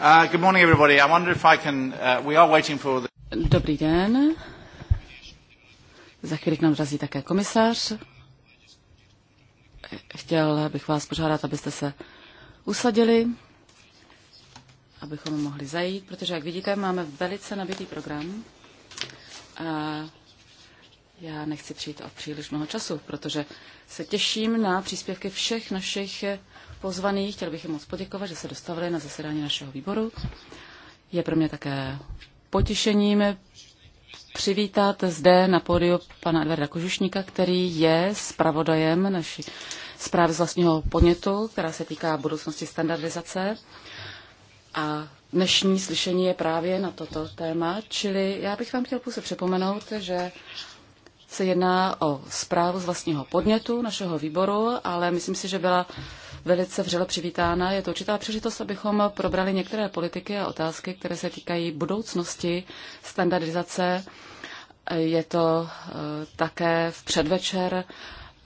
Uh, good morning, everybody. I wonder if I can. Uh, we are waiting for the... Dobrý den. Za chvíli k nám dorazí také komisař. Chtěl bych vás požádat, abyste se usadili, abychom mohli zajít, protože, jak vidíte, máme velice nabitý program. A já nechci přijít o příliš mnoho času, protože se těším na příspěvky všech našich pozvaných. Chtěl bych jim moc poděkovat, že se dostavili na zasedání našeho výboru. Je pro mě také potěšením přivítat zde na pódiu pana Edvarda Kožušníka, který je zpravodajem naší zprávy z vlastního podnětu, která se týká budoucnosti standardizace. A dnešní slyšení je právě na toto téma, čili já bych vám chtěl pouze připomenout, že se jedná o zprávu z vlastního podnětu našeho výboru, ale myslím si, že byla velice vřele přivítána. Je to určitá příležitost, abychom probrali některé politiky a otázky, které se týkají budoucnosti standardizace. Je to eh, také v předvečer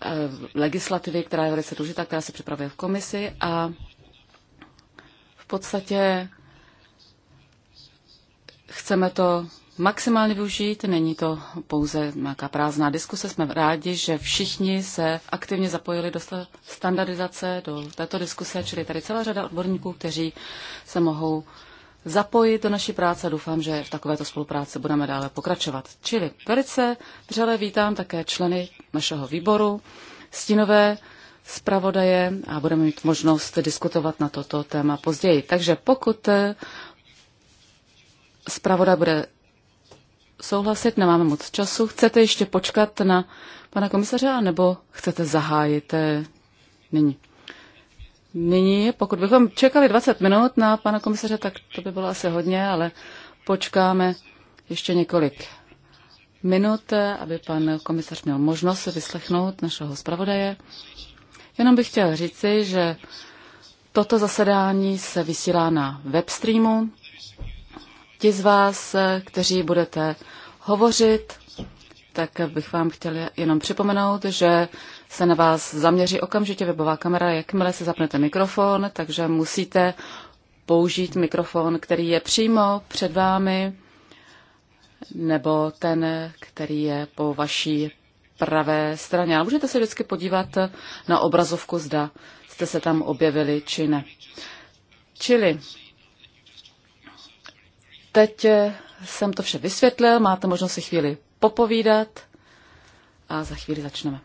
eh, legislativy, která je velice důležitá, která se připravuje v komisi a v podstatě chceme to maximálně využít. Není to pouze nějaká prázdná diskuse. Jsme rádi, že všichni se aktivně zapojili do standardizace, do této diskuse, čili tady celá řada odborníků, kteří se mohou zapojit do naší práce a doufám, že v takovéto spolupráci budeme dále pokračovat. Čili velice vřele vítám také členy našeho výboru, stínové zpravodaje a budeme mít možnost diskutovat na toto téma později. Takže pokud eh, zpravodaj bude souhlasit, nemáme moc času. Chcete ještě počkat na pana komisaře, nebo chcete zahájit eh, nyní? Nyní, pokud bychom čekali 20 minut na pana komisaře, tak to by bylo asi hodně, ale počkáme ještě několik minut, eh, aby pan komisař měl možnost vyslechnout našeho zpravodaje. Jenom bych chtěl říci, že toto zasedání se vysílá na webstreamu. Ti z vás, eh, kteří budete hovořit, tak bych vám chtěl jenom připomenout, že se na vás zaměří okamžitě webová kamera, jakmile se zapnete mikrofon, takže musíte použít mikrofon, který je přímo před vámi, nebo ten, který je po vaší pravé straně. Ale můžete se vždycky podívat na obrazovku, zda jste se tam objevili či ne. Čili Teď eh, jsem to vše vysvětlil, máte možnost si chvíli popovídat a za chvíli začneme.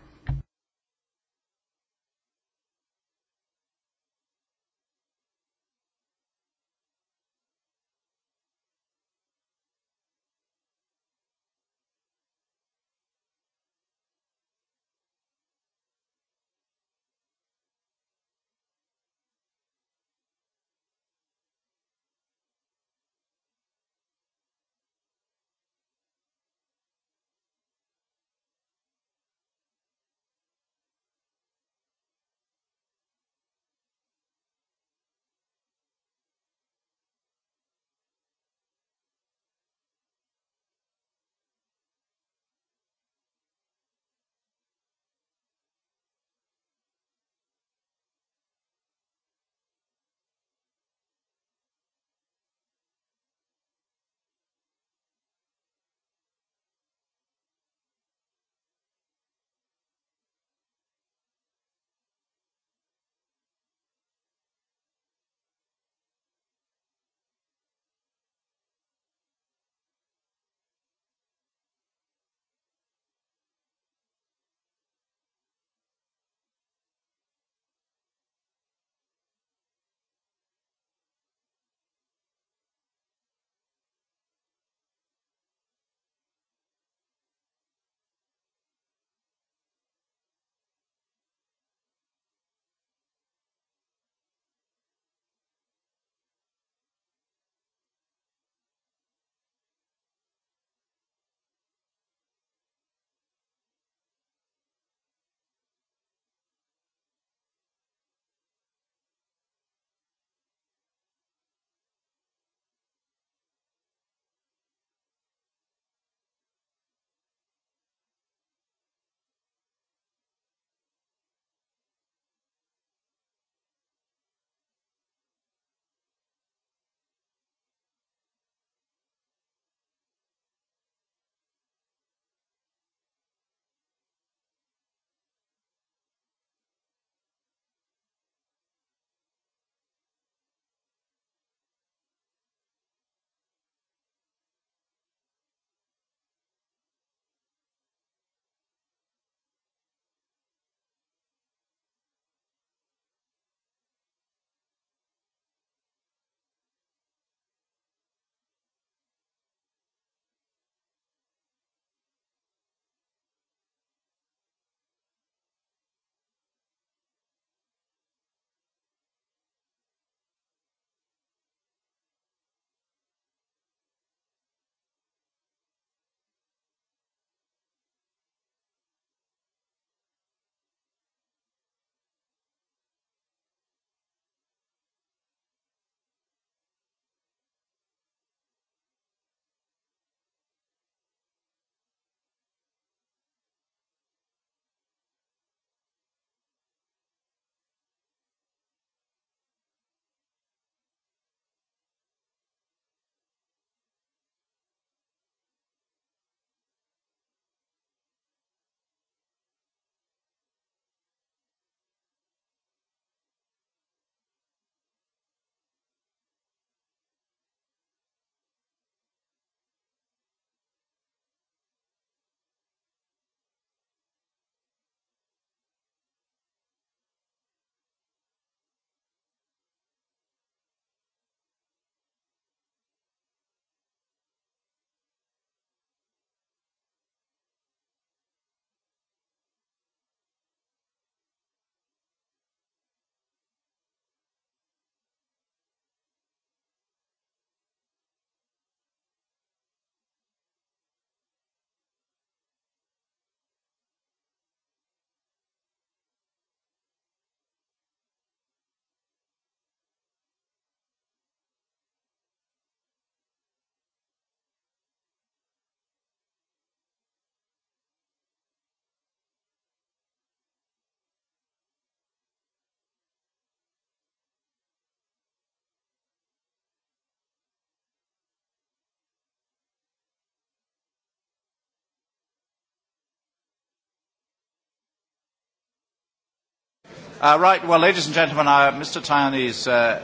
Uh, right, well, ladies and gentlemen, uh, Mr. Tajani's, uh...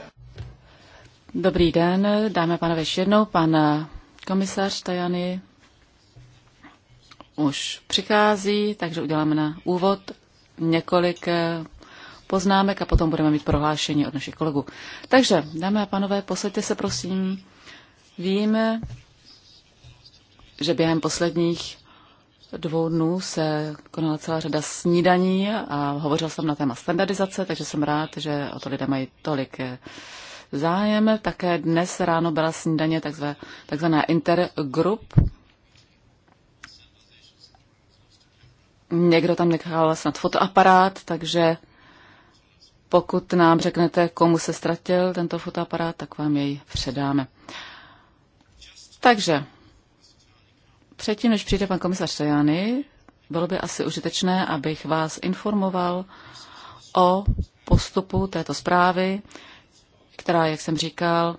Dobrý den, dáme pánové ještě jednou. Pan komisař Tajani už přichází, takže uděláme na úvod několik eh, poznámek a potom budeme mít prohlášení od našich kolegů. Takže, dámy a pánové, posaďte se prosím. Víme, že během posledních dvou dnů se konala celá řada snídaní a hovořil jsem na téma standardizace, takže jsem rád, že o to lidé mají tolik eh, zájem. Také dnes ráno byla snídaně takzvaná, takzvaná intergroup. Někdo tam nechal snad fotoaparát, takže pokud nám řeknete, komu se ztratil tento fotoaparát, tak vám jej předáme. Takže Předtím, než přijde pan komisař Tajany, bylo by asi užitečné, abych vás informoval o postupu této zprávy, která, jak jsem říkal,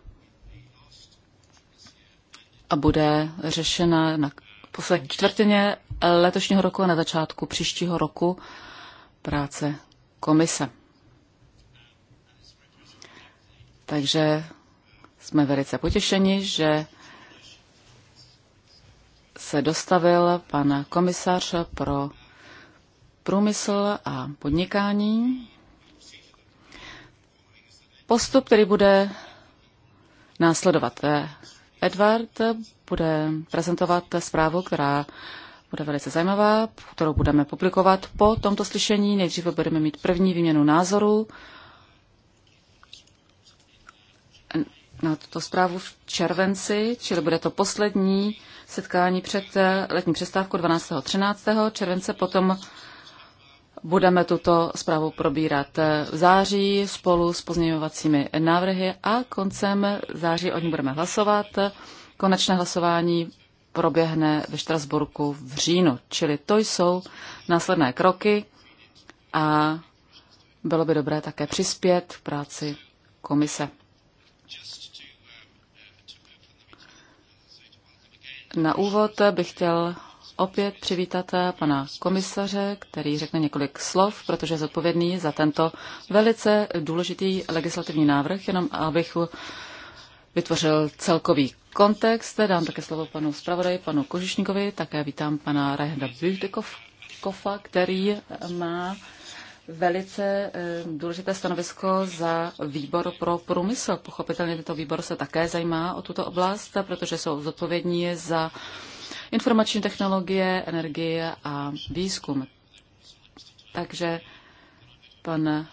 a bude řešena na poslední čtvrtině letošního roku a na začátku příštího roku práce komise. Takže jsme velice potěšeni, že se dostavil pan komisař pro průmysl a podnikání. Postup, který bude následovat. Edward bude prezentovat zprávu, která bude velice zajímavá, kterou budeme publikovat po tomto slyšení. Nejdříve budeme mít první výměnu názorů na tuto zprávu v červenci, čili bude to poslední setkání před eh, letní přestávkou 12. 13. července. Potom budeme tuto zprávu probírat eh, v září spolu s pozměňovacími návrhy a koncem září o ní budeme hlasovat. Konečné hlasování proběhne ve Štrasburku v říjnu, čili to jsou následné kroky a bylo by dobré také přispět v práci komise. Na úvod bych chtěl opět přivítat pana komisaře, který řekne několik slov, protože je zodpovědný za tento velice důležitý legislativní návrh, jenom abych vytvořil celkový kontext. Dám také slovo panu zpravodaji, panu Kožišníkovi, také vítám pana Rehda Büchdekofa, který má velice eh, důležité stanovisko za výbor pro průmysl. Pochopitelně tento výbor se také zajímá o tuto oblast, protože jsou zodpovědní za informační technologie, energie a výzkum. Takže pan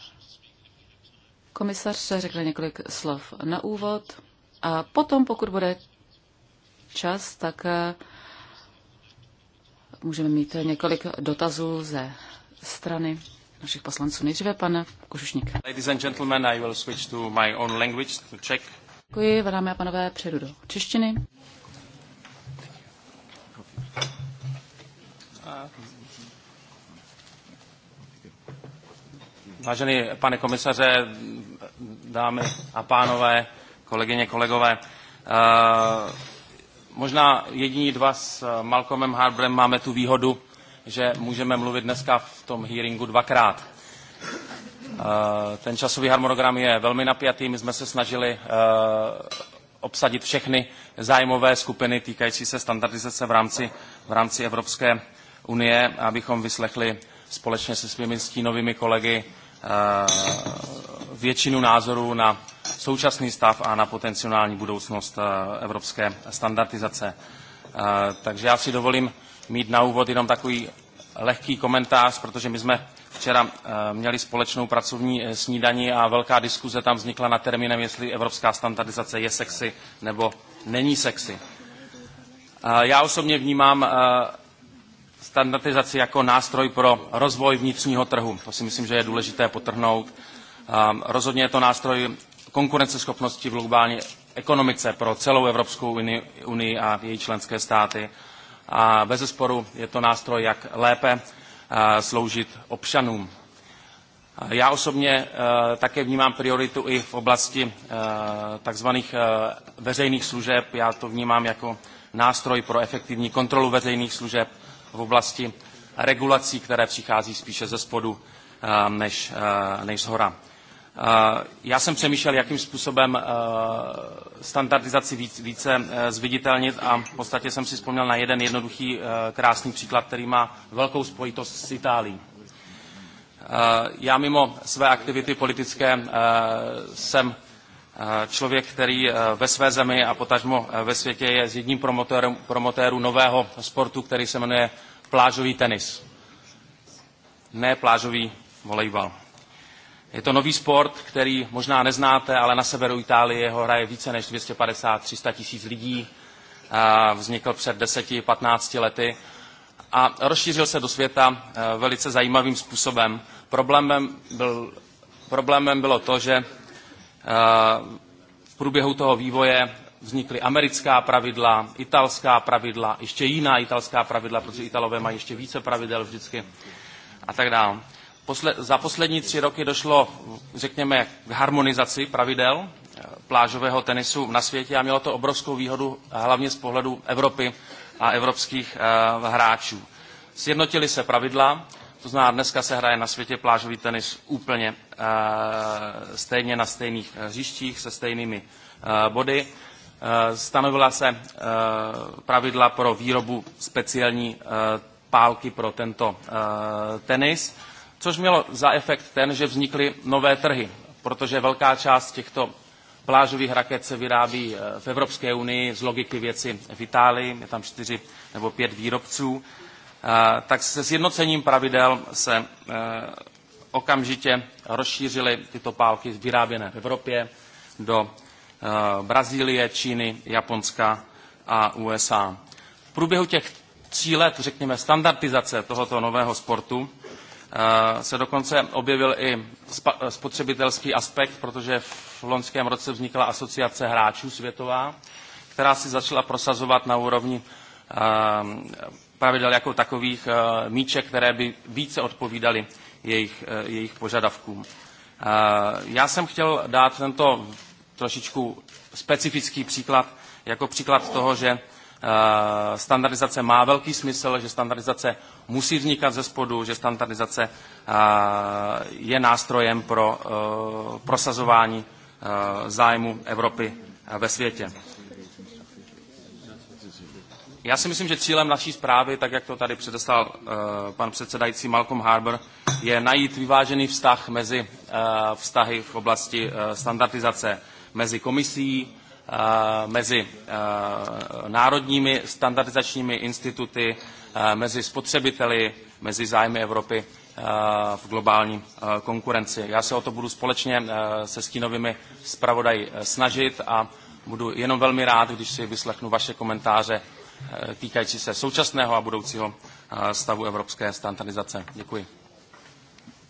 komisař se řekl několik slov na úvod a potom, pokud bude čas, tak eh, můžeme mít několik dotazů ze strany našich poslanců. Nejdříve pan Kožušník. Ladies and gentlemen, I will switch to my own language, to Czech. Děkuji, dámy a panové, přejdu do češtiny. Vážený pane komisaře, dámy a pánové, kolegyně, kolegové, eh, možná jediní dva s Malcolmem Harbrem máme tu výhodu, že můžeme mluvit dneska v tom hearingu dvakrát. Eh, ten časový harmonogram je velmi napjatý. My jsme se snažili eh, obsadit všechny zájmové skupiny týkající se standardizace v rámci, v rámci Evropské unie, abychom vyslechli společně se svými stínovými kolegy eh, většinu názorů na současný stav a na potenciální budoucnost evropské standardizace. Takže já si dovolím mít na úvod jenom takový lehký komentář, protože my jsme včera eh, měli společnou pracovní eh, snídaní a velká diskuze tam vznikla na termínem, jestli evropská standardizace je sexy nebo není sexy. Já osobně vnímám eh, standardizaci jako nástroj pro rozvoj vnitřního trhu. To si myslím, že je důležité potrhnout. Rozhodně je to nástroj konkurenceschopnosti v globální ekonomice pro celou Evropskou unii a její členské státy a bez sporu je to nástroj, jak lépe eh, sloužit občanům. Eh, já osobně eh, také vnímám prioritu i v oblasti takzvaných veřejných služeb. Já to vnímám jako nástroj pro efektivní kontrolu veřejných služeb v oblasti regulací, které přichází spíše ze spodu než, než z hora. Eh, já jsem přemýšlel, jakým způsobem eh, standardizaci více eh, zviditelnit a v podstatě jsem si vzpomněl na jeden jednoduchý krásný příklad, který má velkou spojitost s Itálií. Já mimo své aktivity politické jsem člověk, který ve své zemi a potažmo ve světě je s jedním promotérem, promotérů nového sportu, který se jmenuje plážový tenis. Ne plážový volejbal. Je to nový sport, který možná neznáte, ale na severu Itálie ho hraje více než 250-300 tisíc lidí. Vznikl před 10-15 lety a rozšířil se do světa eh, velice zajímavým způsobem. Problémem, byl, problémem bylo to, že eh, v průběhu toho vývoje vznikly americká pravidla, italská pravidla, ještě jiná italská pravidla, protože Italové mají ještě více pravidel vždycky a tak dále posle, za poslední tři roky došlo, řekněme, k harmonizaci pravidel eh, plážového tenisu na světě a mělo to obrovskou výhodu eh, hlavně z pohledu Evropy a evropských uh, hráčů. Sjednotili se pravidla, to znamená, dneska se hraje na světě plážový tenis úplně uh, stejně na stejných hřištích se stejnými uh, body. Uh, stanovila se uh, pravidla pro výrobu speciální uh, pálky pro tento uh, tenis což mělo za efekt ten, že vznikly nové trhy, protože velká část těchto plážových raket se vyrábí eh, v Evropské unii z logiky věci v Itálii, je tam čtyři nebo pět výrobců, eh, tak se sjednocením pravidel se eh, okamžitě rozšířily tyto pálky vyráběné v Evropě do Brazílie, Číny, Japonska a USA. V průběhu těch tří let, řekněme, standardizace tohoto nového sportu Eh, se dokonce objevil i spotřebitelský aspekt, protože v loňském roce vznikla asociace hráčů světová, která si začala prosazovat na úrovni eh, pravidel jako takových eh, míček, které by více odpovídaly jejich, jejich požadavkům. Já jsem chtěl dát tento trošičku specifický příklad jako příklad toho, že Eh, standardizace má velký smysl, že standardizace musí vznikat ze spodu, že standardizace eh, je nástrojem pro eh, prosazování zájmu Evropy ve světě. Já si myslím, že cílem naší zprávy, tak jak to tady předeslal pan předsedající Malcolm Harbour, je najít vyvážený vztah mezi vztahy v oblasti standardizace mezi komisí, Eh, mezi eh, národními standardizačními instituty, eh, mezi spotřebiteli, mezi zájmy Evropy v globální konkurenci. Já se o to budu společně se stínovými zpravodají snažit a budu jenom velmi rád, když si vyslechnu vaše komentáře týkající se současného a budoucího stavu evropské standardizace. Děkuji.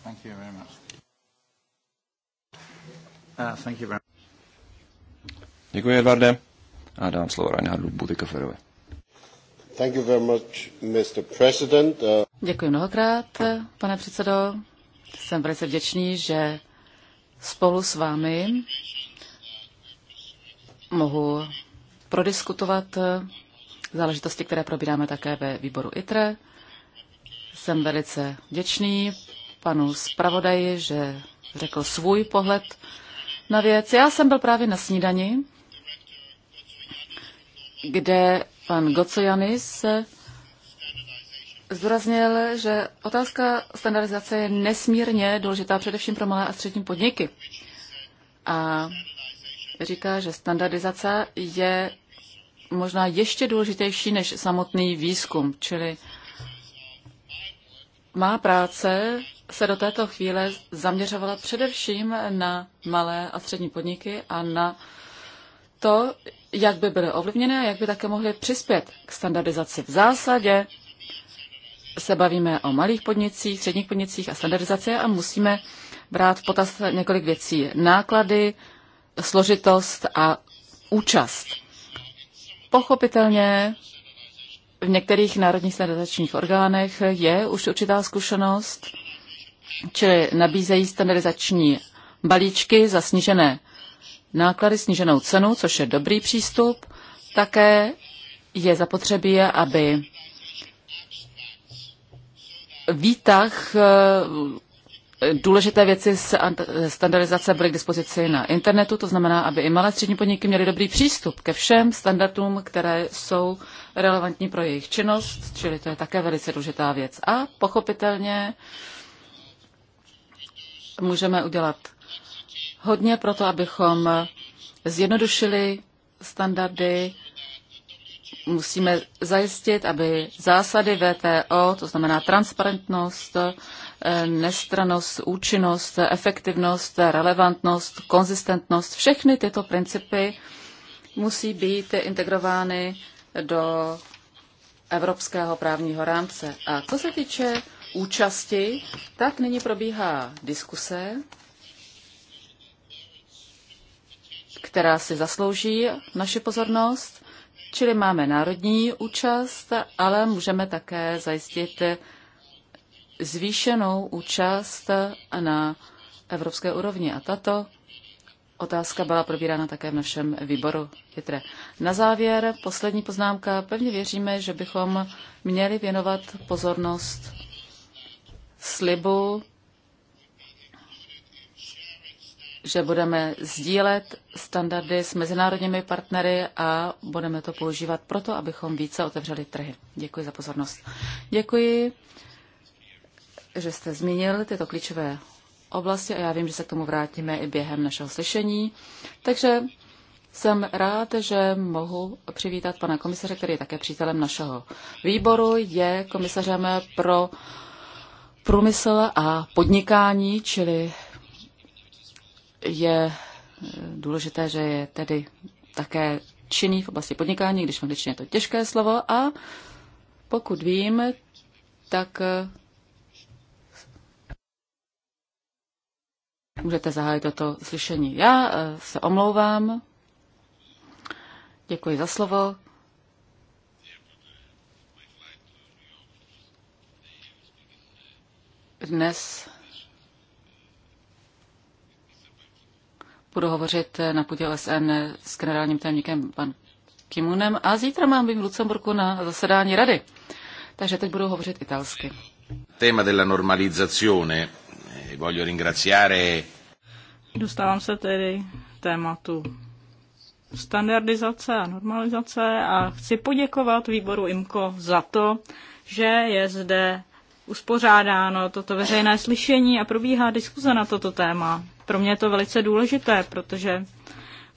Thank you very much. Uh, thank you very much. Děkuji, Edvarde. A dám slovo Reinhardu Butikoferovi. Thank you very much, Mr. President. Uh, Děkuji mnohokrát, pane předsedo. Jsem velice vděčný, že spolu s vámi mohu prodiskutovat záležitosti, které probíráme také ve výboru ITRE. Jsem velice vděčný panu zpravodaji, že řekl svůj pohled na věc. Já jsem byl právě na snídani kde pan Gocojanis zdůraznil, že otázka standardizace je nesmírně důležitá především pro malé a střední podniky. A říká, že standardizace je možná ještě důležitější než samotný výzkum, čili má práce se do této chvíle zaměřovala především na malé a střední podniky a na to, jak by byly ovlivněny a jak by také mohly přispět k standardizaci. V zásadě se bavíme o malých podnicích, středních podnicích a standardizace a musíme brát v potaz několik věcí. Náklady, složitost a účast. Pochopitelně v některých národních standardizačních orgánech je už určitá zkušenost, čili nabízejí standardizační balíčky za snížené náklady sníženou cenu, což je dobrý přístup. Také je zapotřebí, aby výtah eh, důležité věci z standardizace byly k dispozici na internetu, to znamená, aby i malé střední podniky měly dobrý přístup ke všem standardům, které jsou relevantní pro jejich činnost, čili to je také velice důležitá věc. A pochopitelně můžeme udělat hodně pro to, abychom zjednodušili standardy. Musíme zajistit, aby zásady VTO, to znamená transparentnost, nestranost, účinnost, efektivnost, relevantnost, konzistentnost, všechny tyto principy musí být integrovány do evropského právního rámce. A co se týče účasti, tak nyní probíhá diskuse která si zaslouží naši pozornost, čili máme národní účast, ale můžeme také zajistit zvýšenou účast na evropské úrovni. A tato otázka byla probírána také v našem výboru chytré. Na závěr poslední poznámka. Pevně věříme, že bychom měli věnovat pozornost slibu že budeme sdílet standardy s mezinárodními partnery a budeme to používat proto, abychom více otevřeli trhy. Děkuji za pozornost. Děkuji, že jste zmínil tyto klíčové oblasti a já vím, že se k tomu vrátíme i během našeho slyšení. Takže jsem rád, že mohu přivítat pana komisaře, který je také přítelem našeho výboru, je komisařem pro průmysl a podnikání, čili je eh, důležité, že je tedy také činný v oblasti podnikání, když v angličtině je to těžké slovo a pokud vím, tak eh, můžete zahájit toto slyšení. Já eh, se omlouvám. Děkuji za slovo. Dnes budu hovořit na půdě OSN s generálním tajemníkem pan Kimunem a zítra mám být v Lucemburku na zasedání rady. Takže teď budu hovořit italsky. Téma della normalizzazione. Eh, voglio ringraziare... Dostávám se tedy tématu standardizace a normalizace a chci poděkovat výboru IMCO za to, že je zde uspořádáno toto veřejné slyšení a probíhá diskuze na toto téma. Pro mě je to velice důležité, protože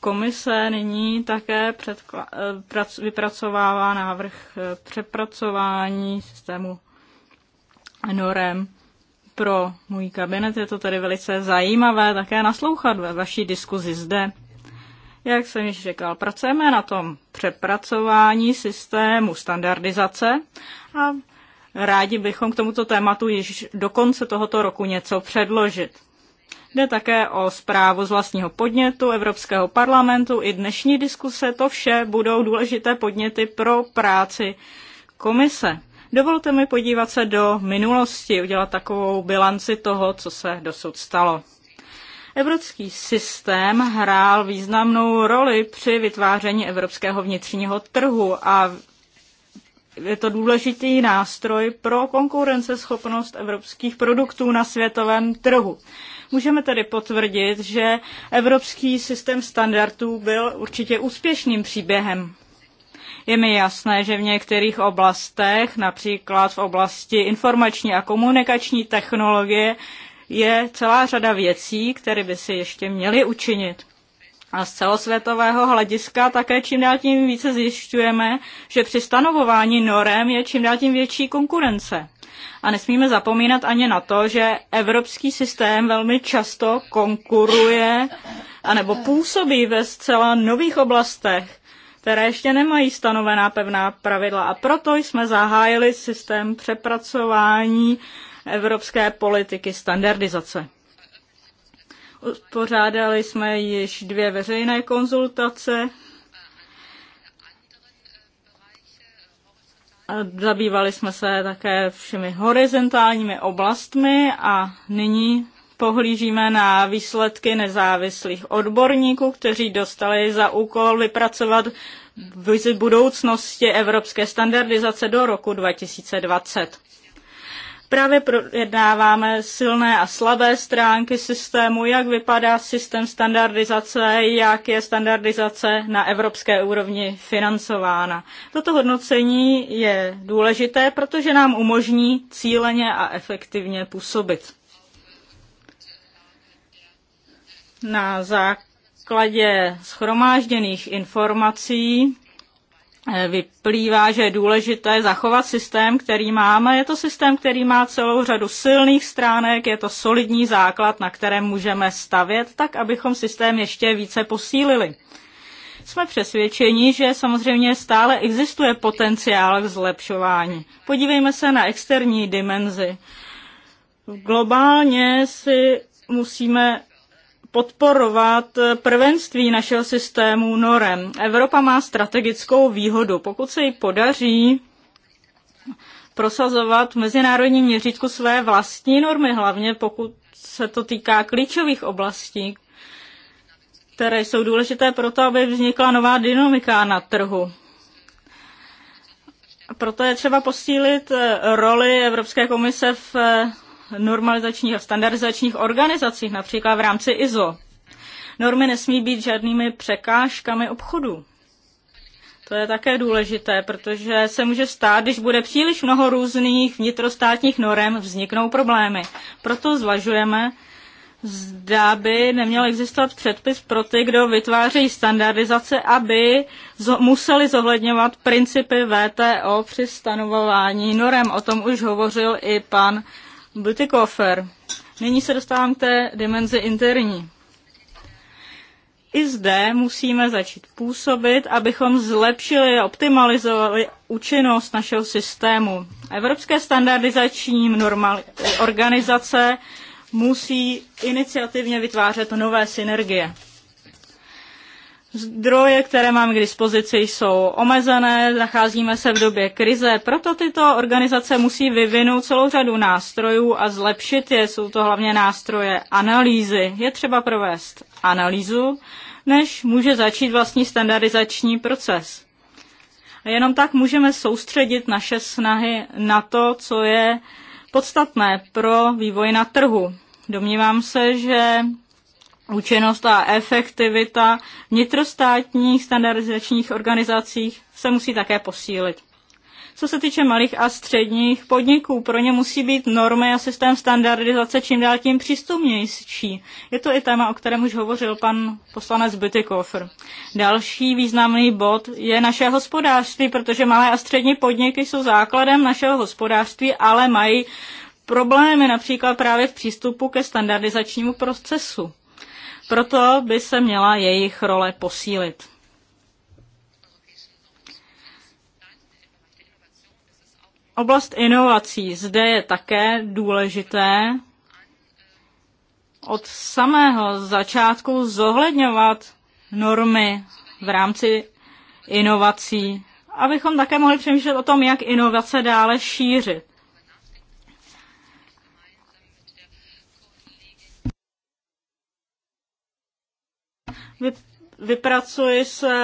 komise nyní také předkla- eh, prac- vypracovává návrh eh, přepracování systému norem pro můj kabinet. Je to tedy velice zajímavé také naslouchat ve vaší diskuzi zde. Jak jsem již řekl, pracujeme na tom přepracování systému standardizace a rádi bychom k tomuto tématu již do konce tohoto roku něco předložit. Jde také o zprávu z vlastního podnětu Evropského parlamentu. I dnešní diskuse, to vše budou důležité podněty pro práci komise. Dovolte mi podívat se do minulosti, udělat takovou bilanci toho, co se dosud stalo. Evropský systém hrál významnou roli při vytváření evropského vnitřního trhu a je to důležitý nástroj pro konkurenceschopnost evropských produktů na světovém trhu. Můžeme tedy potvrdit, že evropský systém standardů byl určitě úspěšným příběhem. Je mi jasné, že v některých oblastech, například v oblasti informační a komunikační technologie, je celá řada věcí, které by se ještě měly učinit. A z celosvětového hlediska také čím dál tím více zjišťujeme, že při stanovování norem je čím dál tím větší konkurence. A nesmíme zapomínat ani na to, že evropský systém velmi často konkuruje anebo působí ve zcela nových oblastech, které ještě nemají stanovená pevná pravidla. A proto jsme zahájili systém přepracování evropské politiky standardizace. Pořádali jsme již dvě veřejné konzultace. Zabývali jsme se také všemi horizontálními oblastmi a nyní pohlížíme na výsledky nezávislých odborníků, kteří dostali za úkol vypracovat vizi budoucnosti evropské standardizace do roku 2020. Právě projednáváme silné a slabé stránky systému, jak vypadá systém standardizace, jak je standardizace na evropské úrovni financována. Toto hodnocení je důležité, protože nám umožní cíleně a efektivně působit. Na základě schromážděných informací Eh, vyplývá, že je důležité zachovat systém, který máme. Je to systém, který má celou řadu silných stránek, je to solidní základ, na kterém můžeme stavět, tak abychom systém ještě více posílili. Jsme přesvědčeni, že samozřejmě stále existuje potenciál k zlepšování. Podívejme se na externí dimenzi. Globálně si musíme podporovat prvenství našeho systému norem. Evropa má strategickou výhodu. Pokud se jí podaří prosazovat v mezinárodním měřítku své vlastní normy, hlavně pokud se to týká klíčových oblastí, které jsou důležité pro to, aby vznikla nová dynamika na trhu. Proto je třeba posílit roli Evropské komise v normalizačních a standardizačních organizacích, například v rámci ISO. Normy nesmí být žádnými překážkami obchodu. To je také důležité, protože se může stát, když bude příliš mnoho různých vnitrostátních norem, vzniknou problémy. Proto zvažujeme, zda by neměl existovat předpis pro ty, kdo vytváří standardizace, aby museli zohledňovat principy VTO při stanovování norem. O tom už hovořil i pan kofer. Nyní se dostávám k té dimenzi interní. I zde musíme začít působit, abychom zlepšili a optimalizovali účinnost našeho systému. Evropské standardizační normal, organizace musí iniciativně vytvářet nové synergie. Zdroje, které mám k dispozici, jsou omezené, nacházíme se v době krize, proto tyto organizace musí vyvinout celou řadu nástrojů a zlepšit je. Jsou to hlavně nástroje analýzy. Je třeba provést analýzu, než může začít vlastní standardizační proces. A jenom tak můžeme soustředit naše snahy na to, co je podstatné pro vývoj na trhu. Domnívám se, že účinnost a efektivita vnitrostátních standardizačních organizacích se musí také posílit. Co se týče malých a středních podniků, pro ně musí být normy a systém standardizace čím dál tím přístupnější. Je to i téma, o kterém už hovořil pan poslanec Bytykofr. Další významný bod je naše hospodářství, protože malé a střední podniky jsou základem našeho hospodářství, ale mají problémy například právě v přístupu ke standardizačnímu procesu. Proto by se měla jejich role posílit. Oblast inovací. Zde je také důležité od samého začátku zohledňovat normy v rámci inovací, abychom také mohli přemýšlet o tom, jak inovace dále šířit. vypracuje se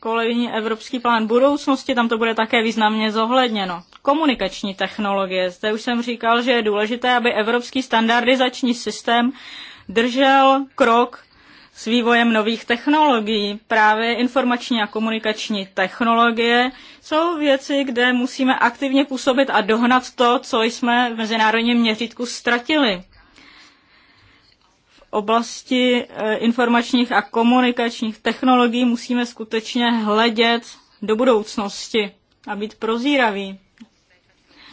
kolejní Evropský plán budoucnosti, tam to bude také významně zohledněno. Komunikační technologie. Zde už jsem říkal, že je důležité, aby evropský standardizační systém držel krok s vývojem nových technologií. Právě informační a komunikační technologie jsou věci, kde musíme aktivně působit a dohnat to, co jsme v mezinárodním měřítku ztratili oblasti eh, informačních a komunikačních technologií musíme skutečně hledět do budoucnosti a být prozíraví.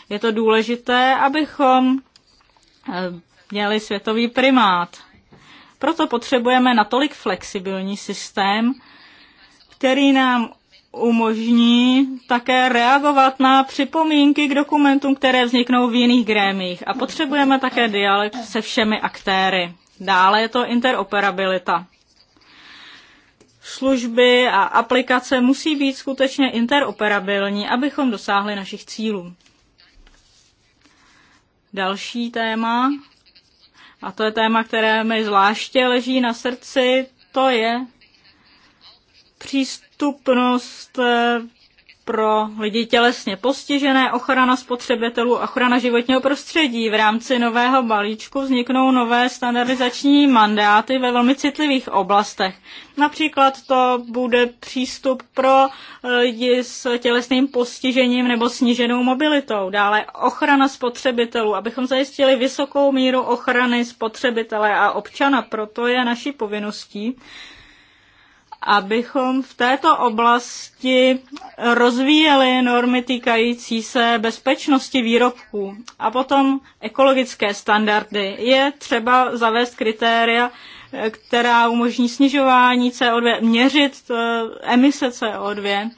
Je to důležité, abychom eh, měli světový primát. Proto potřebujeme natolik flexibilní systém, který nám umožní také reagovat na připomínky k dokumentům, které vzniknou v jiných grémích. A potřebujeme také dialog se všemi aktéry. Dále je to interoperabilita. Služby a aplikace musí být skutečně interoperabilní, abychom dosáhli našich cílů. Další téma, a to je téma, které mi zvláště leží na srdci, to je přístupnost eh, pro lidi tělesně postižené, ochrana spotřebitelů, ochrana životního prostředí. V rámci nového balíčku vzniknou nové standardizační mandáty ve velmi citlivých oblastech. Například to bude přístup pro lidi s tělesným postižením nebo sníženou mobilitou. Dále ochrana spotřebitelů, abychom zajistili vysokou míru ochrany spotřebitele a občana. Proto je naší povinností abychom v této oblasti rozvíjeli normy týkající se bezpečnosti výrobků a potom ekologické standardy. Je třeba zavést kritéria, která umožní snižování CO2, měřit eh, emise CO2.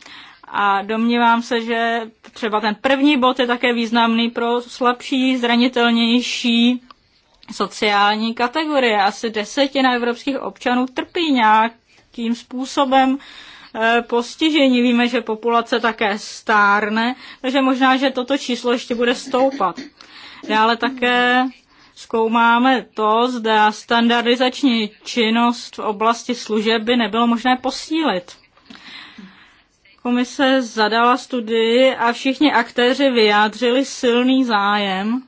A domnívám se, že třeba ten první bod je také významný pro slabší, zranitelnější sociální kategorie. Asi desetina evropských občanů trpí nějak tím způsobem eh, postižení. Víme, že populace také stárne, takže možná, že toto číslo ještě bude stoupat. Dále také zkoumáme to, zda standardizační činnost v oblasti služeb by nebylo možné posílit. Komise zadala studii a všichni aktéři vyjádřili silný zájem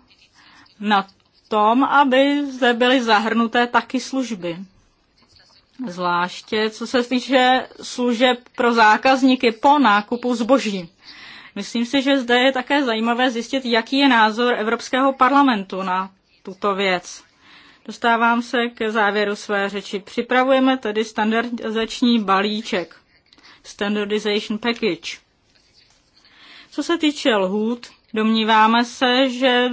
na tom, aby zde byly zahrnuté taky služby. Zvláště co se týče služeb pro zákazníky po nákupu zboží. Myslím si, že zde je také zajímavé zjistit, jaký je názor Evropského parlamentu na tuto věc. Dostávám se k závěru své řeči. Připravujeme tedy standardizační balíček. Standardization package. Co se týče lhůt, domníváme se, že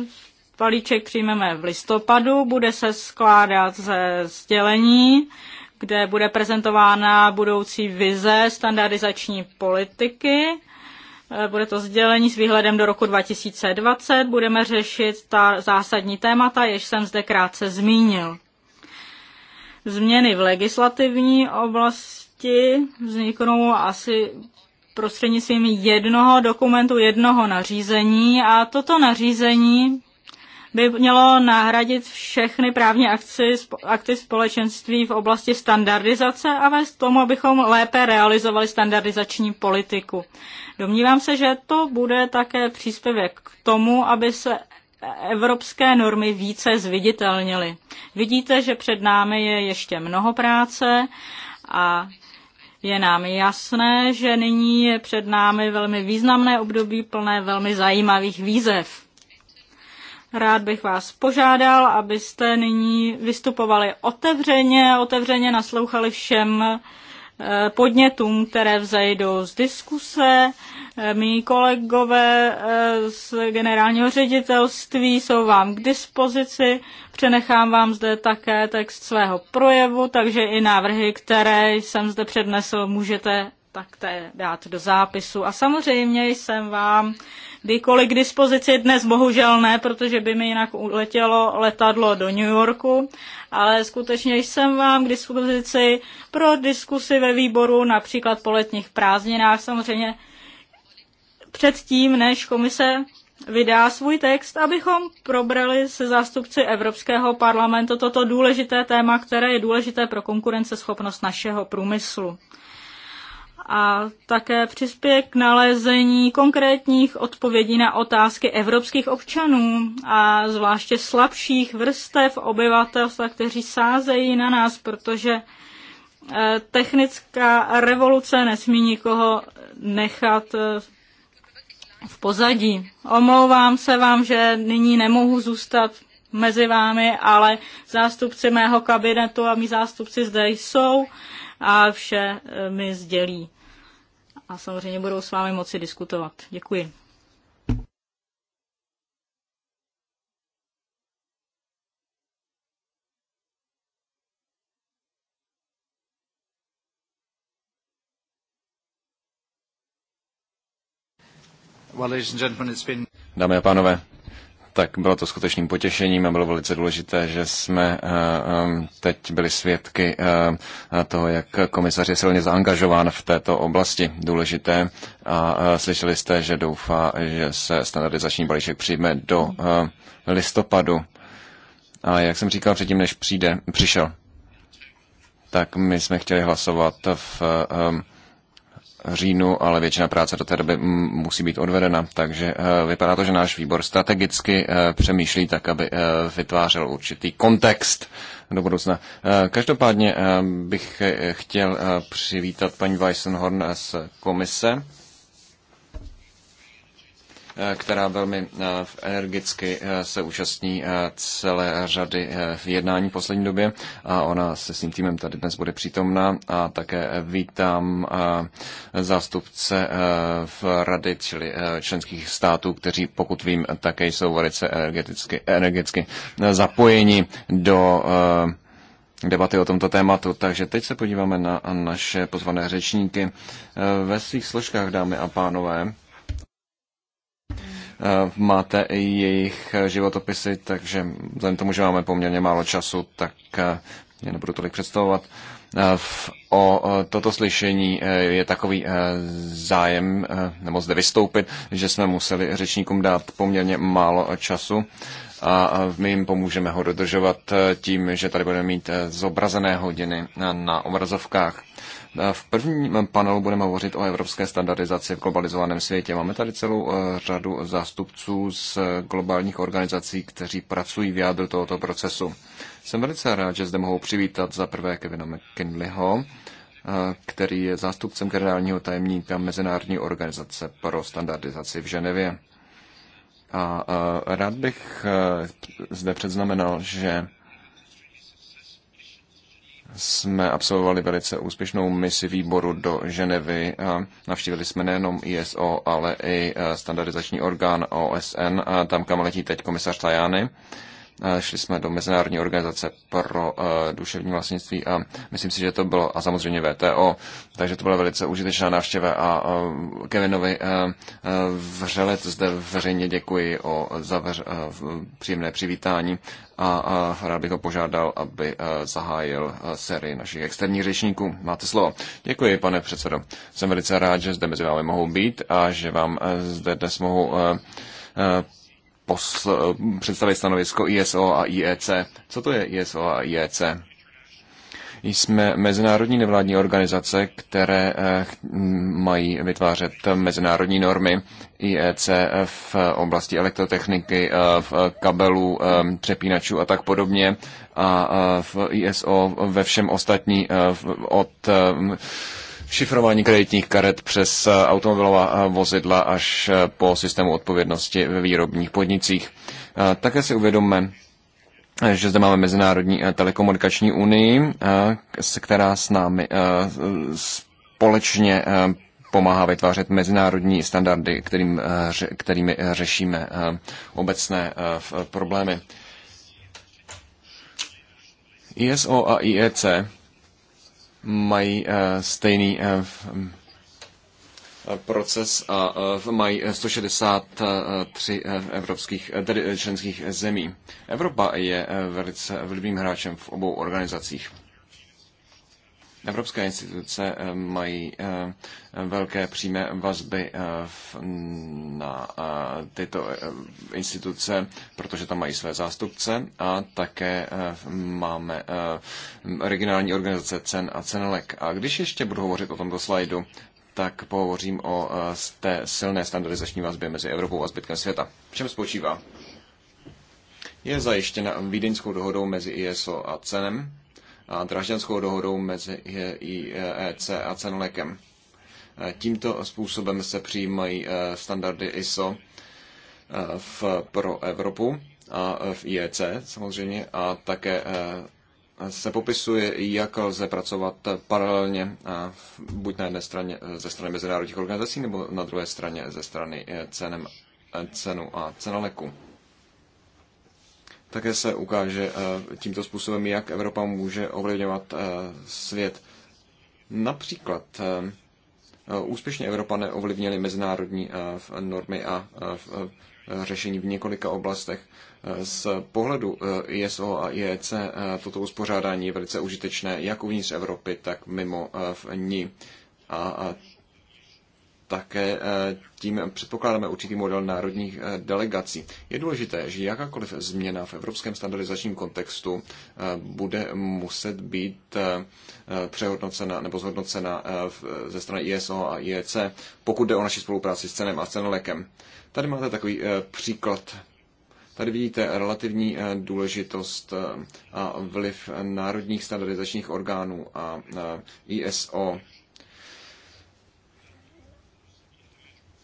balíček přijmeme v listopadu, bude se skládat ze sdělení kde bude prezentována budoucí vize standardizační politiky. Eh, bude to sdělení s výhledem do roku 2020. Budeme řešit ta zásadní témata, jež jsem zde krátce zmínil. Změny v legislativní oblasti vzniknou asi prostřednictvím jednoho dokumentu, jednoho nařízení a toto nařízení by mělo nahradit všechny právní akci, akty společenství v oblasti standardizace a vést tomu, abychom lépe realizovali standardizační politiku. Domnívám se, že to bude také příspěvek k tomu, aby se evropské normy více zviditelnily. Vidíte, že před námi je ještě mnoho práce a je nám jasné, že nyní je před námi velmi významné období plné velmi zajímavých výzev. Rád bych vás požádal, abyste nyní vystupovali otevřeně, otevřeně naslouchali všem eh, podnětům, které vzejdou z diskuse. Eh, Mí kolegové eh, z generálního ředitelství jsou vám k dispozici. Přenechám vám zde také text svého projevu, takže i návrhy, které jsem zde přednesl, můžete takté dát do zápisu. A samozřejmě jsem vám kdykoliv k dispozici. Dnes bohužel ne, protože by mi jinak uletělo letadlo do New Yorku, ale skutečně jsem vám k dispozici pro diskusy ve výboru, například po letních prázdninách samozřejmě předtím, než komise vydá svůj text, abychom probrali se zástupci Evropského parlamentu toto důležité téma, které je důležité pro konkurenceschopnost našeho průmyslu a také přispěje k nalezení konkrétních odpovědí na otázky evropských občanů a zvláště slabších vrstev obyvatelstva, kteří sázejí na nás, protože eh, technická revoluce nesmí nikoho nechat eh, v pozadí. Omlouvám se vám, že nyní nemohu zůstat mezi vámi, ale zástupci mého kabinetu a mý zástupci zde jsou a vše eh, mi sdělí. A samozřejmě budou s vámi moci diskutovat. Děkuji. Dámy a pánové, tak bylo to skutečným potěšením a bylo velice důležité, že jsme eh, eh, teď byli svědky eh, toho, jak komisař je silně zaangažován v této oblasti důležité. A slyšeli jste, že doufá, že se standardizační balíček přijme do listopadu. A jak jsem říkal předtím, než přijde, přišel, tak my jsme chtěli hlasovat v říjnu, ale většina práce do té doby musí být odvedena. Takže eh, vypadá to, že náš výbor strategicky eh, přemýšlí tak, aby eh, vytvářel určitý kontext do budoucna. Každopádně bych chtěl přivítat paní Weissenhorn z komise Eh, která velmi eh, energicky eh, se účastní celé řady jednání v poslední době a ona se svým týmem tady dnes bude přítomná a také vítám zástupce v rady, čili členských států, kteří, pokud vím, také jsou velice energeticky, energeticky zapojeni do debaty o tomto tématu. Takže teď se podíváme na naše pozvané řečníky. Ve svých složkách, dámy a pánové, Eh, máte i jejich eh, životopisy, takže vzhledem tomu, že máme poměrně málo času, tak mě eh, nebudu tolik představovat. O toto slyšení je takový zájem, nebo zde vystoupit, že jsme museli řečníkům dát poměrně málo času a my jim pomůžeme ho dodržovat e, tím, že tady budeme mít e, zobrazené hodiny na obrazovkách. E, v prvním panelu budeme hovořit o evropské standardizaci v globalizovaném světě. Máme tady celou řadu zástupců z globálních organizací, kteří pracují v jádru tohoto procesu. Jsem velice rád, že zde mohou přivítat za prvé Kevina McKinleyho, který je zástupcem generálního tajemníka Mezinárodní organizace pro standardizaci v Ženevě. A rád bych e, zde předznamenal, že jsme absolvovali velice úspěšnou misi výboru do Ženevy. Navštívili jsme nejenom ISO, ale i e, standardizační orgán OSN, tam kam letí teď komisař Tajany šli jsme do Mezinárodní organizace pro eh, duševní vlastnictví a myslím si, že to bylo, a samozřejmě VTO, takže to byla velice užitečná návštěva a eh, Kevinovi eh, vřelec zde veřejně děkuji o zaveř, příjemné přivítání a rád bych ho požádal, aby zahájil sérii našich externích řečníků. Máte slovo. Děkuji, pane předsedo. Jsem velice rád, že zde mezi vámi mohou být a že vám zde dnes mohu pos, představit stanovisko ISO a IEC. Co to je ISO a IEC? Jsme mezinárodní nevládní organizace, které eh, mají vytvářet mezinárodní normy IEC v oblasti elektrotechniky, eh, v kabelů, eh, přepínačů a tak podobně a v ISO ve všem ostatní od šifrování kreditních karet přes eh, automobilová eh, vozidla až eh, po systému odpovědnosti ve výrobních podnicích. Také si uvědomme, že zde máme Mezinárodní telekomunikační unii, která s námi společně pomáhá vytvářet mezinárodní standardy, kterým, kterými řešíme obecné problémy. ISO a IEC mají eh, stejný eh, mm, eh, proces a mají 163 evropských, tedy členských zemí. Evropa je velice vlivným hráčem v obou organizacích. Evropské instituce eh, mají eh, velké přímé vazby eh, na tyto instituce, protože tam mají své zástupce a také máme regionální organizace cen a cenelek. A když ještě budu hovořit o tomto slajdu, tak pohovořím o té silné standardizační vazbě mezi Evropou a zbytkem světa. V čem spočívá? Je zajištěna vídeňskou dohodou mezi ISO a CENem, a dražďanskou dohodou mezi IEC e a Cenlekem. E, tímto způsobem se přijímají e, standardy ISO v, pro Evropu a v IEC samozřejmě a také se popisuje, jak lze pracovat paralelně buď na jedné straně ze strany mezinárodních organizací nebo na druhé straně ze strany cenem, cenu a cenaleku. Také se ukáže eh, tímto způsobem, jak Evropa může ovlivňovat eh, svět. Například eh, úspěšně Evropa neovlivnili mezinárodní normy a řešení v několika oblastech. Z pohledu ISO a IEC toto uspořádání je velice užitečné jak uvnitř Evropy, tak mimo v ní. A také eh, tím předpokládáme určitý model národních eh, delegací. Je důležité, že jakákoliv změna v evropském standardizačním kontextu eh, bude muset být přehodnocena nebo zhodnocena ze strany ISO a IEC, pokud jde o naši spolupráci s cenem a cenolekem. Tady máte takový příklad Tady vidíte relativní důležitost a vliv národních standardizačních orgánů a ISO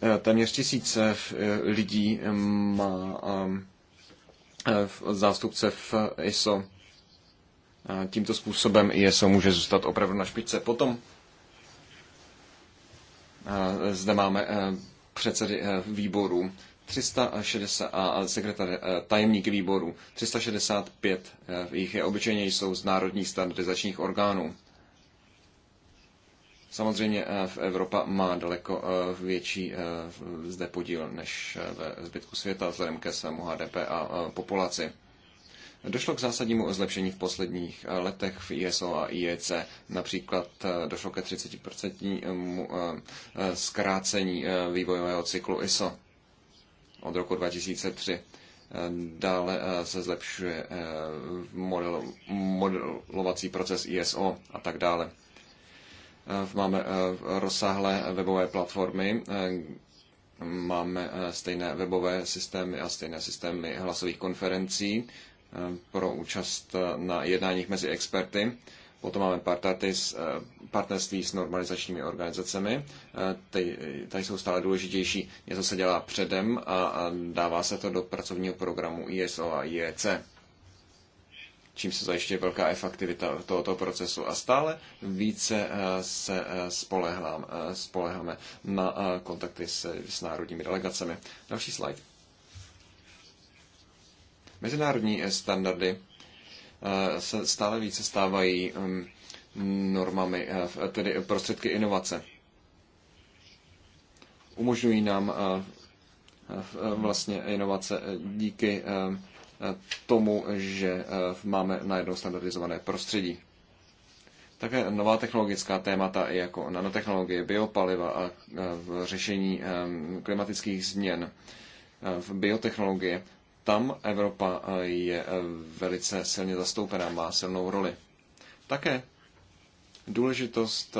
Eh, téměř tisíc eh, eh, lidí má zástupce v ISO. Tímto způsobem ISO může zůstat opravdu na špičce. Potom zde máme předsedy výborů 360 a sekretary, tajemníky výborů. 365 jich je obyčejně jsou z národních standardizačních orgánů. Samozřejmě eh, v Evropa má daleko eh, větší eh, zde podíl než ve zbytku světa vzhledem ke svému HDP a populaci. Došlo k zásadnímu zlepšení v posledních letech v ISO a IEC. Například došlo ke 30% zkrácení vývojového cyklu ISO od roku 2003. Dále se zlepšuje model, modelovací proces ISO a tak dále. Eh, máme eh, rozsáhlé webové platformy, eh, máme stejné webové systémy a stejné systémy hlasových konferencí pro účast na jednáních mezi experty. Potom máme partnerství s normalizačními organizacemi. Ty, tady jsou stále důležitější. Něco se dělá předem a dává se to do pracovního programu ISO a IEC čím se zajišťuje velká efektivita tohoto procesu. A stále více eh, se eh, spolehlám, eh, spoleháme na kontakty s, s národními delegacemi. Další slide. Mezinárodní standardy se stále více stávají mm, normami, tedy prostředky inovace. Umožňují nám vlastně inovace díky tomu, že eh, máme najednou standardizované prostředí. Také nová technologická témata jako nanotechnologie, biopaliva a eh, v řešení eh, klimatických změn v biotechnologie, tam Evropa je velice silně zastoupená, má silnou roli. Také důležitost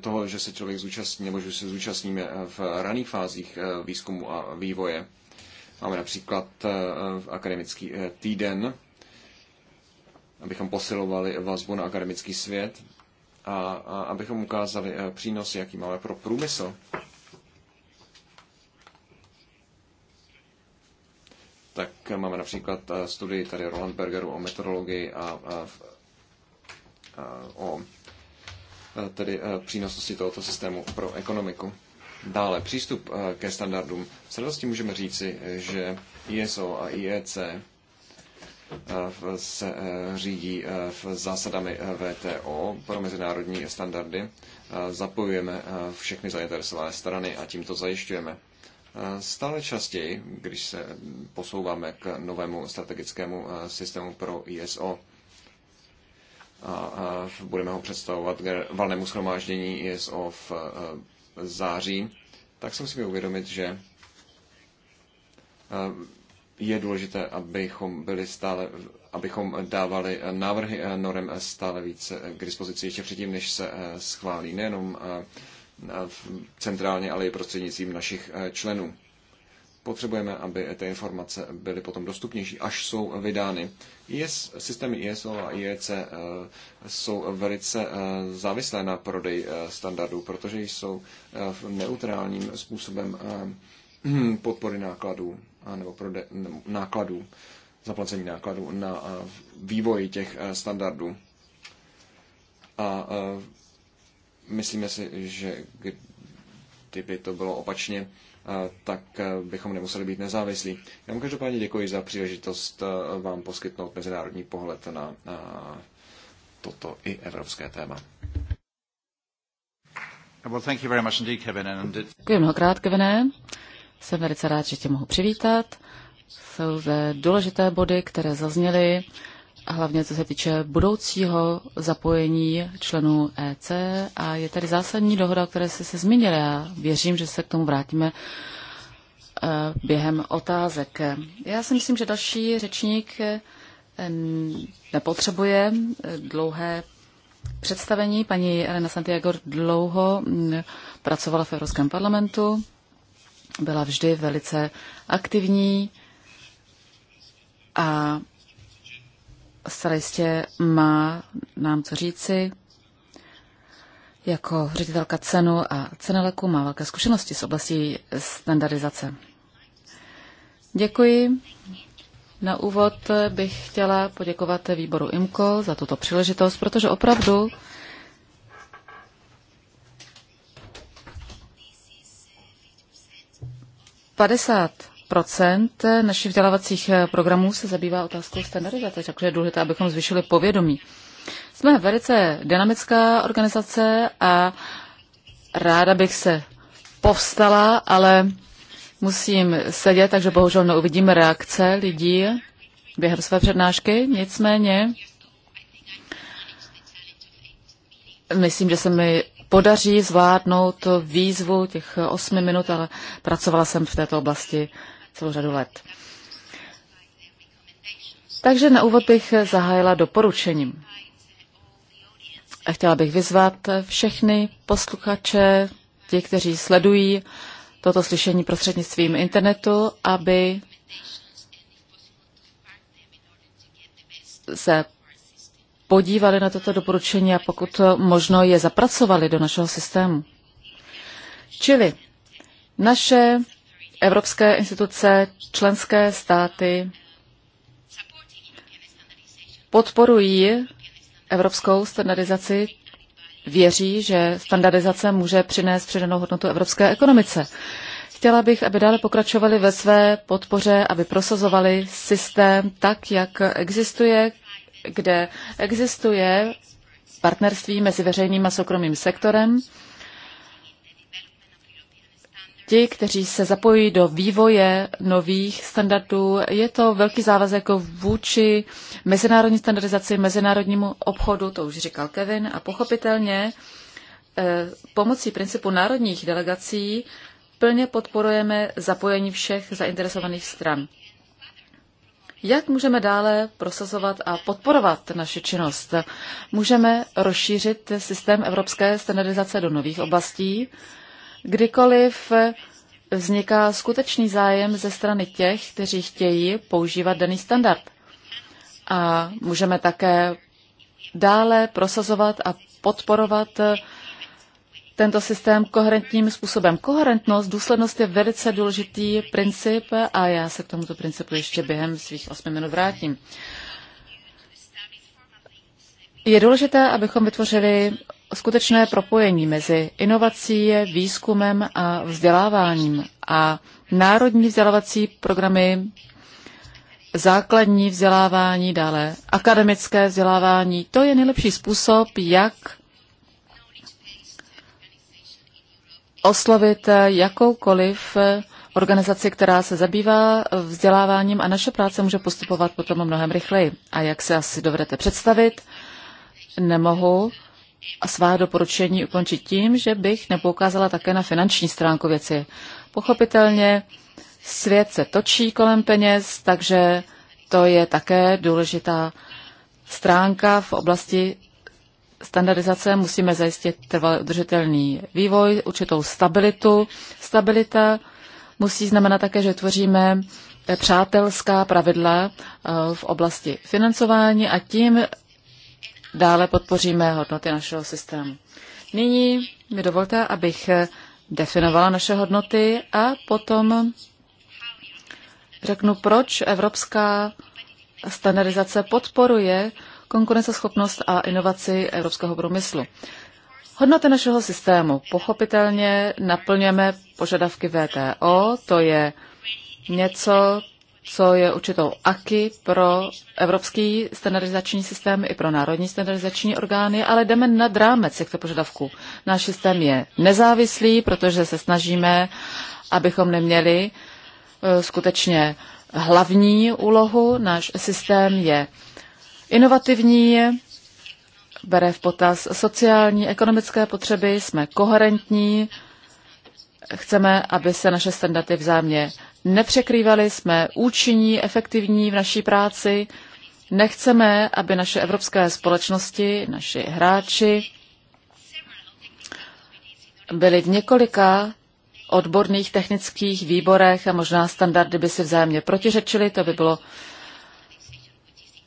toho, že se člověk zúčastní, nebo že se zúčastníme v raných fázích výzkumu a vývoje, Máme například eh, akademický eh, týden, abychom posilovali vazbu na akademický svět a, a abychom ukázali eh, přínos, jaký máme pro průmysl. Tak máme například studii tady Roland Bergeru o meteorologii a, a, a o tedy přínosnosti tohoto systému pro ekonomiku. Dále přístup eh, ke standardům. V srdosti můžeme říci, že ISO a IEC eh, se eh, řídí v zásadami VTO pro mezinárodní standardy. Zapojujeme všechny zainteresované strany a tím to zajišťujeme. Stále častěji, když se posouváme k novému strategickému systému pro ISO, a budeme ho představovat valnému schromáždění ISO v září, tak si musíme uvědomit, že eh, je důležité, abychom byli stále, abychom dávali eh, návrhy eh, norem stále více k dispozici ještě předtím, než se schválí nejenom centrálně, ale i prostřednictvím našich členů potřebujeme, aby ty informace byly potom dostupnější, až jsou vydány. IS, systémy ISO a IEC eh, jsou velice eh, závislé na prodeji eh, standardů, protože jsou neutrálním způsobem podpory nákladů nebo, prode, ne, nákladů, zaplacení nákladů na vývoj těch standardů. A myslíme si, že kdyby to bylo opačně, tak eh, bychom nemuseli být nezávislí. Já vám každopádně děkuji za příležitost eh, vám poskytnout mezinárodní pohled na eh, toto i evropské téma. Děkuji mnohokrát, Kevine. Jsem velice rád, že tě mohu přivítat. Jsou zde důležité body, které zazněly hlavně co se týče budoucího zapojení členů EC a je tady zásadní dohoda, o které jste se zmínili. Já věřím, že se k tomu vrátíme eh, během otázek. Já si myslím, že další řečník eh, nepotřebuje eh, dlouhé představení. Paní Elena Santiago dlouho mm, pracovala v Evropském parlamentu, byla vždy velice aktivní a zcela jistě má nám co říci. Jako ředitelka cenu a ceneleku má velké zkušenosti s oblastí standardizace. Děkuji. Na úvod bych chtěla poděkovat výboru IMCO za tuto příležitost, protože opravdu Padesát našich vzdělávacích eh, programů se zabývá otázkou standardizace, takže je důležité, abychom zvyšili povědomí. Jsme velice dynamická organizace a ráda bych se povstala, ale musím sedět, takže bohužel neuvidím reakce lidí během své přednášky. Nicméně myslím, že se mi podaří zvládnout výzvu těch osmi minut, ale pracovala jsem v této oblasti celou řadu let. Takže na úvod bych zahájila doporučením. A chtěla bych vyzvat všechny posluchače, ti, kteří sledují toto slyšení prostřednictvím internetu, aby se podívali na toto doporučení a pokud možno je zapracovali do našeho systému. Čili naše evropské instituce, členské státy podporují evropskou standardizaci, věří, že standardizace může přinést přidanou hodnotu evropské ekonomice. Chtěla bych, aby dále pokračovali ve své podpoře, aby prosazovali systém tak, jak existuje, kde existuje partnerství mezi veřejným a soukromým sektorem ti, kteří se zapojí do vývoje nových standardů. Je to velký závazek vůči mezinárodní standardizaci, mezinárodnímu obchodu, to už říkal Kevin, a pochopitelně eh, pomocí principu národních delegací plně podporujeme zapojení všech zainteresovaných stran. Jak můžeme dále prosazovat a podporovat naši činnost? Můžeme rozšířit systém evropské standardizace do nových oblastí, kdykoliv vzniká skutečný zájem ze strany těch, kteří chtějí používat daný standard. A můžeme také dále prosazovat a podporovat tento systém koherentním způsobem. Koherentnost, důslednost je velice důležitý princip a já se k tomuto principu ještě během svých osmi minut vrátím. Je důležité, abychom vytvořili skutečné propojení mezi inovací, výzkumem a vzděláváním a národní vzdělávací programy, základní vzdělávání, dále akademické vzdělávání. To je nejlepší způsob, jak oslovit jakoukoliv organizaci, která se zabývá vzděláváním a naše práce může postupovat potom mnohem rychleji. A jak se asi dovedete představit, nemohu a svá doporučení ukončit tím, že bych nepoukázala také na finanční stránku věci. Pochopitelně svět se točí kolem peněz, takže to je také důležitá stránka v oblasti standardizace. Musíme zajistit trvalý udržitelný vývoj, určitou stabilitu. Stabilita musí znamenat také, že tvoříme přátelská pravidla eh, v oblasti financování a tím dále podpoříme hodnoty našeho systému. Nyní mi dovolte, abych definovala naše hodnoty a potom řeknu, proč evropská standardizace podporuje konkurenceschopnost a inovaci evropského průmyslu. Hodnoty našeho systému. Pochopitelně naplňujeme požadavky VTO, to je něco, co je určitou aky pro evropský standardizační systém i pro národní standardizační orgány, ale jdeme nad rámec těchto požadavků. Náš systém je nezávislý, protože se snažíme, abychom neměli e, skutečně hlavní úlohu. Náš systém je inovativní, bere v potaz sociální, ekonomické potřeby, jsme koherentní, chceme, aby se naše standardy vzájemně nepřekrývali, jsme účinní, efektivní v naší práci. Nechceme, aby naše evropské společnosti, naši hráči byli v několika odborných technických výborech a možná standardy by si vzájemně protiřečili. to by bylo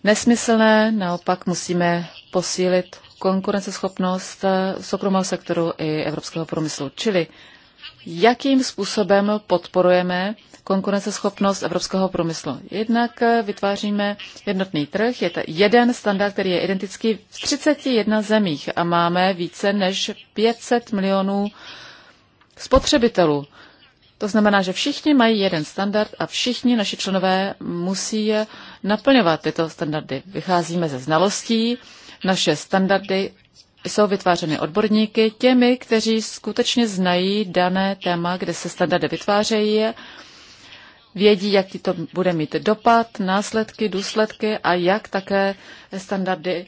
nesmyslné, naopak musíme posílit konkurenceschopnost soukromého sektoru i evropského průmyslu. Čili jakým způsobem podporujeme konkurenceschopnost evropského průmyslu. Jednak eh, vytváříme jednotný trh, je to jeden standard, který je identický v 31 zemích a máme více než 500 milionů spotřebitelů. To znamená, že všichni mají jeden standard a všichni naši členové musí naplňovat tyto standardy. Vycházíme ze znalostí, naše standardy jsou vytvářeny odborníky, těmi, kteří skutečně znají dané téma, kde se standardy vytvářejí vědí, jaký to bude mít dopad, následky, důsledky a jak také standardy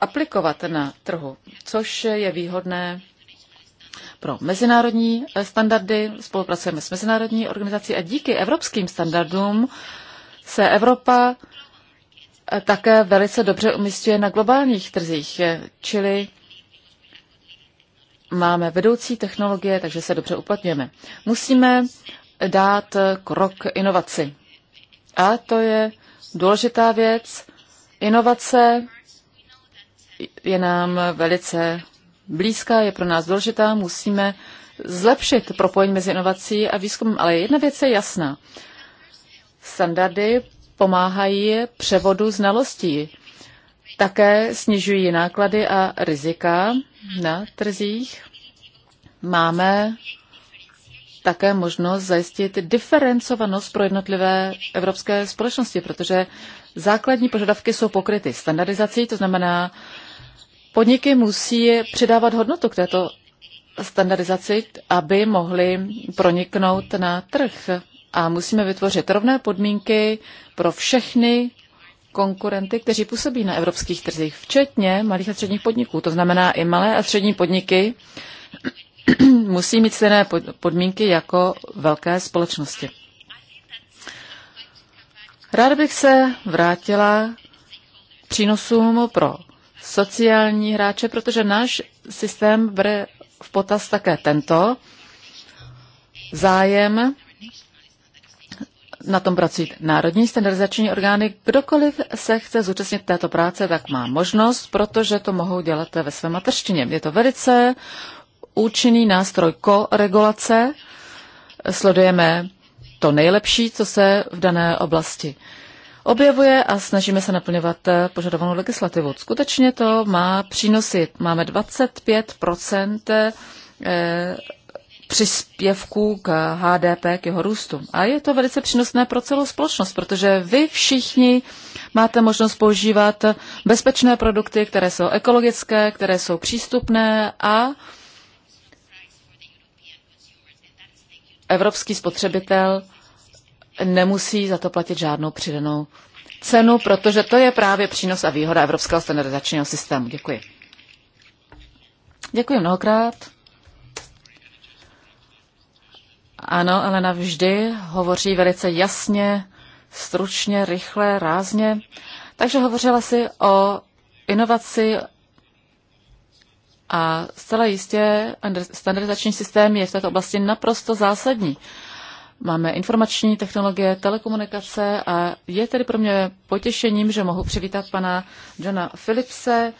aplikovat na trhu, což je výhodné pro mezinárodní standardy. Spolupracujeme s mezinárodní organizací a díky evropským standardům se Evropa také velice dobře umistuje na globálních trzích, čili máme vedoucí technologie, takže se dobře uplatňujeme. Musíme dát krok inovaci. A to je důležitá věc. Inovace je nám velice blízká, je pro nás důležitá, musíme zlepšit propojení mezi inovací a výzkumem. Ale jedna věc je jasná. Standardy pomáhají převodu znalostí. Také snižují náklady a rizika na trzích. Máme také možnost zajistit diferencovanost pro jednotlivé evropské společnosti, protože základní požadavky jsou pokryty standardizací, to znamená, podniky musí přidávat hodnotu k této standardizaci, aby mohly proniknout na trh. A musíme vytvořit rovné podmínky pro všechny konkurenty, kteří působí na evropských trzích, včetně malých a středních podniků. To znamená i malé a střední podniky musí mít stejné podmínky jako velké společnosti. Rád bych se vrátila přínosům pro sociální hráče, protože náš systém bere v potaz také tento zájem. Na tom pracují národní standardizační orgány. Kdokoliv se chce zúčastnit této práce, tak má možnost, protože to mohou dělat ve své mateřštině. Je to velice účinný nástroj koregulace. Sledujeme to nejlepší, co se v dané oblasti objevuje a snažíme se naplňovat požadovanou legislativu. Skutečně to má přínosy. Máme 25 eh, přispěvků k HDP, k jeho růstu. A je to velice přínosné pro celou společnost, protože vy všichni máte možnost používat bezpečné produkty, které jsou ekologické, které jsou přístupné a evropský spotřebitel nemusí za to platit žádnou přidanou cenu, protože to je právě přínos a výhoda evropského standardizačního systému. Děkuji. Děkuji mnohokrát. Ano, Elena vždy hovoří velice jasně, stručně, rychle, rázně. Takže hovořila si o inovaci, a zcela jistě standardizační systém je v této oblasti naprosto zásadní. Máme informační technologie, telekomunikace a je tedy pro mě potěšením, že mohu přivítat pana Johna Philipse,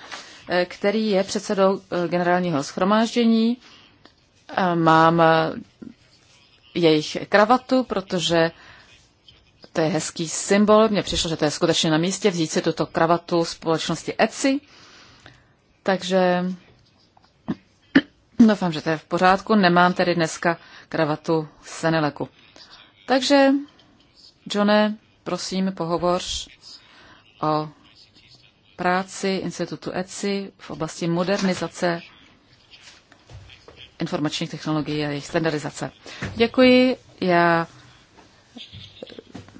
eh, který je předsedou eh, generálního schromáždění. Eh, mám jejich kravatu, protože to je hezký symbol. Mně přišlo, že to je skutečně na místě vzít si tuto kravatu společnosti Etsy. Takže Doufám, že to je v pořádku. Nemám tedy dneska kravatu Seneleku. Takže, Johne, prosím, pohovoř o práci Institutu ECI v oblasti modernizace informačních technologií a jejich standardizace. Děkuji. Já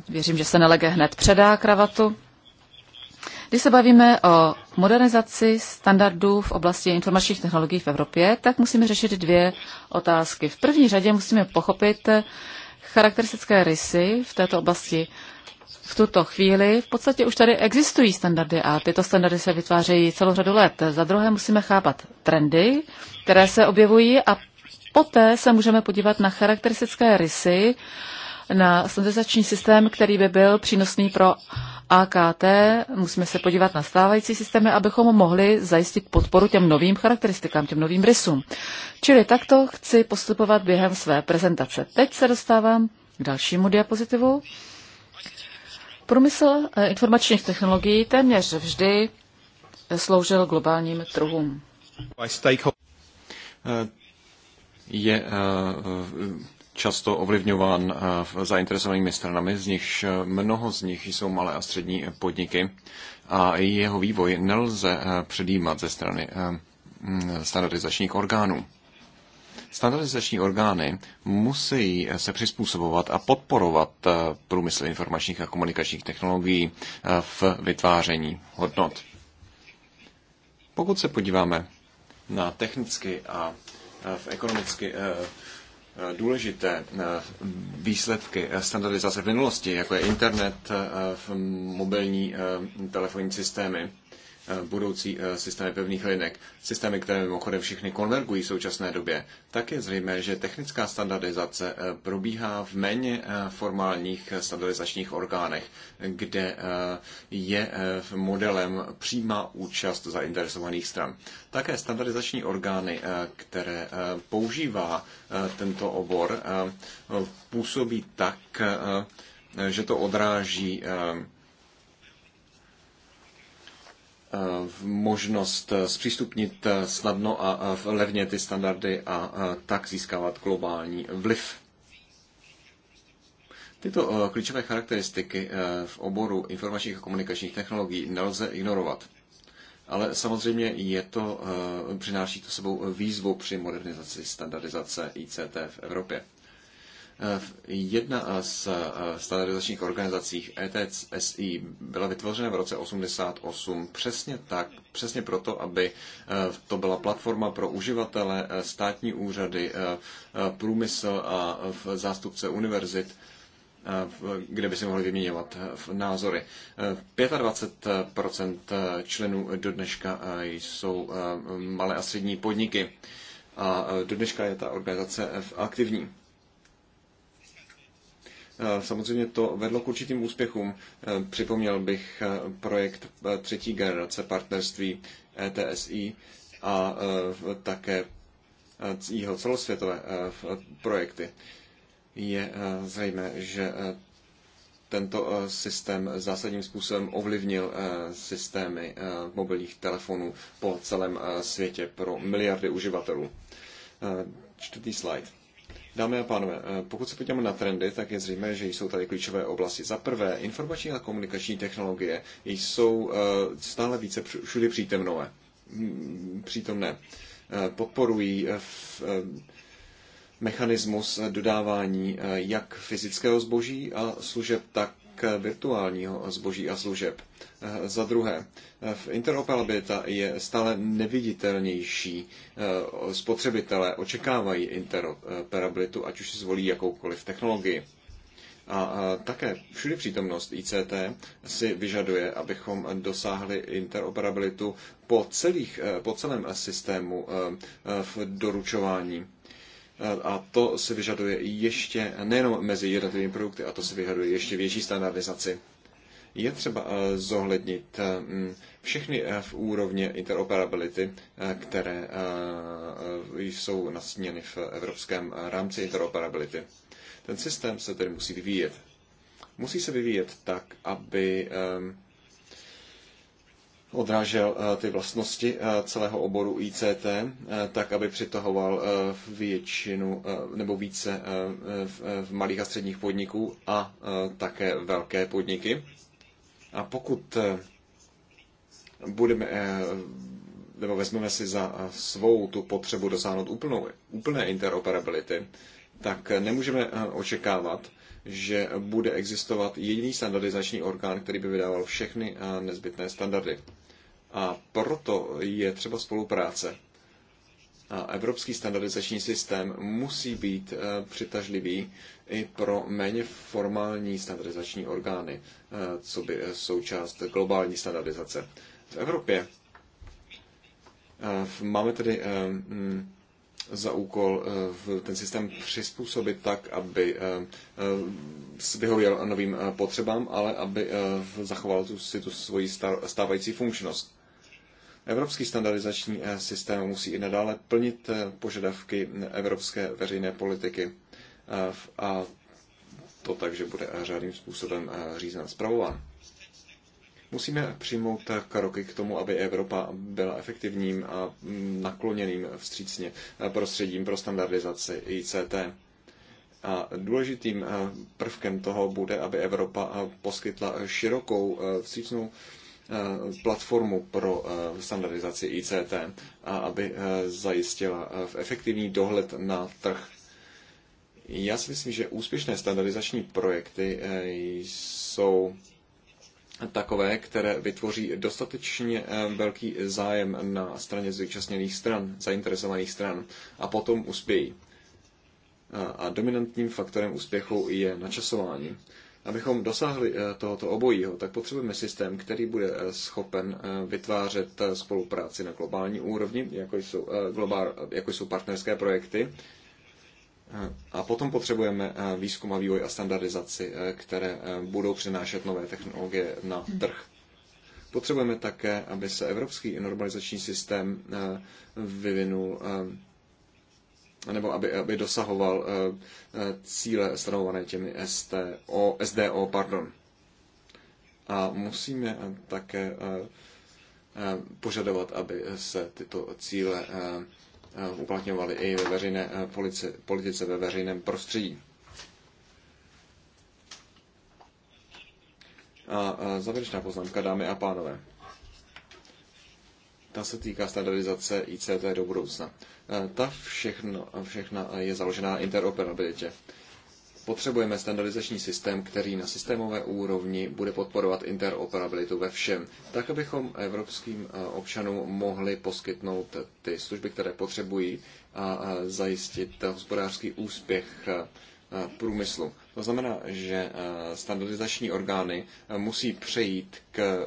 věřím, že se nelege hned předá kravatu. Když se bavíme o modernizaci standardů v oblasti informačních technologií v Evropě, tak musíme řešit dvě otázky. V první řadě musíme pochopit charakteristické rysy v této oblasti. V tuto chvíli v podstatě už tady existují standardy a tyto standardy se vytvářejí celou řadu let. Za druhé musíme chápat trendy, které se objevují a poté se můžeme podívat na charakteristické rysy uh, na standardizační systém, který by byl přínosný pro AKT. Musíme se podívat na stávající systémy, abychom mohli zajistit podporu těm novým charakteristikám, těm novým rysům. Čili takto chci postupovat během své prezentace. Teď se dostávám k dalšímu diapozitivu. Průmysl eh, informačních technologií téměř vždy sloužil globálním trhům. Eh, je uh, často ovlivňován eh, zainteresovanými stranami, z nichž eh, mnoho z nich jsou malé a střední eh, podniky a jeho vývoj nelze předjímat ze strany mm, standardizačních orgánů. Standardizační orgány musí se přizpůsobovat a podporovat průmysl informačních a komunikačních technologií v vytváření hodnot. Pokud se podíváme na technicky a v ekonomicky důležité eh, výsledky eh, standardizace v minulosti, jako je internet, eh, mobilní telefonní systémy, Eh, budoucí eh, systémy pevných linek, systémy, které mimochodem všichni konvergují v současné době, tak je zřejmé, že technická standardizace eh, probíhá v méně formálních standardizačních orgánech, kde je modelem přímá účast zainteresovaných stran. Také standardizační orgány, které používá tento obor, působí tak, že to odráží možnost eh, zpřístupnit eh, snadno a eh, levně ty standardy a tak získávat globální vliv. Tyto klíčové charakteristiky v oboru informačních a komunikačních technologií nelze ignorovat. Ale samozřejmě je to, přináší to sebou výzvu při modernizaci standardizace ICT v Evropě. Eh, jedna z eh, standardizačních organizací ETSI byla vytvořena v roce 88 přesně tak, přesně proto, aby eh, to byla platforma pro uživatele, státní úřady, průmysl a zástupce univerzit kde by si mohli vyměňovat názory. 25% členů do dneška jsou malé a střední podniky a do dneška je ta organizace aktivní. Eh, samozřejmě to vedlo k určitým úspěchům. Eh, připomněl bych eh, projekt třetí generace partnerství ETSI a také jeho celosvětové projekty. Je zřejmé, že tento systém zásadním způsobem ovlivnil systémy mobilních telefonů po celém světě pro miliardy uživatelů. Čtvrtý slide. Dámy a pánové, eh, pokud se podíváme na trendy, tak je zřejmé, že jsou tady klíčové oblasti. Za prvé, informační a komunikační technologie jsou eh, stále více všude přítomné. Mm, přítomné. Eh, podporují mechanismus dodávání jak fyzického zboží a služeb, tak k virtuálního zboží a služeb. Eh, za druhé, eh, v interoperabilita je stále neviditelnější. Eh, spotřebitelé očekávají interoperabilitu, ať už si zvolí jakoukoliv technologii. A také všude přítomnost ICT si vyžaduje, abychom dosáhli interoperabilitu po, celých, po celém systému v doručování a to se vyžaduje ještě nejenom mezi jednotlivými produkty, a to se vyžaduje ještě větší standardizaci. Je třeba eh, zohlednit eh, všechny eh, v úrovně interoperability, které jsou nastíněny v evropském rámci interoperability. Ten systém se tedy musí vyvíjet. Musí se vyvíjet tak, aby odrážel eh, ty vlastnosti eh, celého oboru ICT, eh, tak aby přitahoval většinu nebo více v malých a středních podniků a také velké podniky. A pokud budeme nebo vezmeme si za svou tu potřebu dosáhnout úplnou, úplné interoperability, tak nemůžeme očekávat, že bude existovat jediný standardizační orgán, který by vydával všechny nezbytné standardy. A proto je třeba spolupráce. A evropský standardizační systém musí být eh, přitažlivý i pro méně formální standardizační orgány, eh, co by eh, součást globální standardizace. V Evropě máme tedy mm, za úkol ten systém přizpůsobit tak, aby vyhověl novým potřebám, ale aby zachoval tu, si tu svoji stávající funkčnost. Evropský standardizační eh, systém musí i nadále plnit eh, požadavky eh, evropské veřejné politiky a to tak, že bude řádným způsobem řízen a zpravován. Musíme přijmout kroky k tomu, aby Evropa byla efektivním a mm, nakloněným vstřícně prostředím pro standardizaci ICT. A důležitým prvkem toho bude, aby Evropa poskytla širokou vstřícnou Eh, platformu pro eh, standardizaci ICT a aby eh, zajistila efektivní dohled na trh. Já si myslím, že úspěšné standardizační projekty jsou takové, které vytvoří dostatečně velký zájem na straně zúčastněných stran, zainteresovaných stran a potom uspějí. A dominantním faktorem úspěchu je načasování. Abychom dosáhli eh, tohoto obojího, tak potřebujeme systém, který bude eh, schopen eh, vytvářet spolupráci na globální úrovni, jako jsou, globál, jako jsou partnerské projekty. A potom potřebujeme výzkum a vývoj a standardizaci, které budou přinášet nové technologie na trh. Potřebujeme také, aby se evropský normalizační systém vyvinul nebo aby, aby dosahoval eh, eh, cíle stanovované těmi STO, SDO. Pardon. A musíme eh, také požadovat, aby se tyto cíle uplatňovaly i ve veřejné politice, politice ve veřejném prostředí. A závěrečná poznámka, dámy a pánové ta se týká standardizace ICT do budoucna. E, ta všechno, všechna je založená na interoperabilitě. Potřebujeme standardizační systém, který na systémové úrovni bude podporovat interoperabilitu ve všem, tak abychom evropským e, občanům mohli poskytnout ty služby, které potřebují a zajistit hospodářský úspěch e, průmyslu. To znamená, že standardizační orgány musí přejít k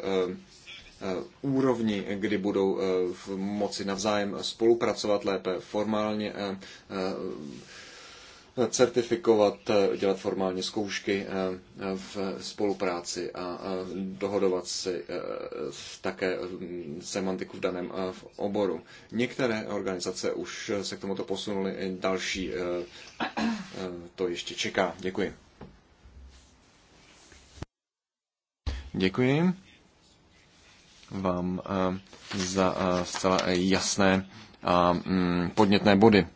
Eh, úrovni, kdy budou eh, v moci navzájem spolupracovat lépe formálně, eh, certifikovat, dělat formálně zkoušky v spolupráci a dohodovat si také mm, semantiku v daném oboru. Některé organizace už se k tomuto posunuly, další to ještě čeká. Děkuji. Děkuji vám eh, za eh, zcela eh, jasné a mm, podnětné body.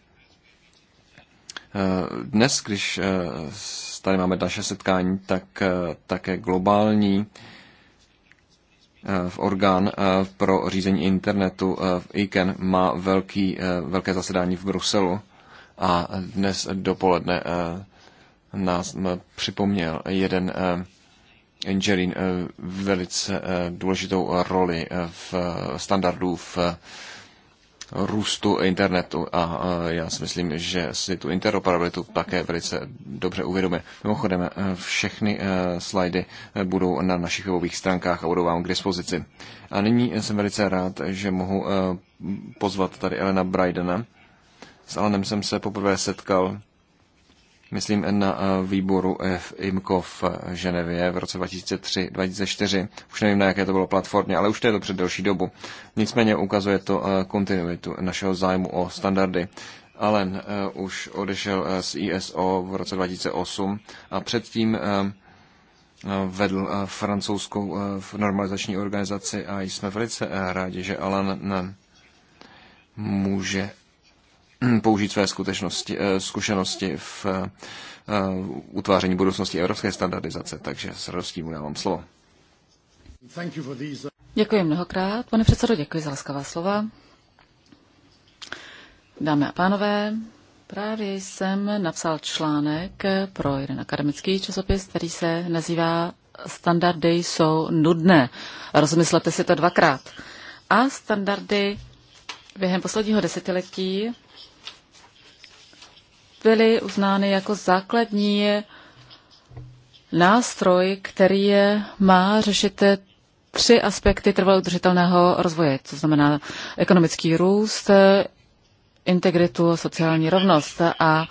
Dnes, když tady máme další setkání, tak také globální v orgán pro řízení internetu v ICANN má velký, velké zasedání v Bruselu a dnes dopoledne nás připomněl jeden Angelin eh, velice eh, důležitou eh, roli v standardů v růstu internetu a já si myslím, že si tu interoperabilitu také velice dobře uvědomuje. Mimochodem, všechny slajdy budou na našich webových stránkách a budou vám k dispozici. A nyní jsem velice rád, že mohu pozvat tady Elena Brydena. S Alanem jsem se poprvé setkal myslím na eh, výboru v IMCO v eh, Ženevě v roce 2003-2004. Už nevím, na jaké to bylo platformě, ale už to je to před delší dobu. Nicméně ukazuje to eh, kontinuitu našeho zájmu o standardy. Allen už odešel z ISO v roce 2008 a předtím vedl francouzskou normalizační organizaci a jsme velice rádi, že Alan může použít své skutečnosti, eh, zkušenosti v eh, eh, utváření budoucnosti evropské standardizace. Takže s radostí mu dávám slovo. Uh, děkuji mnohokrát. Pane předsedo, děkuji za laskavá slova. Dámy a pánové, právě jsem napsal článek pro jeden akademický časopis, který se nazývá Standardy jsou nudné. Rozmyslete si to dvakrát. A standardy během posledního desetiletí byly uznány jako základní nástroj, který je, má řešit tři aspekty trvalo udržitelného rozvoje, co znamená ekonomický růst, integritu a sociální rovnost. A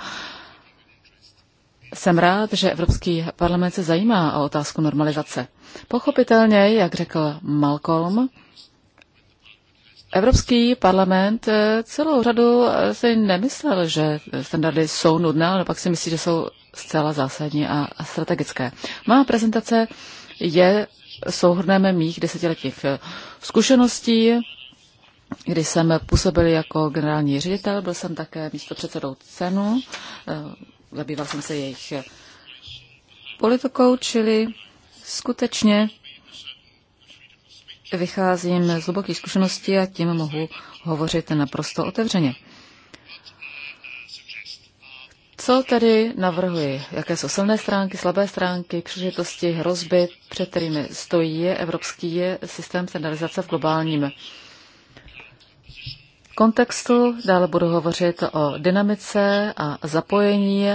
jsem rád, že Evropský parlament se zajímá o otázku normalizace. Pochopitelně, jak řekl Malcolm, Evropský parlament eh, celou řadu eh, si nemyslel, že standardy jsou nudné, ale pak si myslí, že jsou zcela zásadní a strategické. Má prezentace je souhrnem mých desetiletých eh, zkušeností, kdy jsem působil jako generální ředitel, byl jsem také místopředsedou cenu, zabýval jsem se jejich politikou, čili skutečně vycházím z hluboké zkušenosti a tím mohu hovořit naprosto otevřeně. Co tedy navrhuji? Jaké jsou silné stránky, slabé stránky, příležitosti, hrozby, před kterými stojí je evropský je systém standardizace v globálním kontextu. Dále budu hovořit o dynamice a zapojení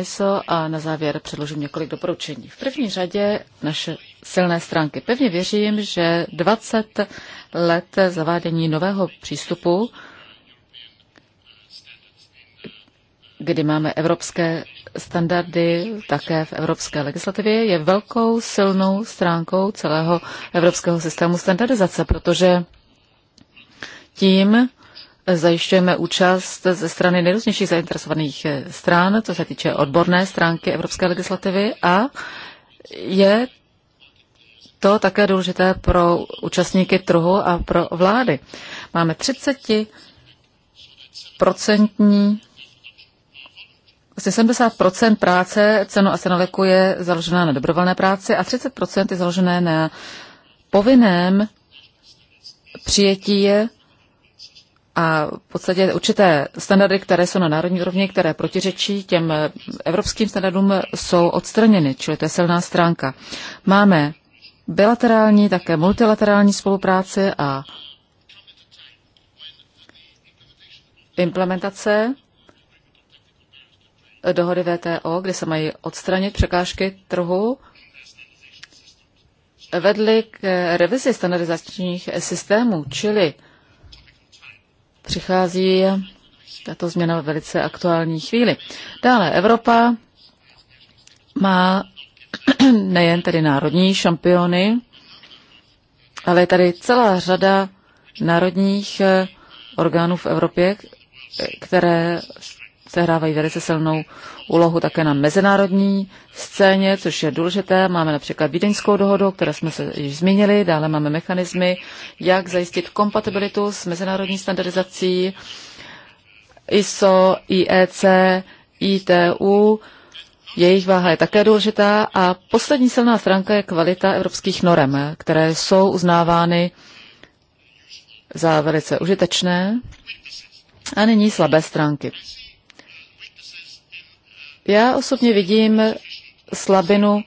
ISO a na závěr předložím několik doporučení. V první řadě naše silné stránky. Pevně věřím, že 20 let zavádění nového přístupu, kdy máme evropské standardy také v evropské legislativě, je velkou silnou stránkou celého evropského systému standardizace, protože tím zajišťujeme účast ze strany nejrůznějších zainteresovaných stran, co se týče odborné stránky evropské legislativy a je to také důležité pro účastníky trhu a pro vlády. Máme 30 procentní asi 70% práce cenu a cenoveku je založená na dobrovolné práci a 30% je založené na povinném přijetí a v podstatě určité standardy, které jsou na národní úrovni, které protiřečí těm evropským standardům, jsou odstraněny, čili to je silná stránka. Máme bilaterální, také multilaterální spolupráce a implementace dohody VTO, kde se mají odstranit překážky trhu, vedly k revizi standardizačních systémů, čili přichází tato změna ve velice aktuální chvíli. Dále Evropa má nejen tedy národní šampiony, ale je tady celá řada národních eh, orgánů v Evropě, které sehrávají velice silnou úlohu také na mezinárodní scéně, což je důležité. Máme například Vídeňskou dohodu, které jsme se již zmínili, dále máme mechanismy, jak zajistit kompatibilitu s mezinárodní standardizací ISO, IEC, ITU, jejich váha je také důležitá a poslední silná stránka je kvalita evropských norem, které jsou uznávány za velice užitečné a nyní slabé stránky. Já osobně vidím slabinu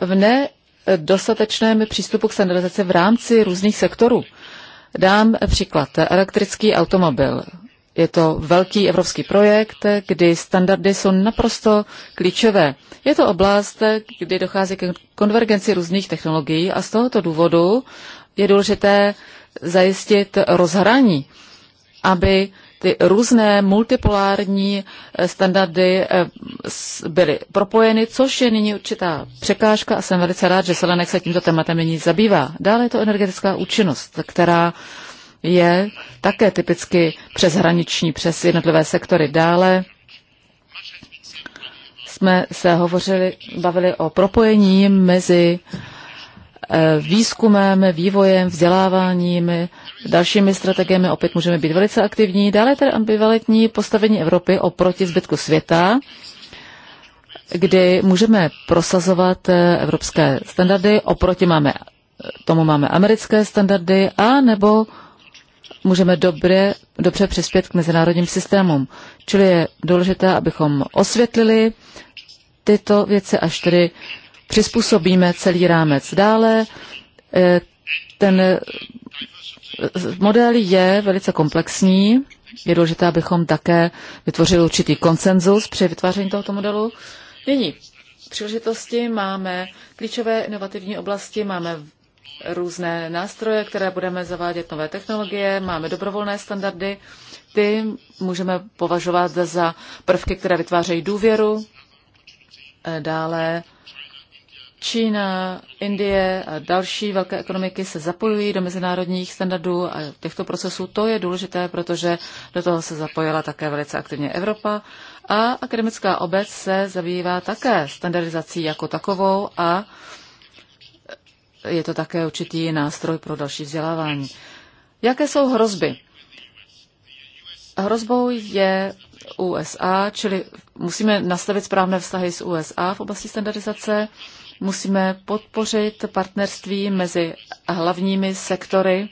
v nedostatečném přístupu k standardizaci v rámci různých sektorů. Dám příklad. Elektrický automobil. Je to velký evropský projekt, kdy standardy jsou naprosto klíčové. Je to oblast, kdy dochází k konvergenci různých technologií a z tohoto důvodu je důležité zajistit rozhraní, aby ty různé multipolární eh, standardy eh, byly propojeny, což je nyní určitá překážka a jsem velice rád, že Selenek se tímto tématem nyní zabývá. Dále je to energetická účinnost, která je také typicky přeshraniční, přes jednotlivé sektory. Dále jsme se hovořili, bavili o propojení mezi eh, výzkumem, vývojem, vzděláváním, dalšími strategiemi. Opět můžeme být velice aktivní. Dále je tedy ambivalentní postavení Evropy oproti zbytku světa, kdy můžeme prosazovat eh, evropské standardy, oproti máme, tomu máme americké standardy, a nebo můžeme dobře, dobře přispět k mezinárodním systémům. Čili je důležité, abychom osvětlili tyto věci, až tedy přizpůsobíme celý rámec. Dále eh, ten eh, model je velice komplexní. Je důležité, abychom také vytvořili určitý konsenzus při vytváření tohoto modelu. Nyní příležitosti máme klíčové inovativní oblasti, máme různé nástroje, které budeme zavádět, nové technologie, máme dobrovolné standardy, ty můžeme považovat za prvky, které vytvářejí důvěru. Eh, dále Čína, Indie a další velké ekonomiky se zapojují do mezinárodních standardů a těchto procesů. To je důležité, protože do toho se zapojila také velice aktivně Evropa a akademická obec se zabývá také standardizací jako takovou a je to také určitý nástroj pro další vzdělávání. Jaké jsou hrozby? Hrozbou je USA, čili musíme nastavit správné vztahy s USA v oblasti standardizace, musíme podpořit partnerství mezi hlavními sektory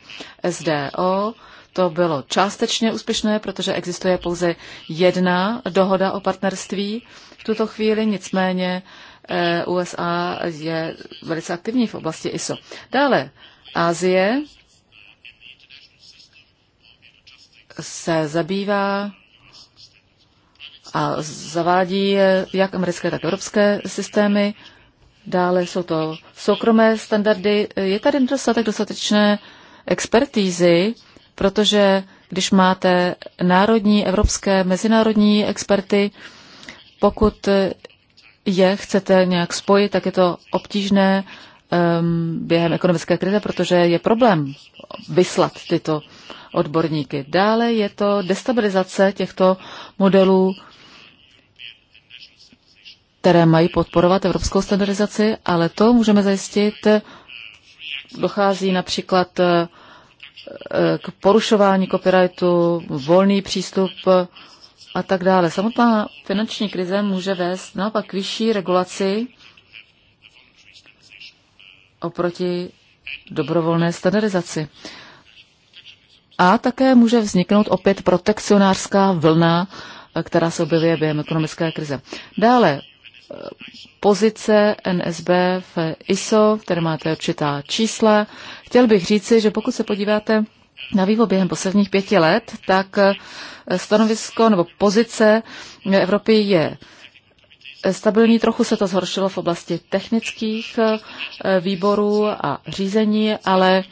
SDO. To bylo částečně úspěšné, protože existuje pouze jedna dohoda o partnerství v tuto chvíli, nicméně Eh, USA je velice aktivní v oblasti ISO. Dále Asie se zabývá a zavádí jak americké, tak evropské systémy. Dále jsou to soukromé standardy. Je tady dostatek dostatečné expertízy, protože když máte národní, evropské, mezinárodní experty, pokud je chcete nějak spojit, tak je to obtížné um, během ekonomické krize, protože je problém vyslat tyto odborníky. Dále je to destabilizace těchto modelů, které mají podporovat evropskou standardizaci, ale to můžeme zajistit. Dochází například eh, k porušování copyrightu, volný přístup a tak dále. Samotná finanční krize může vést naopak k vyšší regulaci oproti dobrovolné standardizaci. A také může vzniknout opět protekcionářská vlna, která se objevuje během ekonomické krize. Dále pozice NSB v ISO, které máte určitá čísla. Chtěl bych říci, že pokud se podíváte na vývoj během posledních pěti let, tak eh, stanovisko nebo pozice eh, Evropy je eh, stabilní. Trochu se to zhoršilo v oblasti technických výborů a řízení, ale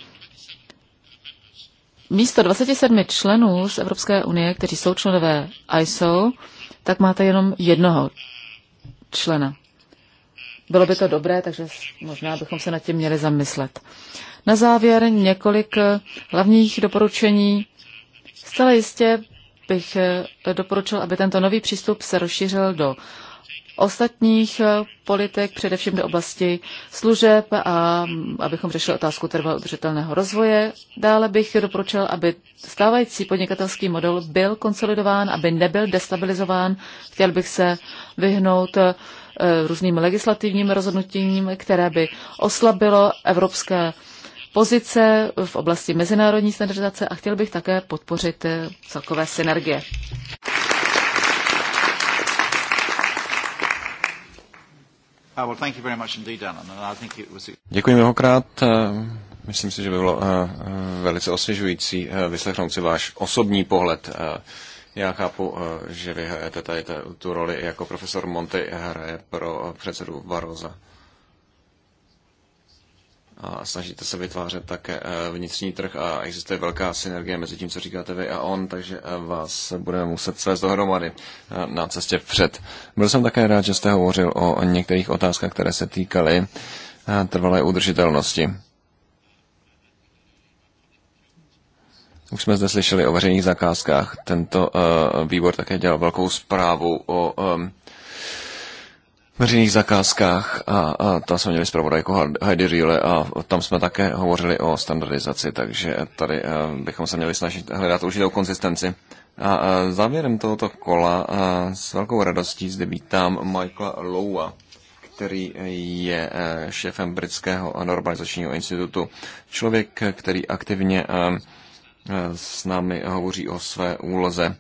místo 27 členů z Evropské unie, kteří jsou členové ISO, tak máte jenom jednoho člena. Bylo by to dobré, takže možná bychom se nad tím měli zamyslet. Uh, na závěr několik eh, hlavních doporučení. Zcela jistě bych eh, doporučil, aby tento nový přístup se rozšířil do ostatních eh, politik, především do oblasti služeb a mm, abychom řešili otázku trvalého udržitelného rozvoje. Dále bych doporučil, aby stávající podnikatelský model byl konsolidován, aby nebyl destabilizován. Chtěl bych se vyhnout různým legislativním rozhodnutím, které by oslabilo evropské pozice v oblasti mezinárodní standardizace a chtěl bych také podpořit eh, celkové synergie. Ah, Děkuji mnohokrát. Eh, myslím si, že by bylo eh, velice osvěžující vyslechnout si váš osobní pohled. Já chápu, že vy hrajete tady tu roli jako profesor Monty hraje pro předsedu Varoza a snažíte se vytvářet také eh, vnitřní trh a existuje velká synergie mezi tím, co říkáte vy a on, takže eh, vás budeme muset svést dohromady eh, na cestě před. Byl jsem také rád, že jste hovořil o některých otázkách, které se týkaly trvalé udržitelnosti. Už jsme zde slyšeli o veřejných zakázkách. Tento výbor také dělal velkou zprávu o um, veřejných zakázkách a, a tam jsme měli jako Heidi Riele a tam jsme také hovořili o standardizaci, takže tady eh, bychom se měli snažit hledat určitou konzistenci. A, a závěrem tohoto kola a s velkou radostí zde vítám Michaela Lowa, který je eh, šéfem Britského normalizačního institutu. Člověk, který aktivně eh, s námi hovoří o své úloze.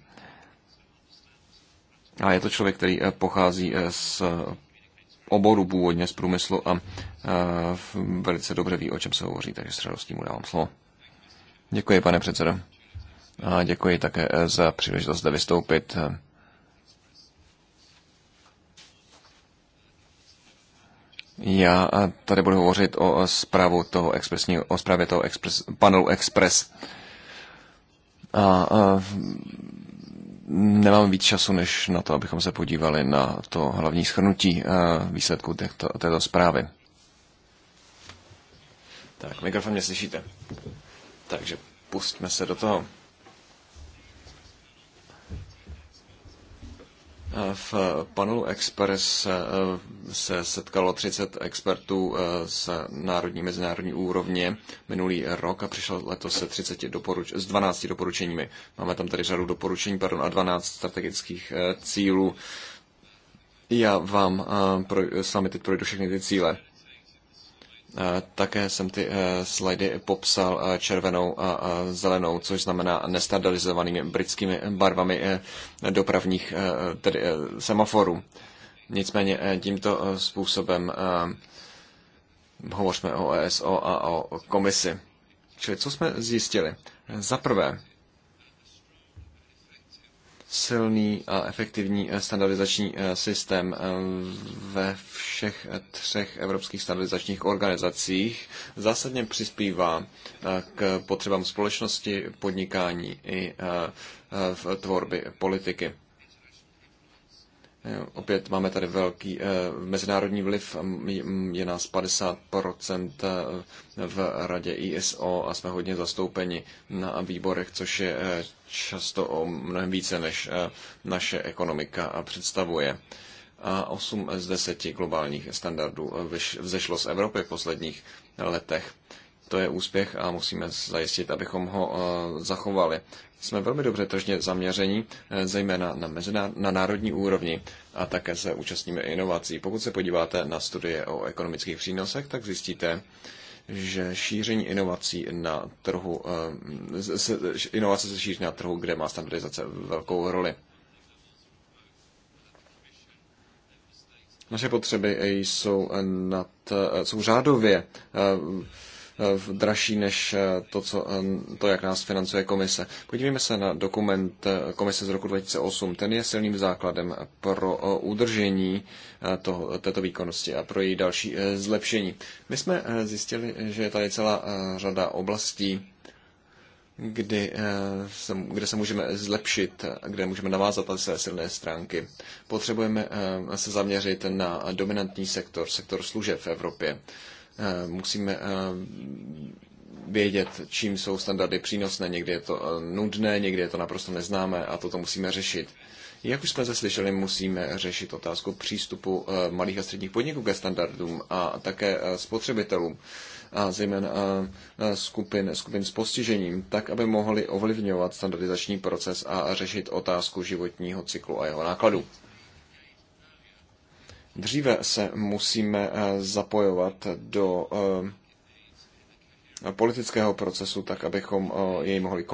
A je to člověk, který pochází z oboru původně z průmyslu a velice dobře ví, o čem se hovoří, takže s radostí mu dávám slovo. Děkuji, pane předsedo. A děkuji také eh, za příležitost zde vystoupit. Já eh, tady budu hovořit o eh, zprávu toho expresního, o zprávě toho expres, panelu Express. A, a nemám víc času, než na to, abychom se podívali na to hlavní schrnutí eh, výsledků těchto, této zprávy. Tak, mikrofon mě slyšíte. Takže pustme se do toho. V panelu Express se setkalo 30 expertů eh, z národní mezinárodní úrovně minulý rok a přišlo letos se 30 doporuč- s 12 doporučeními. Máme tam tady řadu doporučení pardon, a 12 strategických eh, cílů. Já vám eh, pro, s vámi teď projdu všechny ty cíle. Eh, také jsem ty eh, slajdy popsal eh, červenou a zelenou, což znamená nestandardizovanými britskými barvami dopravních tedy semaforů. Nicméně tímto způsobem hovořme o ESO a o komisi. Čili co jsme zjistili? Za prvé, silný a efektivní eh, standardizační eh, systém eh, ve všech třech evropských standardizačních organizacích zásadně přispívá k potřebám společnosti, podnikání i v tvorbě politiky. Eh, opět máme tady velký eh, mezinárodní vliv, je nás 50% eh, v radě ISO a jsme hodně zastoupeni na výborech, což je často o mnohem více, než naše ekonomika představuje. A 8 z 10 globálních standardů vzešlo z Evropy v posledních letech. To je úspěch a musíme zajistit, abychom ho eh, zachovali. Jsme velmi dobře tržně zaměření, eh, zejména na, mezina, na národní úrovni a také se účastníme inovací. Pokud se podíváte na studie o ekonomických přínosech, tak zjistíte, že šíření inovací na trhu, eh, inovace se šíří na trhu, kde má standardizace velkou roli. Naše potřeby jsou, nad, jsou řádově Eh, dražší než eh, to, co, to, jak nás financuje komise. Podívejme se na dokument eh, komise z roku 2008. Ten je silným základem pro udržení toho, této výkonnosti a pro její další zlepšení. My jsme zjistili, že je tady celá řada oblastí, kdy, kde se můžeme zlepšit, kde můžeme navázat na své silné stránky. Potřebujeme se zaměřit na dominantní sektor, sektor služeb v Evropě. Eh, musíme eh, vědět, čím jsou standardy přínosné. Někdy je to eh, nudné, někdy je to naprosto neznámé a toto musíme řešit. Jak už jsme se slyšeli, musíme řešit otázku přístupu malých a středních podniků ke standardům a také spotřebitelům a zejména skupin, skupin s postižením, tak, aby mohli ovlivňovat standardizační proces a řešit otázku životního cyklu a jeho nákladu. Dříve se musíme eh, zapojovat do eh, politického procesu, tak abychom eh, jej mohli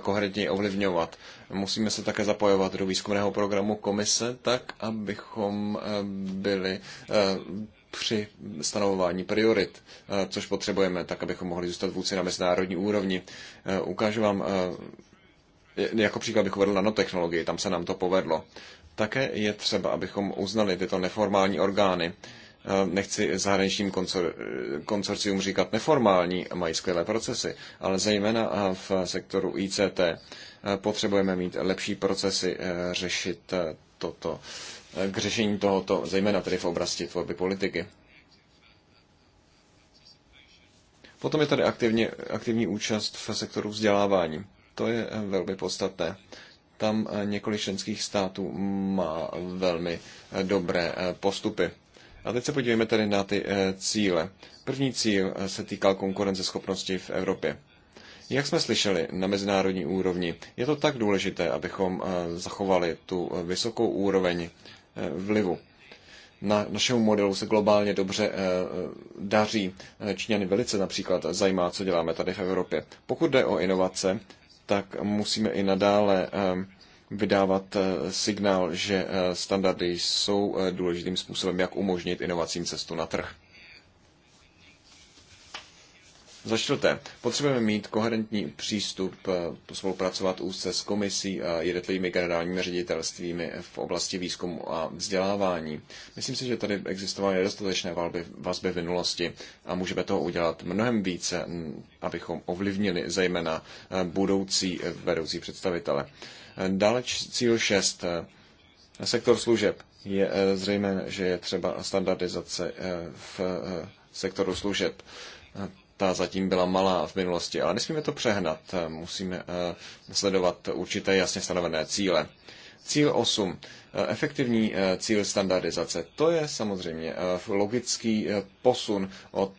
koherentně ovlivňovat. Musíme se také zapojovat do výzkumného programu komise, tak abychom byli při stanovování priorit, což potřebujeme, tak abychom mohli zůstat vůdci na mezinárodní úrovni. Ukážu vám, jako příklad bych uvedl nanotechnologii, tam se nám to povedlo. Také je třeba, abychom uznali tyto neformální orgány. Eh, nechci zahraničním konsor- konsorcium říkat neformální, mají skvělé procesy, ale zejména eh, v sektoru ICT eh, potřebujeme mít lepší procesy řešit toto, k řešení tohoto, zejména tedy v oblasti tvorby politiky. Potom je tady aktivní, aktivní účast v sektoru vzdělávání. To je velmi podstatné tam eh, několik členských států má velmi eh, dobré eh, postupy. A teď se podívejme tedy na ty cíle. První cíl se týkal konkurenceschopnosti v Evropě. Jak jsme slyšeli na mezinárodní úrovni, je to tak důležité, abychom zachovali tu vysokou úroveň vlivu. Na našemu modelu se globálně dobře daří. Číňany velice například zajímá, co děláme tady v Evropě. Pokud jde o inovace, tak musíme i nadále ehm, vydávat eh, signál, že eh, standardy jsou eh, důležitým způsobem, jak umožnit inovacím cestu na trh. Za čtvrté, potřebujeme mít koherentní přístup, eh, spolupracovat úzce s komisí a jednotlivými generálními ředitelstvími v oblasti výzkumu a vzdělávání. Myslím si, že tady existovaly nedostatečné vazby v minulosti a můžeme toho udělat mnohem více, abychom ovlivnili zejména eh, budoucí vedoucí představitele. Eh, dále cíl 6. Sektor služeb. Je zřejmé, že je třeba standardizace v sektoru služeb ta zatím byla malá v minulosti, ale nesmíme to přehnat. Musíme eh, sledovat určité jasně stanovené cíle. Cíl 8. Eh, efektivní eh, cíl standardizace. To je samozřejmě logický posun od.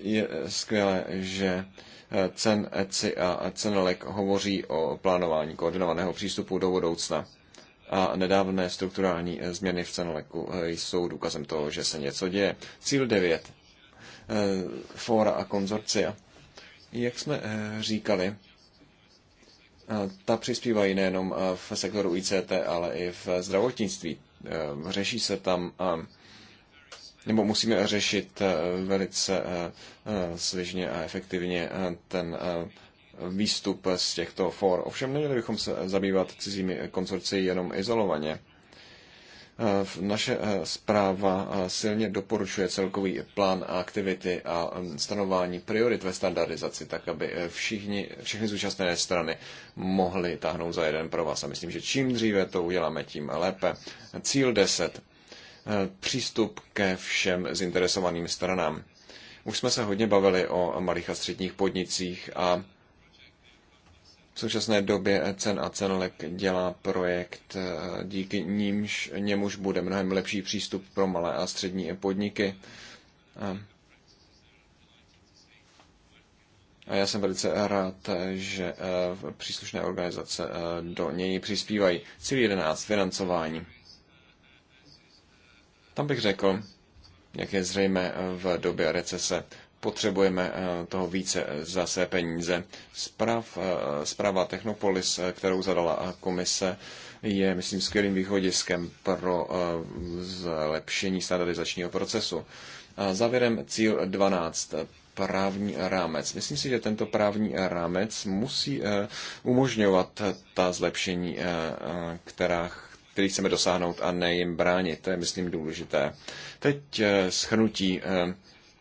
Je skvělé, že cen ECI a CENELEC hovoří o plánování koordinovaného přístupu do budoucna. A nedávné strukturální změny v CENELECu jsou důkazem toho, že se něco děje. Cíl 9 Eh, fóra a konzorcia. Jak jsme eh, říkali, eh, ta přispívají nejenom v sektoru ICT, ale i v zdravotnictví. Řeší se tam, nebo musíme řešit velice svižně a efektivně ten výstup z těchto for. Ovšem neměli bychom se zabývat cizími konzorci jenom izolovaně. Eh, naše eh, zpráva eh, silně doporučuje celkový plán a aktivity a mm, stanování priorit ve standardizaci, tak aby všichni, všechny zúčastněné strany mohly táhnout za jeden pro vás. A myslím, že čím dříve to uděláme, tím lépe. Cíl 10. Přístup ke všem zinteresovaným stranám. Už jsme se hodně bavili o malých a středních podnicích a v současné době cen a cenlek dělá projekt, eh, díky nímž němuž bude mnohem lepší přístup pro malé a střední podniky. A já jsem velice rád, že eh, příslušné organizace eh, do něj přispívají. Cíl 11. Financování. Tam bych řekl, jak je zřejmé v době recese, potřebujeme eh, toho více eh, za své peníze. Zpráv, eh, zpráva Technopolis, kterou zadala komise, je, myslím, skvělým východiskem pro zlepšení standardizačního procesu. A závěrem cíl 12 právní rámec. Myslím si, že tento právní rámec musí umožňovat ta zlepšení, která který chceme dosáhnout a ne jim bránit. To je, myslím, důležité. Teď shrnutí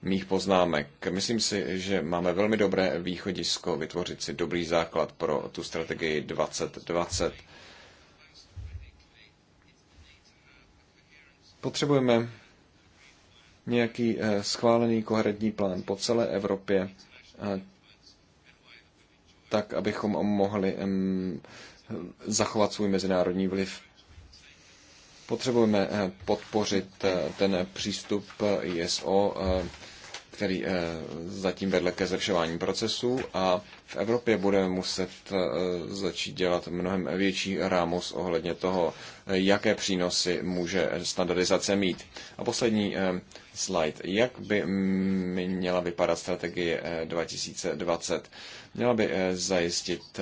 mých poznámek. Myslím si, že máme velmi dobré východisko vytvořit si dobrý základ pro tu strategii 2020. Potřebujeme nějaký eh, schválený koherentní plán po celé Evropě, eh, tak abychom mohli zachovat svůj mezinárodní vliv. Potřebujeme eh, podpořit ten přístup ISO který eh, zatím vedle ke zlepšování procesu a v Evropě budeme muset eh, začít dělat mnohem větší rámus ohledně toho, eh, jaké přínosy může standardizace mít. A poslední slide. Jak by mm, měla vypadat strategie 2020? Měla by zajistit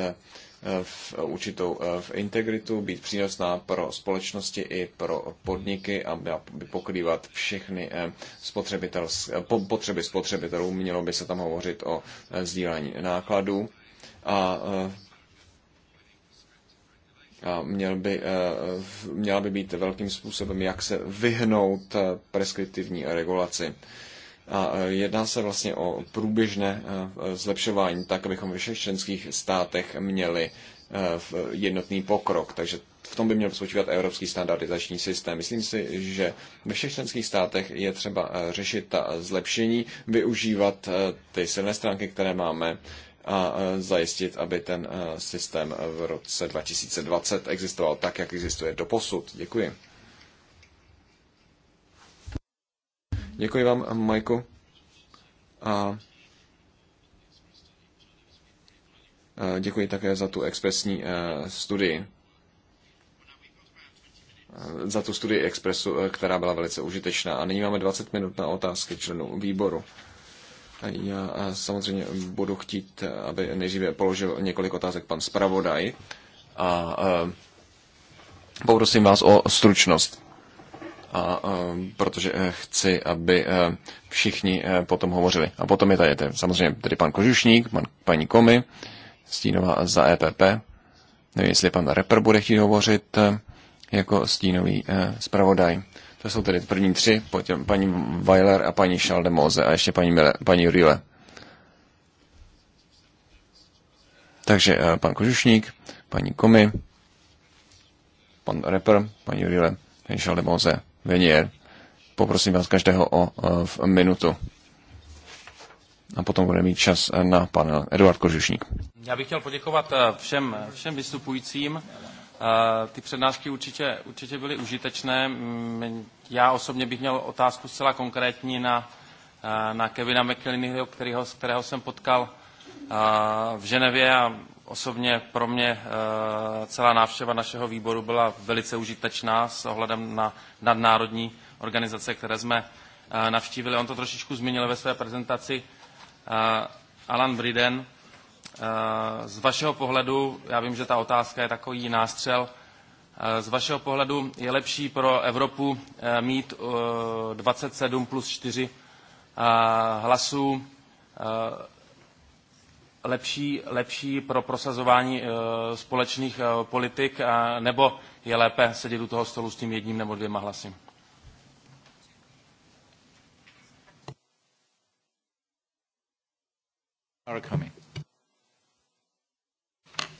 v určitou eh, v integritu, být přínosná pro společnosti i pro podniky, aby pokrývat všechny eh, eh, potřeby spotřebitelů. Mělo by se tam hovořit o sdílení nákladů a a měl by, měla by být velkým způsobem, jak se vyhnout preskriptivní regulaci. A e, jedná se vlastně o průběžné e, zlepšování, tak abychom ve všech členských státech měli e, jednotný pokrok. Takže v tom by měl spočívat evropský standardizační systém. Myslím si, že ve všech členských státech je třeba řešit ta zlepšení, využívat ty silné stránky, které máme a zajistit, aby ten systém v roce 2020 existoval tak, jak existuje do posud. Děkuji. Děkuji vám, Majku. A děkuji také za tu expresní e, studii. E, za tu studii expresu, e, která byla velice užitečná. A nyní máme 20 minut na otázky členů výboru. Já samozřejmě budu chtít, aby nejdříve položil několik otázek pan zpravodaj a poprosím vás o stručnost a protože eh, chci, aby eh, všichni eh, potom hovořili. A potom je tady samozřejmě tady pan Kožušník, pan, paní Komy, stínová za EPP. Nevím, jestli pan Reper bude chtít hovořit jako stínový zpravodaj. To jsou tedy první tři, potom paní Weiler a paní Schaldemose a ještě paní, Mille, paní Rile. Takže pan Kožušník, paní Komy, pan Reper, paní Rile, paní Schaldemose Venier. Poprosím vás každého o, v minutu. A potom bude mít čas na panel. Eduard Kožušník. Já bych chtěl poděkovat eh, všem, všem vystupujícím. Eh, ty přednášky určitě, určitě byly užitečné. Mm, já osobně bych měl otázku zcela konkrétní na, eh, na Kevina McKellinyho, kterého, kterého jsem potkal v Ženevě a Osobně pro mě eh, celá návštěva našeho výboru byla velice užitečná s ohledem na nadnárodní organizace, které jsme eh, navštívili. On to trošičku zmínil ve své prezentaci eh, Alan Briden. Z vašeho pohledu, já vím, že ta otázka je takový nástřel, z vašeho pohledu je lepší pro Evropu mít 27 plus 4 hlasů lepší, lepší pro prosazování eh, společných eh, politik, nebo je lépe sedět u toho stolu s tím jedním nebo dvěma hlasy?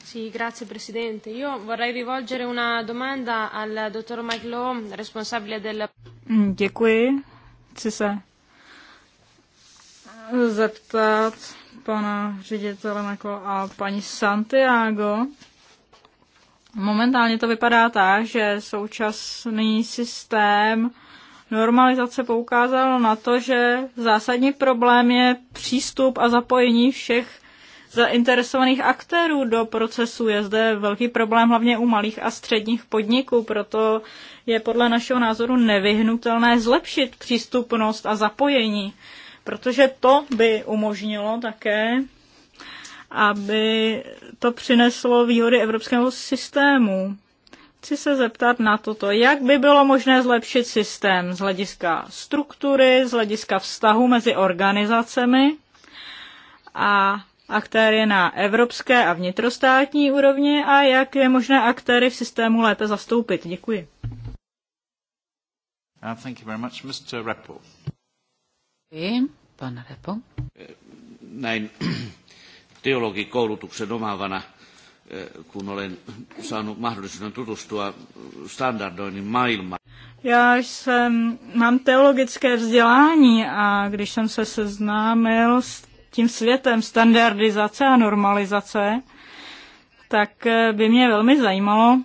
Sì, grazie Presidente. Io vorrei rivolgere una domanda al dottor Mike Lowe, responsabile del... Mm, děkuji. Chci se zeptat pana ředitele Meko a paní Santiago. Momentálně to vypadá tak, že současný systém normalizace poukázal na to, že zásadní problém je přístup a zapojení všech zainteresovaných aktérů do procesu. Je zde velký problém hlavně u malých a středních podniků, proto je podle našeho názoru nevyhnutelné zlepšit přístupnost a zapojení protože to by umožnilo také, aby to přineslo výhody evropskému systému. Chci se zeptat na toto, jak by bylo možné zlepšit systém z hlediska struktury, z hlediska vztahu mezi organizacemi a aktéry na evropské a vnitrostátní úrovni a jak je možné aktéry v systému lépe zastoupit. Děkuji. Uh, thank you very much, Mr. Repo. Pan Repo. Näin teologikoulutuksen omaavana, eh, kun olen saanut mahdollisuuden tutustua standardoinnin maailmaan. Já jsem, mám teologické vzdělání a když jsem se seznámil s tím světem standardizace a normalizace, tak eh, by mě velmi zajímalo,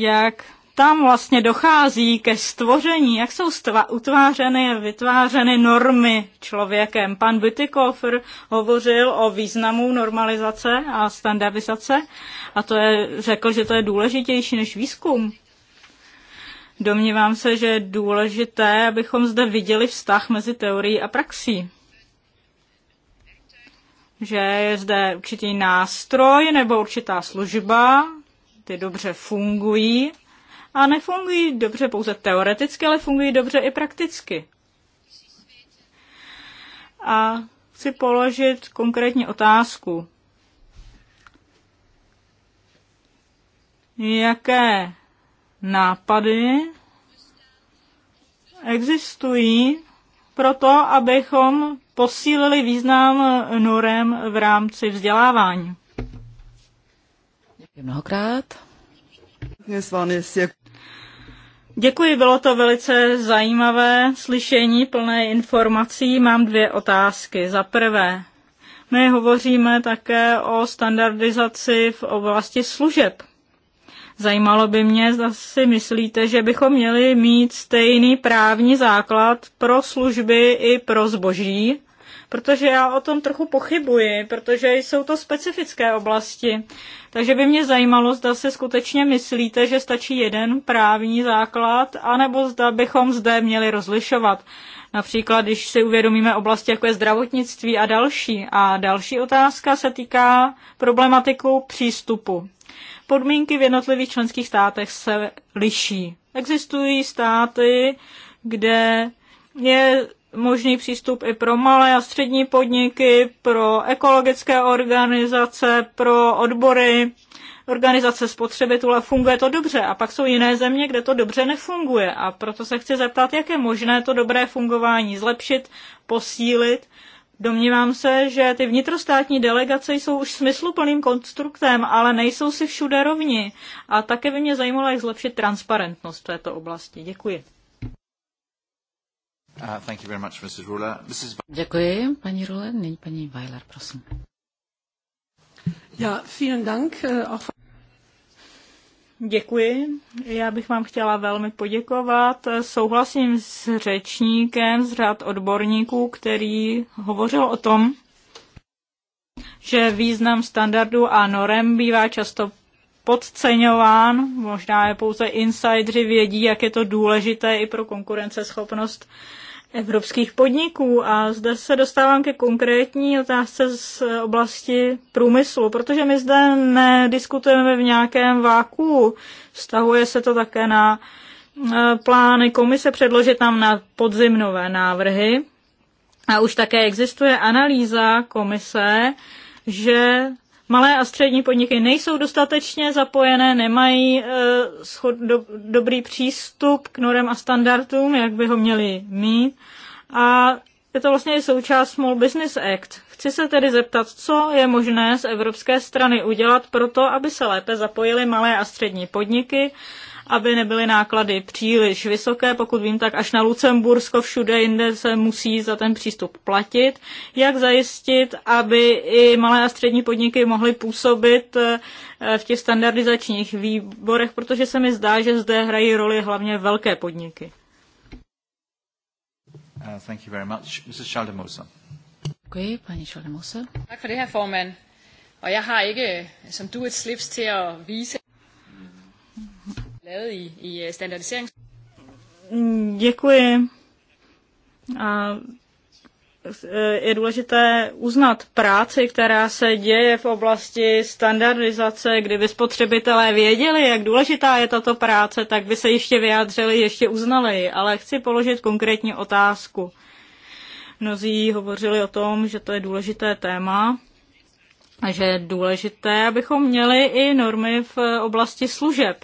jak tam vlastně dochází ke stvoření, jak jsou stva, utvářeny, vytvářeny normy člověkem. Pan bytykofer hovořil o významu normalizace a standardizace a to je, řekl, že to je důležitější než výzkum. Domnívám se, že je důležité, abychom zde viděli vztah mezi teorií a praxí že je zde určitý nástroj nebo určitá služba, ty dobře fungují a nefungují dobře pouze teoreticky, ale fungují dobře i prakticky. A chci položit konkrétní otázku. Jaké nápady existují pro to, abychom posílili význam norem v rámci vzdělávání? Děkuji mnohokrát. Děkuji, bylo to velice zajímavé slyšení, plné informací. Mám dvě otázky. Za prvé, my hovoříme také o standardizaci v oblasti služeb. Zajímalo by mě, zda si myslíte, že bychom měli mít stejný právní základ pro služby i pro zboží, protože já o tom trochu pochybuji, protože jsou to specifické oblasti. Takže by mě zajímalo, zda se skutečně myslíte, že stačí jeden právní základ, anebo zda bychom zde měli rozlišovat. Například, když si uvědomíme oblasti, jako je zdravotnictví a další. A další otázka se týká problematiku přístupu. Podmínky v jednotlivých členských státech se liší. Existují státy, kde je možný přístup i pro malé a střední podniky, pro ekologické organizace, pro odbory, organizace spotřebitelů a funguje to dobře. A pak jsou jiné země, kde to dobře nefunguje. A proto se chci zeptat, jak je možné to dobré fungování zlepšit, posílit. Domnívám se, že ty vnitrostátní delegace jsou už smysluplným konstruktem, ale nejsou si všude rovni. A také by mě zajímalo, jak zlepšit transparentnost v této oblasti. Děkuji. Uh, Děkuji, paní Ruler. Nyní paní Weiler, prosím. Ja, vielen Dank. Eh, auch... Děkuji. Já bych vám chtěla velmi poděkovat. Souhlasím s řečníkem z řad odborníků, který hovořil o tom, že význam standardů a norem bývá často podceňován. Možná je pouze insidři vědí, jak je to důležité i pro konkurenceschopnost evropských podniků. A zde se dostávám ke konkrétní otázce z oblasti průmyslu, protože my zde nediskutujeme v nějakém váku. Vztahuje se to také na eh, plány komise předložit nám na podzimnové návrhy. A už také existuje analýza komise, že malé a střední podniky nejsou dostatečně zapojené, nemají eh, dobrý přístup k norem a standardům, jak by ho měli mít. A je to vlastně i součást Small Business Act. Chci se tedy zeptat, co je možné z evropské strany udělat pro to, aby se lépe zapojily malé a střední podniky aby nebyly náklady příliš vysoké. Pokud vím, tak až na Lucembursko všude jinde se musí za ten přístup platit. Jak zajistit, aby i malé a střední podniky mohly působit eh, v těch standardizačních výborech, protože se mi zdá, že zde hrají roli hlavně velké podniky. Uh, thank you very much. Mrs. Schaldemose. Děkuji, paní Schaldemose. Tak for det her, formand. Og jeg har ikke, som du, et slips til at vise lavet i, i øh, standardisering. Děkuji. A e, je důležité uznat práci, která se děje v oblasti standardizace. Kdyby spotřebitelé věděli, jak důležitá je tato práce, tak by se ještě vyjádřili, ještě uznali. Ale chci položit konkrétní otázku. Mnozí hovořili o tom, že to je důležité téma a že je důležité, abychom měli i normy v oblasti služeb.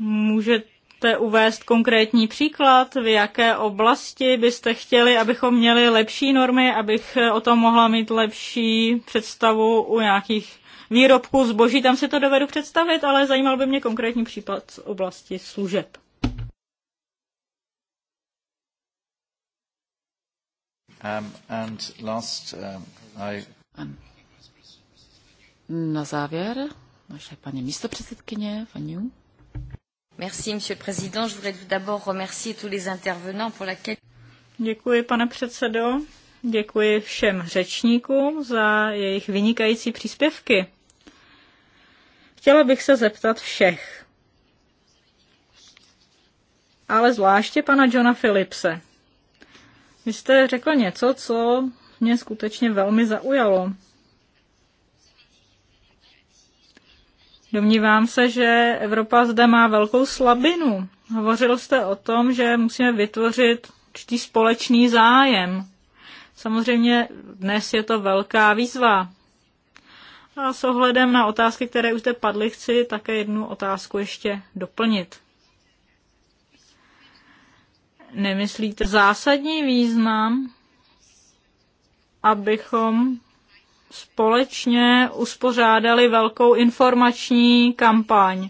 Můžete uvést konkrétní příklad, v jaké oblasti byste chtěli, abychom měli lepší normy, abych o tom mohla mít lepší představu u nějakých výrobků zboží, tam si to dovedu představit, ale zajímal by mě konkrétní případ z oblasti služeb. Um, and last, um, I... Na závěr naše paní místopředsedkyně, paní Merci, monsieur le président. Je voudrais tout d'abord remercier tous les intervenants pour Děkuji, pane předsedo. Děkuji všem řečníkům za jejich vynikající příspěvky. Chtěla bych se zeptat všech, ale zvláště pana Johna Philipse. Vy jste řekl něco, co mě skutečně velmi zaujalo. Domnívám se, že Evropa zde má velkou slabinu. Hovořil jste o tom, že musíme vytvořit určitý společný zájem. Samozřejmě dnes je to velká výzva. A s ohledem na otázky, které už zde padly, chci také jednu otázku ještě doplnit. Nemyslíte zásadní význam, abychom společně uspořádali velkou informační kampaň,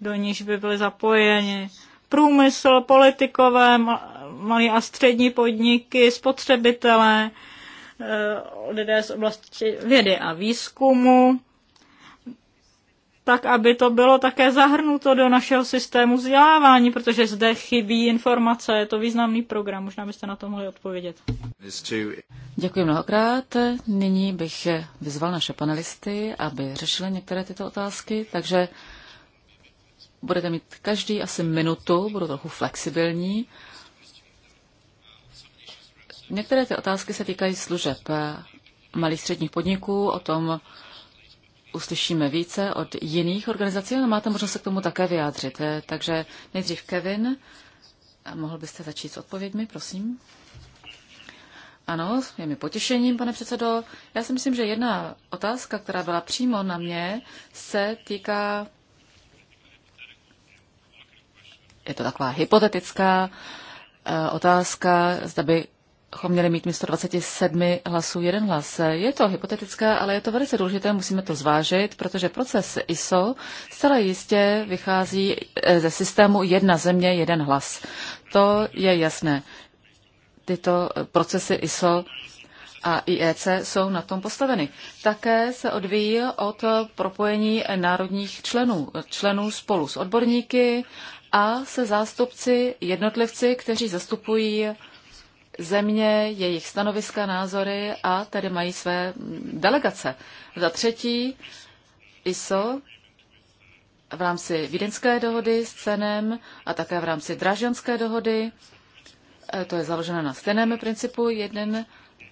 do níž by byly zapojeni průmysl, politikové, malé a střední podniky, spotřebitelé, eh, lidé z oblasti vědy a výzkumu, tak aby to bylo také zahrnuto do našeho systému vzdělávání, protože zde chybí informace, je to významný program, možná byste na to mohli odpovědět. Děkuji mnohokrát. Nyní bych vyzval naše panelisty, aby řešili některé tyto otázky, takže budete mít každý asi minutu, budu trochu flexibilní. Některé ty otázky se týkají služeb malých středních podniků, o tom, uslyšíme více od jiných organizací, ale máte možnost se k tomu také vyjádřit. Takže nejdřív Kevin, mohl byste začít s odpověďmi, prosím? Ano, je mi potěšením, pane předsedo. Já si myslím, že jedna otázka, která byla přímo na mě, se týká. Je to taková hypotetická eh, otázka, zda by měli mít místo 27 hlasů jeden hlas. Je to hypotetické, ale je to velice důležité, musíme to zvážit, protože proces ISO zcela jistě vychází eh, ze systému jedna země, jeden hlas. To je jasné. Tyto eh, procesy ISO a IEC jsou na tom postaveny. Také se odvíjí od propojení národních členů, členů spolu s odborníky a se zástupci jednotlivci, kteří zastupují země, jejich stanoviska, názory a tedy mají své delegace. Za třetí, ISO v rámci Vídeňské dohody s cenem a také v rámci Dražanské dohody. E, to je založeno na stejném principu. Jeden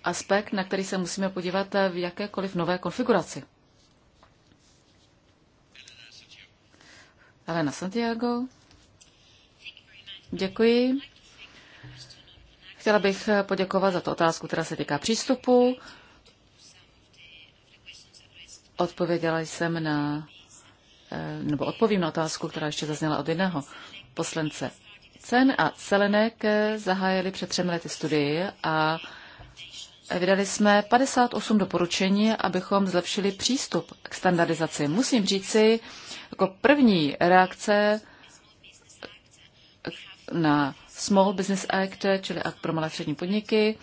aspekt, na který se musíme podívat v jakékoliv nové konfiguraci. Elena Santiago. Děkuji. Chtěla bych poděkovat za tu otázku, která se týká přístupu. Odpověděla jsem na, eh, nebo odpovím na otázku, která ještě zazněla od jiného poslance. Cen a Selenek eh, zahájili před třemi lety studii a Vydali jsme 58 doporučení, abychom zlepšili přístup k standardizaci. Musím říci, jako první reakce na Small Business Act, čili Akt pro malé střední podniky.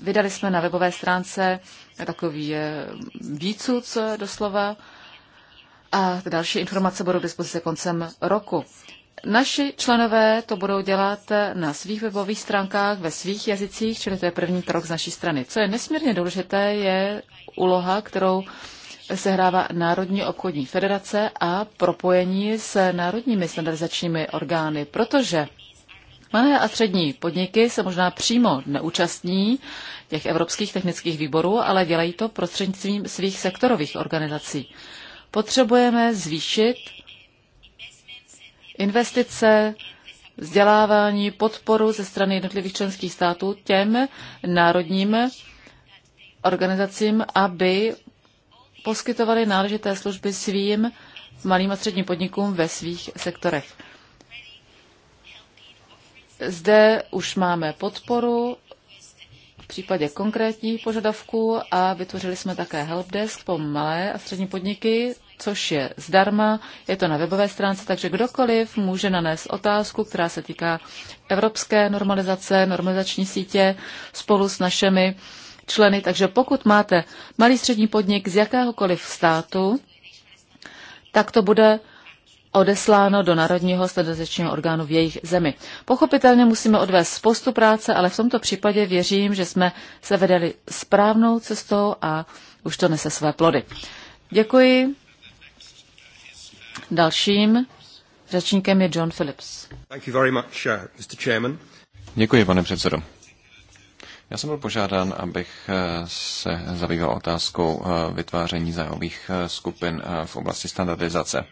Vydali jsme na webové stránce takový eh, výcud eh, doslova a další informace budou k dispozici koncem roku. Naši členové to budou dělat eh, na svých webových stránkách, ve svých jazycích, čili to je první krok z naší strany. Co je nesmírně důležité, je úloha, kterou sehrává Národní obchodní federace a propojení s národními standardizačními orgány, protože Malé a střední podniky se možná přímo neúčastní těch evropských technických výborů, ale dělají to prostřednictvím svých sektorových organizací. Potřebujeme zvýšit investice, vzdělávání, podporu ze strany jednotlivých členských států těm národním organizacím, aby poskytovali náležité služby svým malým a středním podnikům ve svých sektorech. Zde už máme podporu v případě konkrétních požadavků a vytvořili jsme také helpdesk pro malé a střední podniky, což je zdarma, je to na webové stránce, takže kdokoliv může nanést otázku, která se týká evropské normalizace, normalizační sítě spolu s našimi členy. Takže pokud máte malý střední podnik z jakéhokoliv státu, tak to bude odesláno do Národního standardizačního orgánu v jejich zemi. Pochopitelně musíme odvést spoustu práce, ale v tomto případě věřím, že jsme se vedeli správnou cestou a už to nese své plody. Děkuji. Dalším řečníkem je John Phillips. Much, uh, Děkuji, pane předsedo. Já jsem byl požádán, abych eh, se zabýval otázkou eh, vytváření zájmových eh, skupin v oblasti standardizace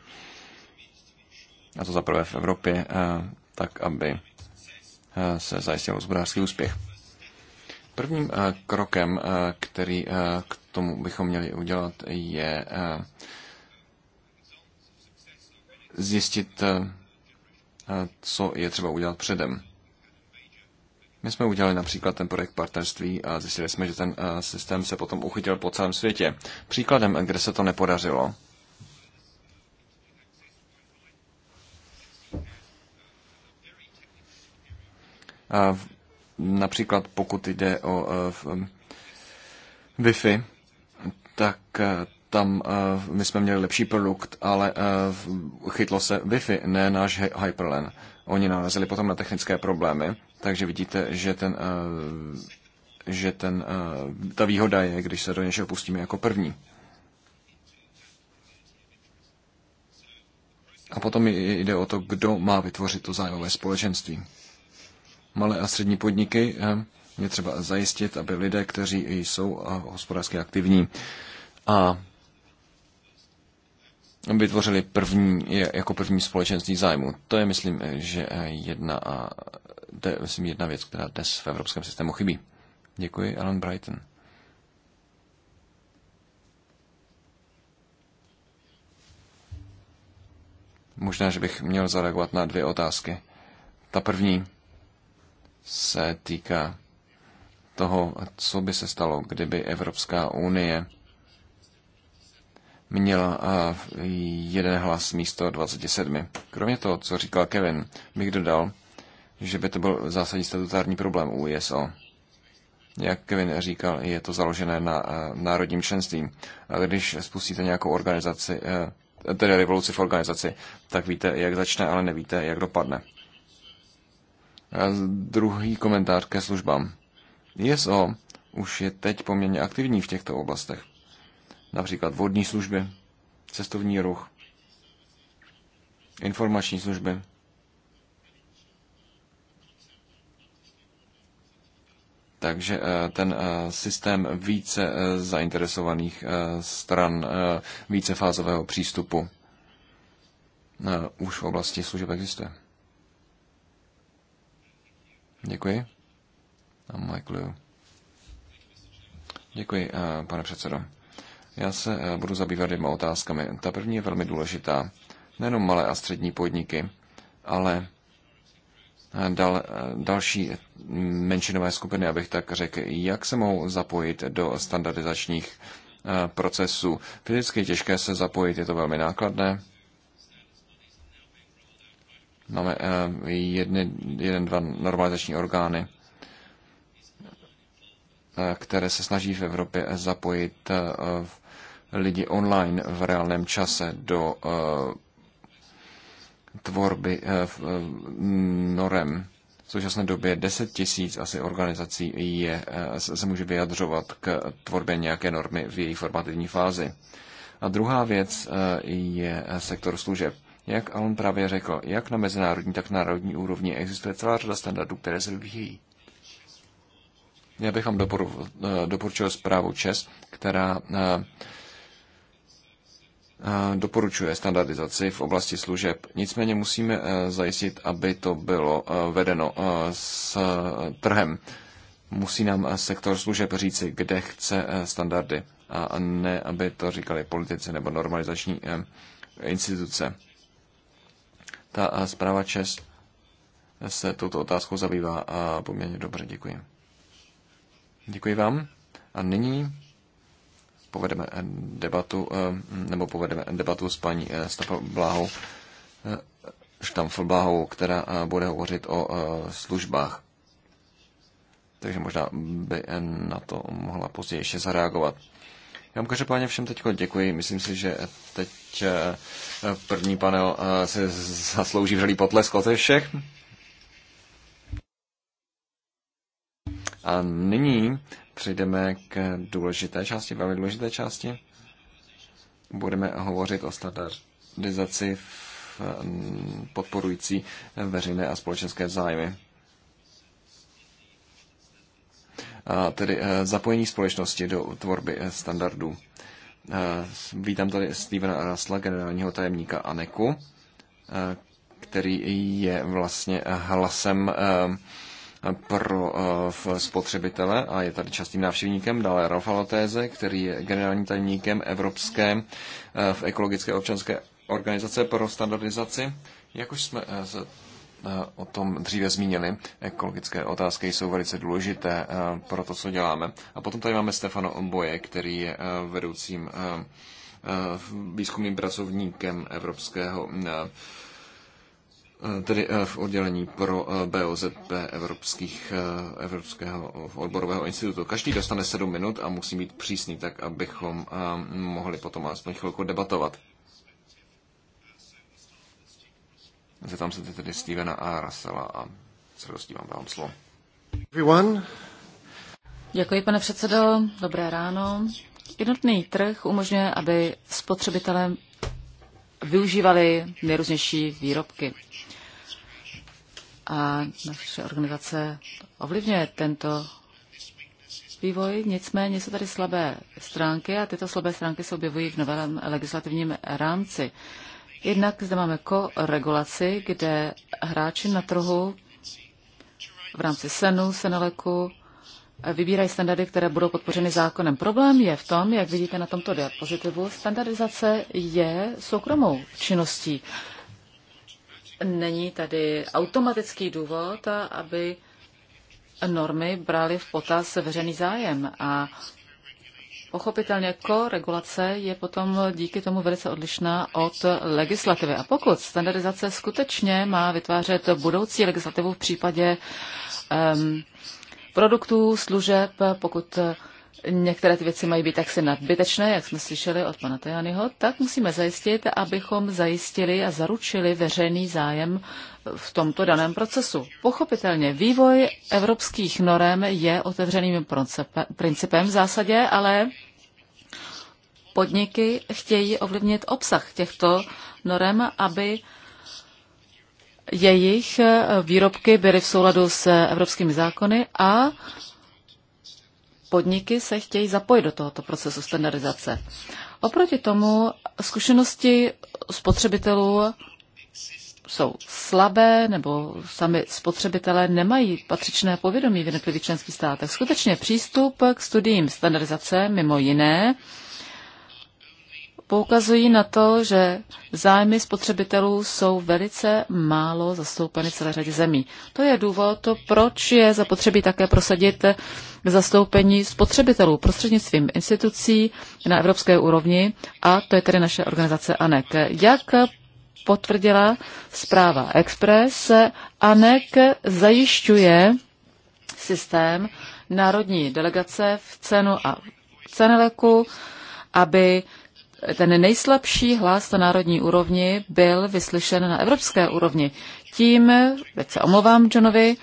a to zaprvé v Evropě, eh, tak aby eh, se zajistil hospodářský úspěch. Prvním eh, krokem, který k tomu bychom měli udělat, je zjistit, co je třeba udělat předem. My jsme udělali například ten projekt partnerství a zjistili jsme, že ten systém se potom uchytil po celém světě. Příkladem, kde se to nepodařilo, Například pokud jde o e, Wi-Fi, tak e, tam e, my jsme měli lepší produkt, ale chytlo se Wi-Fi, ne náš Hyperlen. Oni narazili potom na technické problémy, takže vidíte, že ten že ten, ta výhoda je, když se do něčeho pustíme jako první. A potom jde o to, kdo má vytvořit to zájmové společenství malé a střední podniky eh, je třeba zajistit, aby lidé, kteří jsou eh, hospodářsky aktivní a vytvořili první, jako první společenství zájmu. To je, myslím, eh, že jedna, a, to je, myslím, jedna věc, která dnes v evropském systému chybí. Děkuji, Alan Brighton. Možná, že bych měl zareagovat na dvě otázky. Ta první, se týká toho, co by se stalo, kdyby Evropská unie měla jeden hlas místo 27. Kromě toho, co říkal Kevin, bych dodal, že by to byl zásadní statutární problém u ISO. Jak Kevin říkal, je to založené na národním členství. A když spustíte nějakou organizaci, tedy revoluci v organizaci, tak víte, jak začne, ale nevíte, jak dopadne. Druhý komentář ke službám. ISO už je teď poměrně aktivní v těchto oblastech. Například vodní služby, cestovní ruch, informační služby. Takže eh, ten eh, systém více eh, zainteresovaných stran, vícefázového přístupu už v oblasti služeb existuje. Děkuji. A Michael. Děkuji, eh, pane předsedo. Já se eh, budu zabývat dvěma otázkami. Ta první je velmi důležitá. Nejenom malé a střední podniky, ale eh, dal, další menšinové skupiny, abych tak řekl, jak se mohou zapojit do standardizačních procesů. Fyzicky je těžké se zapojit, je to velmi nákladné Máme eh, jedny, jeden, dva normalizační orgány, eh, které se snaží v Evropě zapojit eh, lidi online v reálném čase do tvorby norem. V současné době 10 tisíc asi organizací je, se může vyjadřovat k tvorbě nějaké normy v její formativní fázi. A druhá věc je sektor služeb. Jak Alon právě řekl, jak na mezinárodní, tak na národní úrovni existuje celá řada standardů, které se vyvíjí. Já bych vám eh, doporučil zprávu ČES, která eh, eh, doporučuje standardizaci v oblasti služeb. Nicméně musíme zajistit, aby to bylo vedeno s trhem. Musí nám sektor služeb říci, kde chce standardy a ne, aby to říkali politici nebo normalizační instituce ta eh, zpráva ČES se touto otázkou zabývá a eh, poměrně dobře. Děkuji. Děkuji vám. A nyní povedeme eh, debatu, nebo povedeme debatu s paní Stapa Bláhou, Štamfl která bude hovořit o službách. Takže možná by na to mohla později ještě zareagovat. Já vám každopádně všem teď děkuji. Myslím si, že teď eh, první panel eh, se zaslouží vřelý potlesk od všech. A nyní přejdeme k důležité části, velmi důležité části. Budeme hovořit o standardizaci v mm, podporující veřejné a společenské zájmy. tedy eh, zapojení společnosti do tvorby eh, standardů. Eh, vítám tady Stevena Rasla, generálního tajemníka ANEKu, který je vlastně hlasem pro spotřebitele a je tady častým návštěvníkem. Dále Rafa Lotéze, který je generálním tajemníkem Evropské v ekologické občanské organizace pro standardizaci. Jak už jsme Eh, o tom dříve zmínili. Ekologické otázky jsou velice důležité eh, pro to, co děláme. A potom tady máme Stefano Boje, který je eh, vedoucím výzkumným pracovníkem Evropského tedy v oddělení pro BOZP Evropských, Evropského odborového institutu. Každý dostane 7 minut a musí být přísný, tak abychom mohli potom aspoň chvilku debatovat. Zeptám se tedy Stevena a Rasela a s radostí vám dám slovo. Everyone. Děkuji, pane předsedo. Dobré ráno. Jednotný trh umožňuje, aby spotřebitelé využívali nejrůznější výrobky. A naše organizace ovlivňuje tento vývoj, nicméně jsou tady slabé stránky a tyto slabé stránky se objevují v novém legislativním rámci. Jednak zde máme ko kde hráči na trhu v rámci SENu, SENELEKu eh, vybírají standardy, které budou podpořeny zákonem. Problém je v tom, jak vidíte na tomto diapozitivu, standardizace je soukromou činností. Není tady automatický důvod, aby normy brali v potaz veřejný zájem a Pochopitelně koregulace je potom díky tomu velice odlišná od legislativy. A pokud standardizace skutečně má vytvářet budoucí legislativu v případě um, produktů, služeb, pokud eh, některé ty věci mají být taksi nadbytečné, jak jsme slyšeli od pana Tajanyho, tak musíme zajistit, abychom zajistili a zaručili veřejný zájem v tomto daném procesu. Pochopitelně vývoj evropských norem je otevřeným principem v zásadě, ale podniky chtějí ovlivnit obsah těchto norem, aby jejich výrobky byly v souladu s evropskými zákony a podniky se chtějí zapojit do tohoto procesu standardizace. Oproti tomu zkušenosti spotřebitelů jsou slabé nebo sami spotřebitelé nemají patřičné povědomí v jednotlivých členských státech. Skutečně přístup k studiím standardizace mimo jiné poukazují na to, že zájmy spotřebitelů jsou velice málo zastoupeny v celé řadě zemí. To je důvod, proč je zapotřebí také prosadit zastoupení spotřebitelů prostřednictvím institucí na evropské úrovni a to je tedy naše organizace ANEK. Jak potvrdila zpráva Express. ANEK zajišťuje systém národní delegace v cenu a Ceneleku, aby ten nejslabší hlas na národní úrovni byl vyslyšen na evropské úrovni. Tím, teď se omlouvám Johnovi,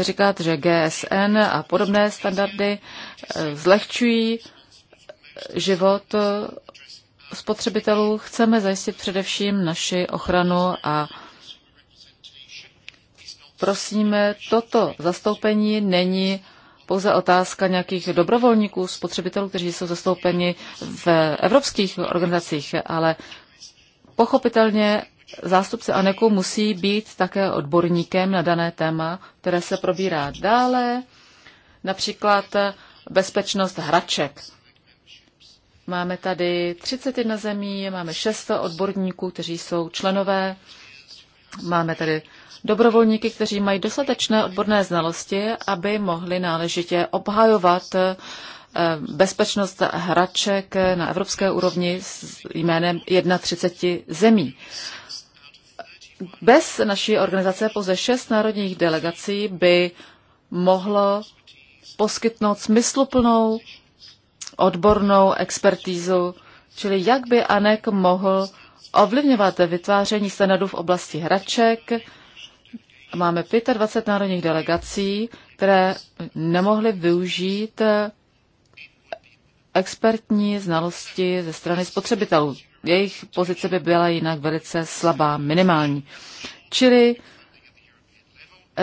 říkat, že GSN a podobné standardy eh, zlehčují život spotřebitelů chceme zajistit především naši ochranu a prosíme, toto zastoupení není pouze otázka nějakých dobrovolníků, spotřebitelů, kteří jsou zastoupeni v evropských organizacích, ale pochopitelně zástupce ANEKu musí být také odborníkem na dané téma, které se probírá dále, například bezpečnost hraček. Máme tady 31 zemí, máme 600 odborníků, kteří jsou členové. Máme tady dobrovolníky, kteří mají dostatečné odborné znalosti, aby mohli náležitě obhajovat eh, bezpečnost hraček na evropské úrovni s jménem 31 zemí. Bez naší organizace pouze šest národních delegací by mohlo poskytnout smysluplnou odbornou expertízu, čili jak by ANEK mohl ovlivňovat vytváření standardů v oblasti hraček. Máme 25 národních delegací, které nemohly využít expertní znalosti ze strany spotřebitelů. Jejich pozice by byla jinak velice slabá, minimální. Čili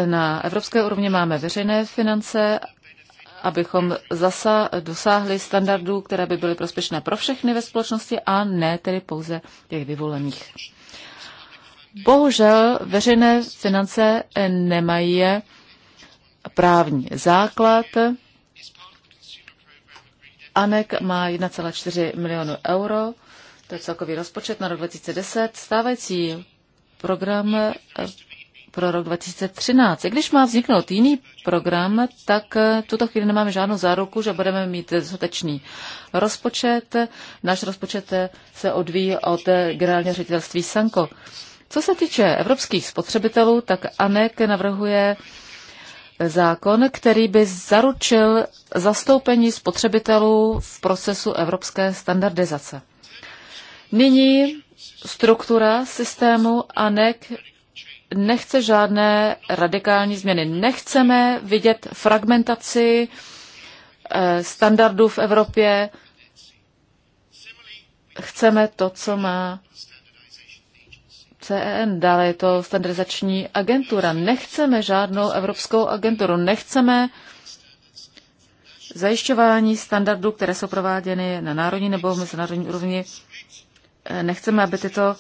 na evropské úrovni máme veřejné finance abychom zasa dosáhli standardů, které by byly prospěšné pro všechny ve společnosti a ne tedy pouze těch vyvolených. Bohužel veřejné finance nemají právní základ. ANEK má 1,4 milionu euro, to je celkový rozpočet na rok 2010. Stávající program pro rok 2013. I když má vzniknout jiný program, tak eh, tuto chvíli nemáme žádnou záruku, že budeme mít dostatečný rozpočet. Náš rozpočet eh, se odvíjí od eh, generálního ředitelství Sanko. Co se týče evropských spotřebitelů, tak ANEK navrhuje zákon, který by zaručil zastoupení spotřebitelů v procesu evropské standardizace. Nyní struktura systému ANEK nechce žádné radikální změny. Nechceme vidět fragmentaci eh, standardů v Evropě. Chceme to, co má CEN, dále je to standardizační agentura. Nechceme žádnou evropskou agenturu, nechceme zajišťování standardů, které jsou prováděny na národní nebo mezinárodní úrovni. Eh, nechceme, aby tyto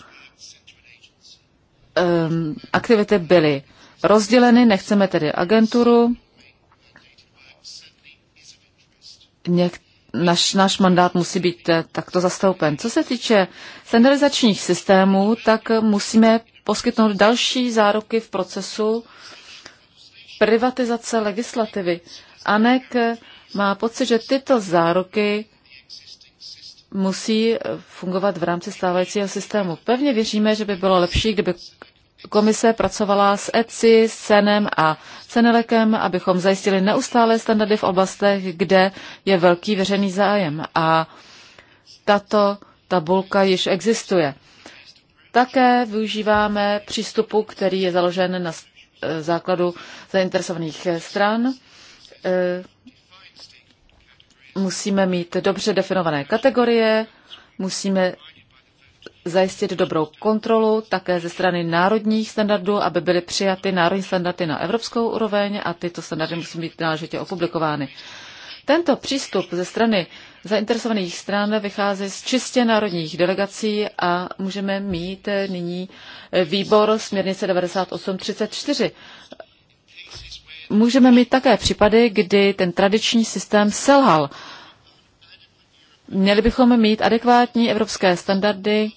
um, aktivity byly rozděleny, nechceme tedy agenturu. Něk, naš, náš mandát musí být eh, takto zastoupen. Co se týče standardizačních systémů, tak musíme poskytnout další záruky v procesu privatizace legislativy. Anek eh, má pocit, že tyto záruky musí eh, fungovat v rámci stávajícího systému. Pevně věříme, že by bylo lepší, kdyby komise pracovala s ECI, s CENem a CENELEKem, abychom zajistili neustále standardy v oblastech, kde je velký veřejný zájem. A tato tabulka již existuje. Také využíváme přístupu, který je založen na eh, základu zainteresovaných stran. Eh, musíme mít dobře definované kategorie, musíme zajistit dobrou kontrolu také ze strany národních standardů, aby byly přijaty národní standardy na evropskou úroveň a tyto standardy musí být náležitě opublikovány. Tento přístup ze strany zainteresovaných stran vychází z čistě národních delegací a můžeme mít nyní výbor směrnice 9834. Můžeme mít také případy, kdy ten tradiční systém selhal. Měli bychom mít adekvátní evropské standardy,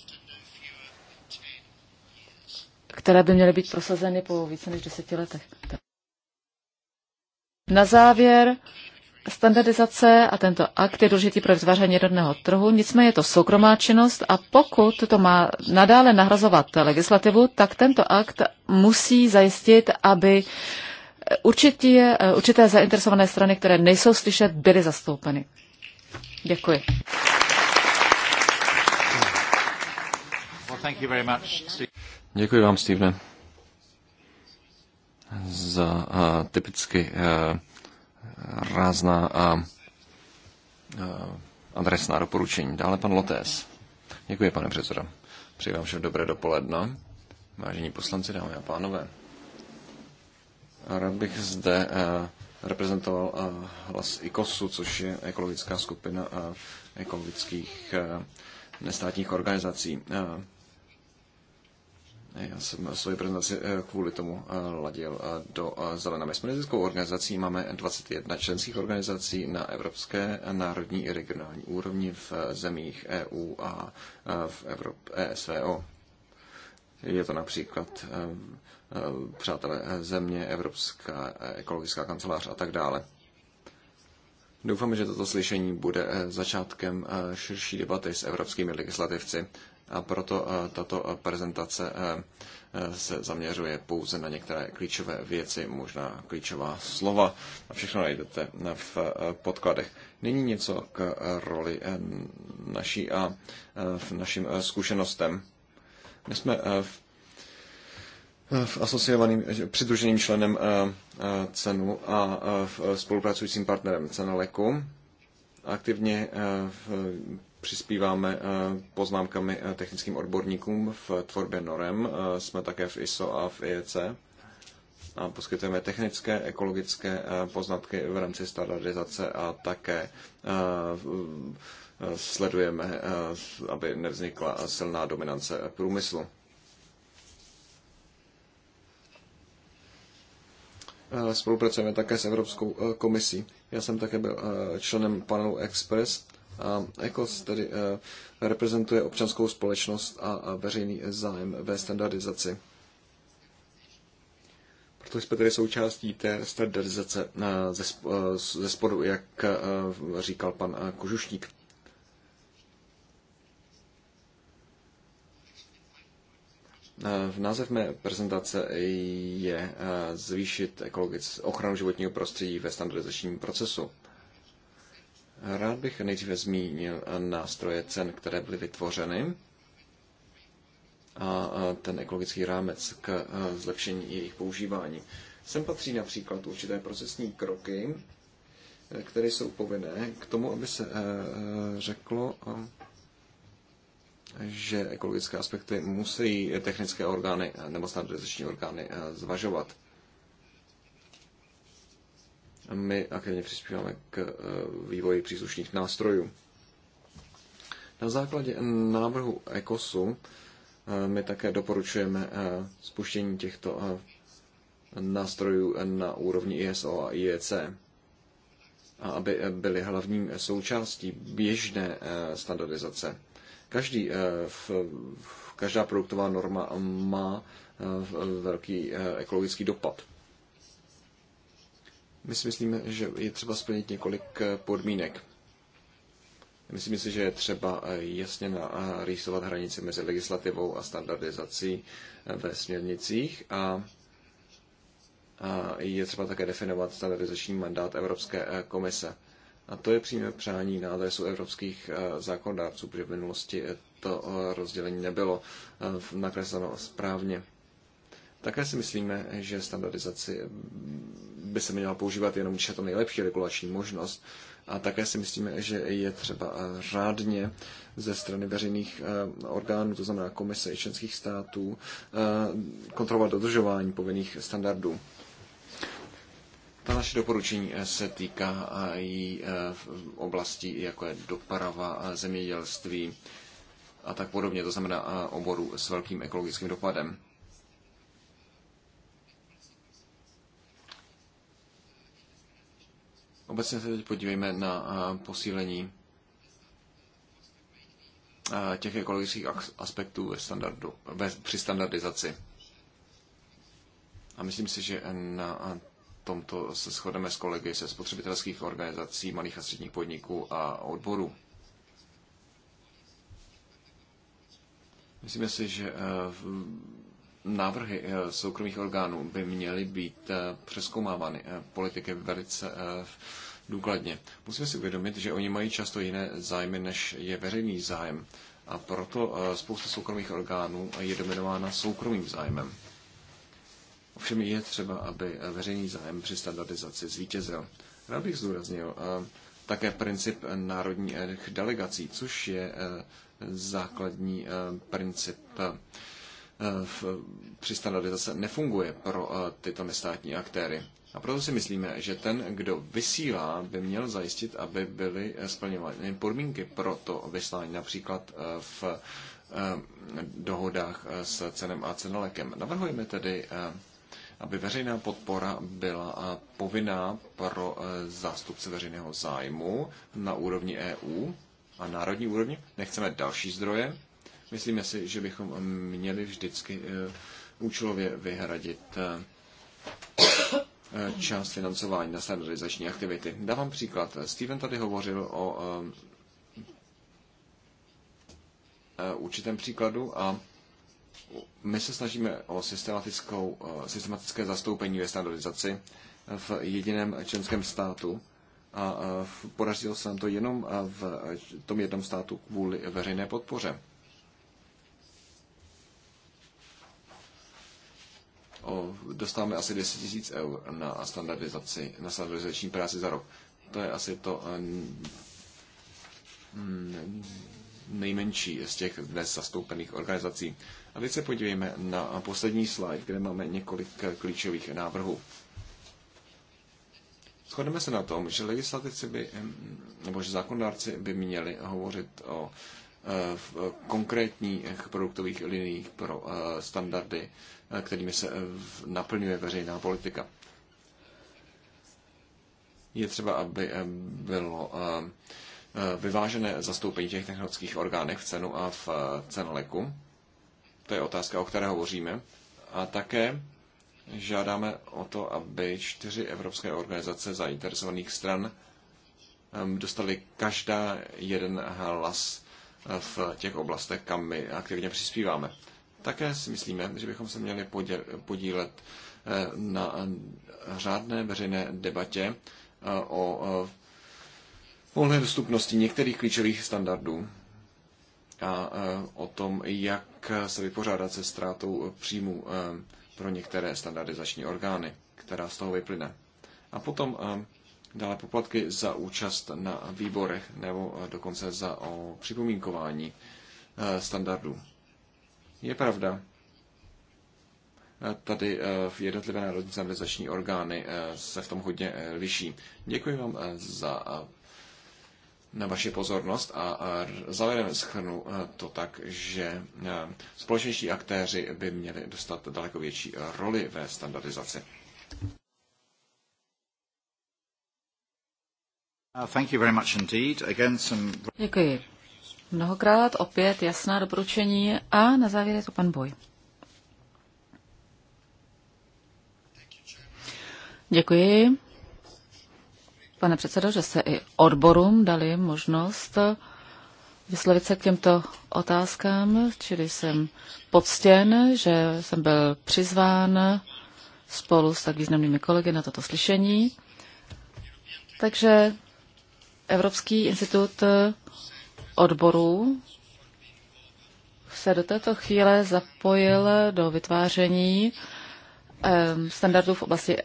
které by měly být prosazeny po více než deseti letech. Na závěr, standardizace a tento akt je důležitý pro vytváření jednotného trhu, nicméně je to soukromá činnost a pokud to má nadále nahrazovat legislativu, tak tento akt musí zajistit, aby určitě, určité zainteresované strany, které nejsou slyšet, byly zastoupeny. Děkuji. Děkuji vám, Steve, za uh, typicky uh, rázná a uh, adresná doporučení. Dále pan Lotés. Děkuji, pane předsedo. Přeji vám všem dobré dopoledne. Vážení poslanci, dámy a pánové. Rád bych zde uh, reprezentoval eh, hlas IKOSu, což je ekologická skupina eh, ekologických eh, nestátních organizací. Já jsem svoji prezentaci kvůli tomu ladil do Zelena. My jsme neziskovou organizací, máme 21 členských organizací na evropské, národní i regionální úrovni v zemích EU a v Evrop, ESVO. Je to například Eh, přátelé eh, země, Evropská eh, ekologická kancelář a tak dále. Doufám, že toto slyšení bude začátkem širší debaty s evropskými legislativci a proto tato prezentace se zaměřuje pouze na některé klíčové věci, možná klíčová slova a všechno najdete v podkladech. Nyní něco k roli naší a v našim zkušenostem. My jsme v v asociovaným přidruženým členem eh, eh, cenu a eh, spolupracujícím partnerem Ceneleku. Aktivně přispíváme poznámkami technickým odborníkům v tvorbě norem. Jsme také v ISO a v IEC a poskytujeme technické, ekologické poznatky v rámci standardizace a také sledujeme, aby nevznikla silná dominance průmyslu. Eh, spolupracujeme také s Evropskou eh, komisí. Já jsem také byl eh, členem panelu Express a ECOS tedy reprezentuje občanskou společnost a veřejný zájem ve standardizaci. Proto jsme tedy součástí té standardizace ze spodu, jak říkal pan Kožušník. Eh, v název mé prezentace je eh, zvýšit ekologic, ochranu životního prostředí ve standardizačním procesu. Rád bych nejdříve zmínil eh, nástroje cen, které byly vytvořeny a ten ekologický rámec k zlepšení jejich používání. Sem patří například určité procesní kroky, které jsou povinné k tomu, aby se řeklo, že ekologické aspekty musí technické orgány nebo standardizační orgány eh, zvažovat. My aktivně přispíváme k eh, vývoji příslušných nástrojů. Na základě návrhu ECOSu eh, my také doporučujeme spuštění těchto nástrojů na úrovni ISO a IEC, aby byly hlavním součástí běžné standardizace Každý, eh, každá produktová norma má eh, velký eh, ekologický dopad. My si myslíme, že je třeba splnit několik podmínek. Myslím si, že je třeba jasně narýsovat hranice mezi legislativou a standardizací ve směrnicích a je třeba také definovat standardizační mandát Evropské komise. A to je přímé přání na adresu evropských eh, zákonodárců, protože v minulosti to eh, rozdělení nebylo eh, nakresleno správně. Také si myslíme, že standardizaci mm, by se měla používat jenom, když je to nejlepší regulační možnost. A také si myslíme, že je třeba řádně ze strany veřejných orgánů, to znamená komise i členských států, kontrolovat dodržování povinných standardů. Ta naše doporučení eh, se týká eh, i eh, oblastí, jako je doprava, zemědělství a tak podobně, to znamená oboru s velkým ekologickým dopadem. Obecně se teď podívejme na posílení těch ekologických aspektů ve standardu, ve, při standardizaci. A myslím si, že na tomto se shodeme s kolegy se spotřebitelských organizací, malých a středních podniků a odborů. Myslíme si, že eh, návrhy eh, soukromých orgánů by měly být eh, přeskoumávány politiky velice důkladně. Musíme si uvědomit, že oni mají často jiné zájmy, než je veřejný zájem. A proto spousta soukromých orgánů je dominována soukromým zájmem. Ovšem je třeba, aby veřejný zájem při standardizaci zvítězil. Rád bych zdůraznil eh, také princip národních delegací, což je eh, základní eh, princip při standardizace nefunguje pro tyto nestátní aktéry. A proto si myslíme, že ten, kdo vysílá, by měl zajistit, aby byly splňovány podmínky pro to vyslání, například v dohodách s cenem a cenolekem Navrhujeme tedy aby veřejná podpora byla povinná pro e, zástupce veřejného zájmu na úrovni EU a národní úrovni. Nechceme další zdroje. Myslíme si, že bychom měli vždycky e, účelově vyhradit e, část financování na standardizační aktivity. Dávám příklad. Steven tady hovořil o určitém příkladu a my se snažíme o systematickou, eh, systematické zastoupení ve standardizaci eh, v jediném členském státu a eh, podařilo se nám to jenom v tom jednom státu kvůli veřejné podpoře. O, dostáváme asi 10 000 eur na standardizaci, na standardizační práci za rok. To je asi to nejmenší z těch dnes zastoupených organizací teď se podívejme na poslední slide, kde máme několik klíčových návrhů. Shodneme se na tom, že legislativci by, nebo že zákonodárci by měli hovořit o e, v konkrétních produktových liniích pro e, standardy, e, kterými se naplňuje veřejná politika. Je třeba, aby bylo vyvážené zastoupení těch technologických orgánech v cenu a v cenoleku. To je otázka, o které hovoříme. A také žádáme o to, aby čtyři evropské organizace zainteresovaných stran dostali každá jeden hlas eh, v těch oblastech, kam my aktivně přispíváme. Také si myslíme, že bychom se měli podílet eh, na řádné veřejné debatě eh, o volné dostupnosti některých klíčových standardů a e, o tom, jak se vypořádat se ztrátou příjmu e, pro některé standardizační orgány, která z toho vyplyne. A potom e, dále poplatky za účast na výborech nebo dokonce za o připomínkování standardů. Je pravda, tady v jednotlivé národní standardizační orgány se v tom hodně liší. Děkuji vám za na vaši pozornost a závěrem schrnu eh, to tak, že eh, společenští aktéři by měli dostat daleko větší roli ve standardizaci. Uh, Děkuji. Mnohokrát opět jasná doporučení a na závěr je to pan Boj. Děkuji, pane předsedo, že se i odborům dali možnost vyslovit se k těmto otázkám, čili jsem poctěn, že jsem byl přizván spolu s tak významnými kolegy na toto slyšení. Takže Evropský institut odborů se do této chvíle zapojil do vytváření eh, standardů v oblasti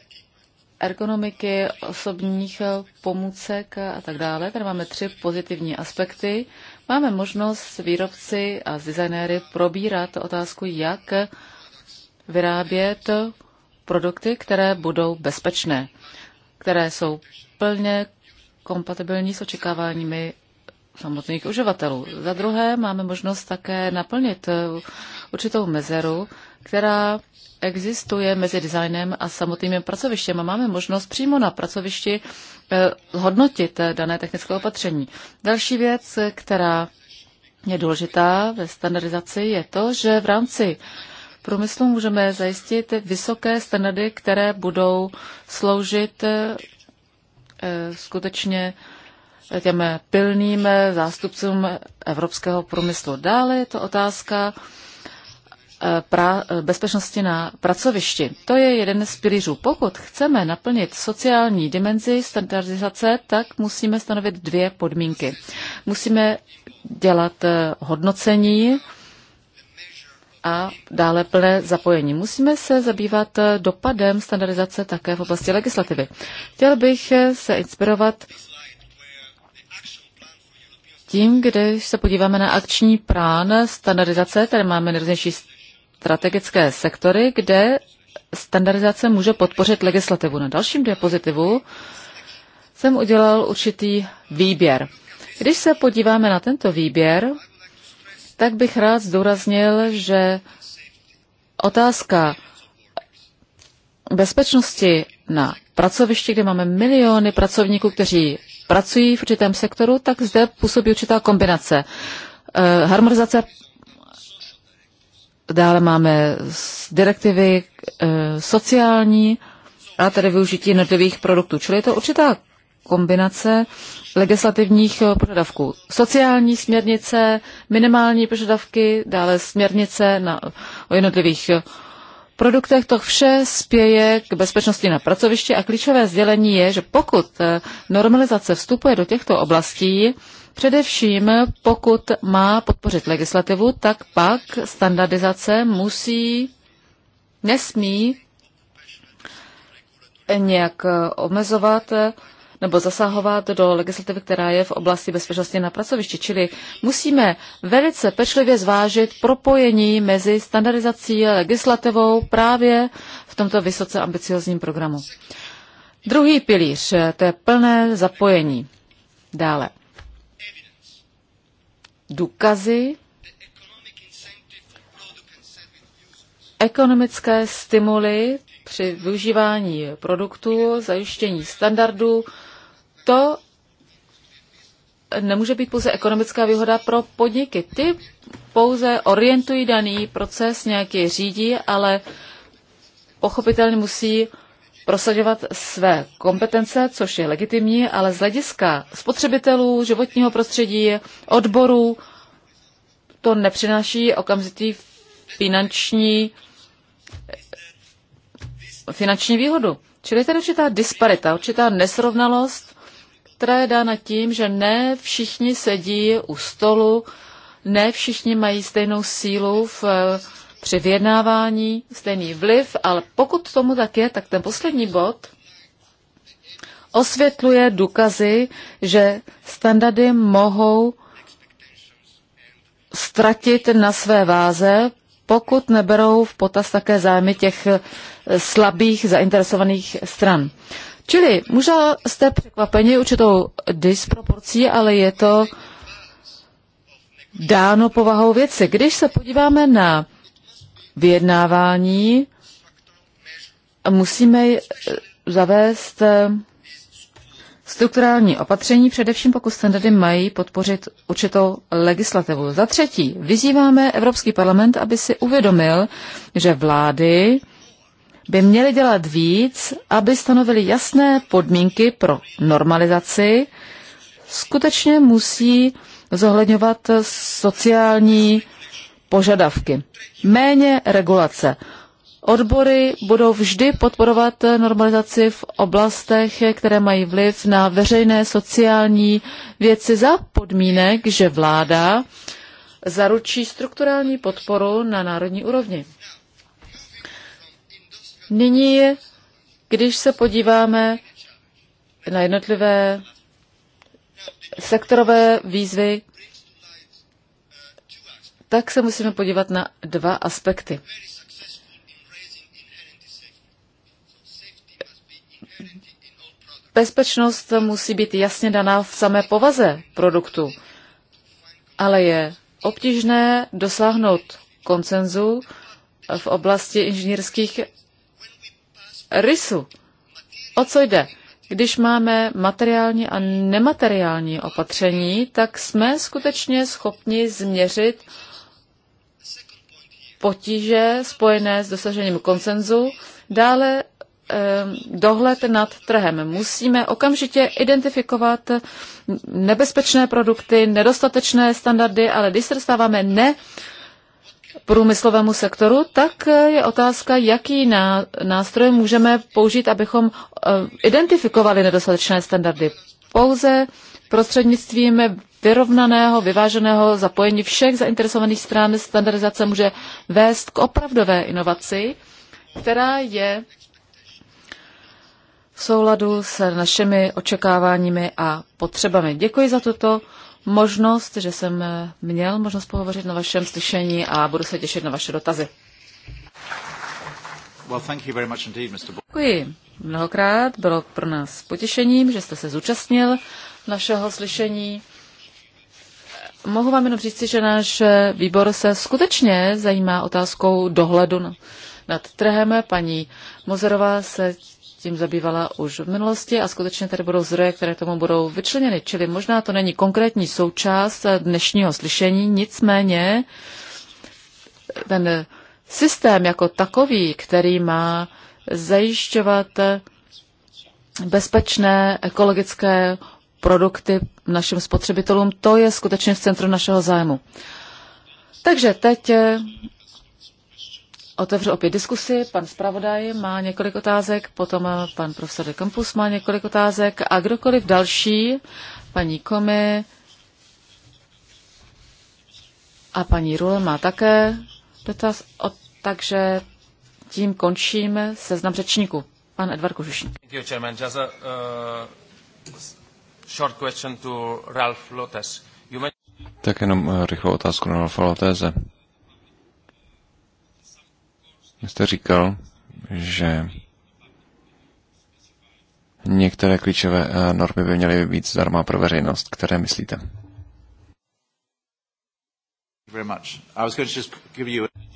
ergonomiky, osobních eh, pomůcek a tak dále. Tady máme tři pozitivní aspekty. Máme možnost s výrobci a s designéry probírat otázku, jak vyrábět produkty, které budou bezpečné, které jsou plně kompatibilní s očekáváními samotných uživatelů. Za druhé máme možnost také naplnit eh, určitou mezeru, která existuje mezi designem a samotným pracovištěm. A máme možnost přímo na pracovišti eh, hodnotit eh, dané technické opatření. Další věc, která je důležitá ve standardizaci, je to, že v rámci průmyslu můžeme zajistit vysoké standardy, které budou sloužit skutečně těm pilným zástupcům evropského průmyslu. Dále je to otázka eh, pra, eh, bezpečnosti na pracovišti. To je jeden z pilířů. Pokud chceme naplnit sociální dimenzi standardizace, tak musíme stanovit dvě podmínky. Musíme dělat eh, hodnocení a dále plné zapojení. Musíme se zabývat dopadem standardizace také v oblasti legislativy. Chtěl bych se inspirovat tím, když se podíváme na akční plán standardizace, tady máme nejrůznější strategické sektory, kde standardizace může podpořit legislativu. Na dalším diapozitivu jsem udělal určitý výběr. Když se podíváme na tento výběr, tak bych rád zdůraznil, že otázka bezpečnosti na pracovišti, kde máme miliony pracovníků, kteří pracují v určitém sektoru, tak zde působí určitá kombinace. Eh, harmonizace Dále máme direktivy eh, sociální a tedy využití jednotlivých produktů. Čili je to určitá kombinace legislativních eh, požadavků. Sociální směrnice, minimální požadavky, dále směrnice na, o jednotlivých produktech. To vše spěje k bezpečnosti na pracovišti a klíčové sdělení je, že pokud eh, normalizace vstupuje do těchto oblastí, Především pokud má podpořit legislativu, tak pak standardizace musí, nesmí nějak eh, omezovat eh, nebo zasahovat do legislativy, která je v oblasti bezpečnosti na pracovišti. Čili musíme velice pečlivě zvážit propojení mezi standardizací a legislativou právě v tomto vysoce ambiciozním programu. Druhý pilíř, to je plné zapojení. Dále. Důkazy, ekonomické stimuly při využívání produktů, zajištění standardů, to nemůže být pouze ekonomická výhoda pro podniky. Ty pouze orientují daný proces, nějaký řídí, ale pochopitelně musí prosaďovat své kompetence, což je legitimní, ale z hlediska spotřebitelů, životního prostředí, odborů, to nepřináší okamžitý finanční, finanční výhodu. Čili je tady určitá disparita, určitá nesrovnalost která je dána tím, že ne všichni sedí u stolu, ne všichni mají stejnou sílu v, při vyjednávání, stejný vliv, ale pokud tomu tak je, tak ten poslední bod osvětluje důkazy, že standardy mohou ztratit na své váze, pokud neberou v potaz také zájmy těch eh, slabých zainteresovaných stran. Čili možná jste překvapeni určitou disproporcí, ale je to dáno povahou věci. Když se podíváme na vyjednávání, musíme zavést eh, strukturální opatření, především pokud standardy mají podpořit určitou legislativu. Za třetí, vyzýváme Evropský parlament, aby si uvědomil, že vlády by měli dělat víc, aby stanovili jasné podmínky pro normalizaci, skutečně musí zohledňovat sociální požadavky. Méně regulace. Odbory budou vždy podporovat normalizaci v oblastech, které mají vliv na veřejné sociální věci za podmínek, že vláda zaručí strukturální podporu na národní úrovni. Nyní, když se podíváme na jednotlivé sektorové výzvy, tak se musíme podívat na dva aspekty. Bezpečnost musí být jasně daná v samé povaze produktu, ale je obtížné dosáhnout koncenzu v oblasti inženýrských rysu. O co jde? Když máme materiální a nemateriální opatření, tak jsme skutečně schopni změřit potíže spojené s dosažením konsenzu, dále ehm, dohled nad trhem. Musíme okamžitě identifikovat nebezpečné produkty, nedostatečné standardy, ale když se dostáváme ne průmyslovému sektoru, tak je otázka, jaký nástroj můžeme použít, abychom eh, identifikovali nedostatečné standardy. Pouze prostřednictvím vyrovnaného, vyváženého zapojení všech zainteresovaných stran standardizace může vést k opravdové inovaci, která je v souladu s našimi očekáváními a potřebami. Děkuji za tuto možnost, že jsem měl možnost pohovořit na vašem slyšení a budu se těšit na vaše dotazy. Well, thank you very much indeed, Mr. Děkuji mnohokrát. Bylo pro nás potěšením, že jste se zúčastnil našeho slyšení. Mohu vám jenom říct, že náš výbor se skutečně zajímá otázkou dohledu nad trhem. Paní Mozerová se tím zabývala už v minulosti a skutečně tady budou zdroje, které tomu budou vyčleněny. Čili možná to není konkrétní součást dnešního slyšení, nicméně ten systém jako takový, který má zajišťovat bezpečné ekologické produkty našim spotřebitelům, to je skutečně v centru našeho zájmu. Takže teď otevřu opět diskusi. Pan zpravodaj má několik otázek, potom pan profesor de Campus má několik otázek a kdokoliv další, paní Komi a paní Rule má také dotaz, o, takže tím končíme seznam řečníků. Pan Edvard Kožušník. Tak jenom uh, rychlou otázku na Ralfa Loteze jste říkal, že některé klíčové eh, normy by měly být zdarma pro veřejnost. Které myslíte?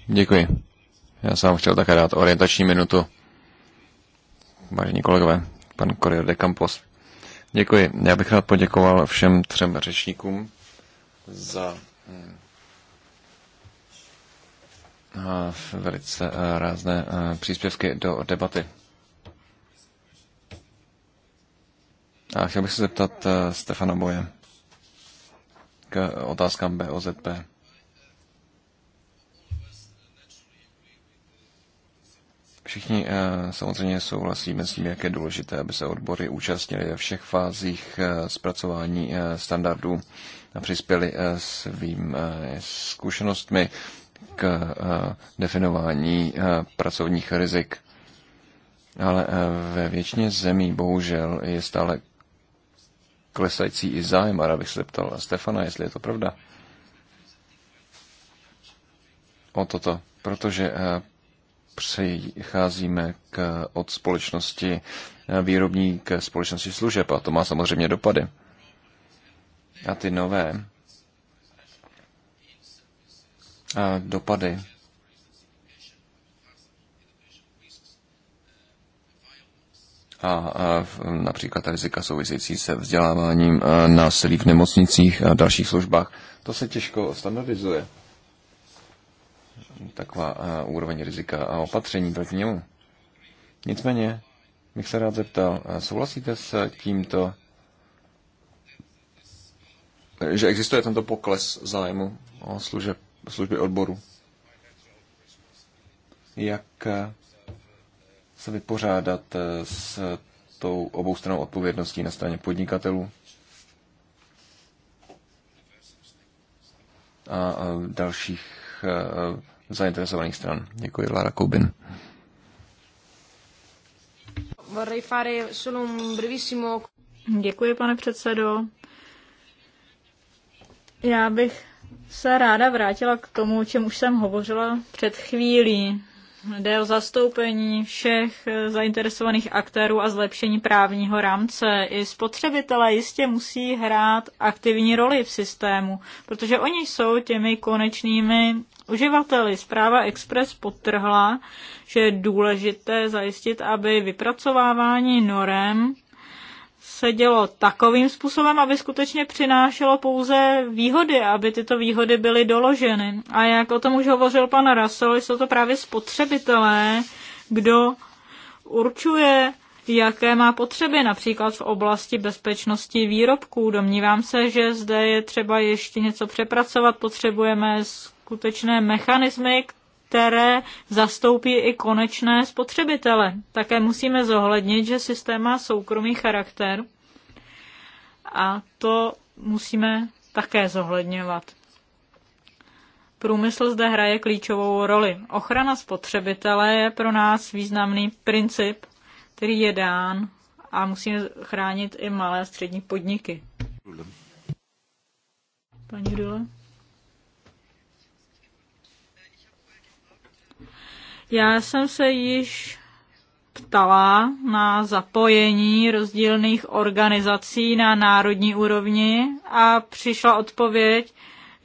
Děkuji. Já jsem vám chtěl také dát orientační minutu. Vážení kolegové, pan Corrier de Campos. Děkuji. Já bych rád poděkoval všem třem řečníkům za velice eh, rázné eh, příspěvky do debaty. A chtěl bych se zeptat eh, Stefana Boje k otázkám BOZP. Všichni samozřejmě souhlasíme s tím, jak je důležité, aby se odbory účastnili ve všech fázích zpracování standardů a přispěli svým zkušenostmi k eh, definování eh, pracovních rizik. Ale eh, ve většině zemí bohužel je stále klesající i zájem. A rád bych se ptal Stefana, jestli je to pravda. O toto. Protože přicházíme k, od společnosti výrobní k společnosti služeb a to má samozřejmě dopady. A ty nové Eh, dopady. a eh, například rizika související se vzděláváním, eh, násilí v nemocnicích a dalších službách. To se těžko standardizuje. Taková úroveň rizika a opatření proti němu. Nicméně bych se rád zeptal, souhlasíte s tímto, že existuje tento pokles zájmu o služeb služby odboru. Jak eh, se vypořádat eh, s tou oboustranou odpovědností na straně podnikatelů a dalších eh, zainteresovaných stran. Děkuji, Lara Koubin. Děkuji, pane předsedo. Já bych se ráda vrátila k tomu, o čem už jsem hovořila před chvílí. Jde o zastoupení všech eh, zainteresovaných aktérů a zlepšení právního rámce. I spotřebitelé jistě musí hrát aktivní roli v systému, protože oni jsou těmi konečnými uživateli. Zpráva Express potrhla, že je důležité zajistit, aby vypracovávání norem se dělo takovým způsobem, aby skutečně přinášelo pouze výhody, aby tyto výhody byly doloženy. A jak o tom už hovořil pan Russell, jsou to právě spotřebitelé, kdo určuje, jaké má potřeby, například v oblasti bezpečnosti výrobků. Domnívám se, že zde je třeba ještě něco přepracovat, potřebujeme skutečné mechanismy, které zastoupí i konečné spotřebitele. Také musíme zohlednit, že systém má soukromý charakter a to musíme také zohledňovat. Průmysl zde hraje klíčovou roli. Ochrana spotřebitele je pro nás významný princip, který je dán a musíme chránit i malé a střední podniky. Paní Dule? Já jsem se již ptala na zapojení rozdílných organizací na národní úrovni a přišla odpověď,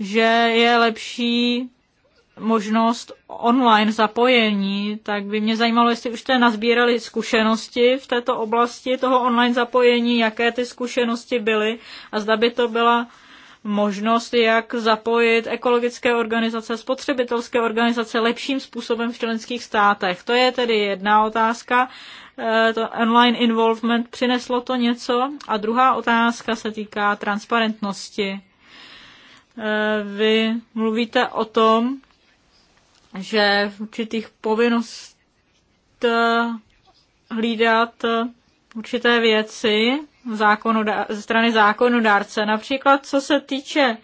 že je lepší možnost online zapojení, tak by mě zajímalo, jestli už jste nazbírali zkušenosti v této oblasti toho online zapojení, jaké ty zkušenosti byly a zda by to byla možnost, jak zapojit ekologické organizace, spotřebitelské organizace lepším způsobem v členských státech. To je tedy jedna otázka. Eh, to online involvement přineslo to něco. A druhá otázka se týká transparentnosti. Eh, vy mluvíte o tom, že v určitých povinnost hlídat určité věci ze strany zákonodárce. Například co se týče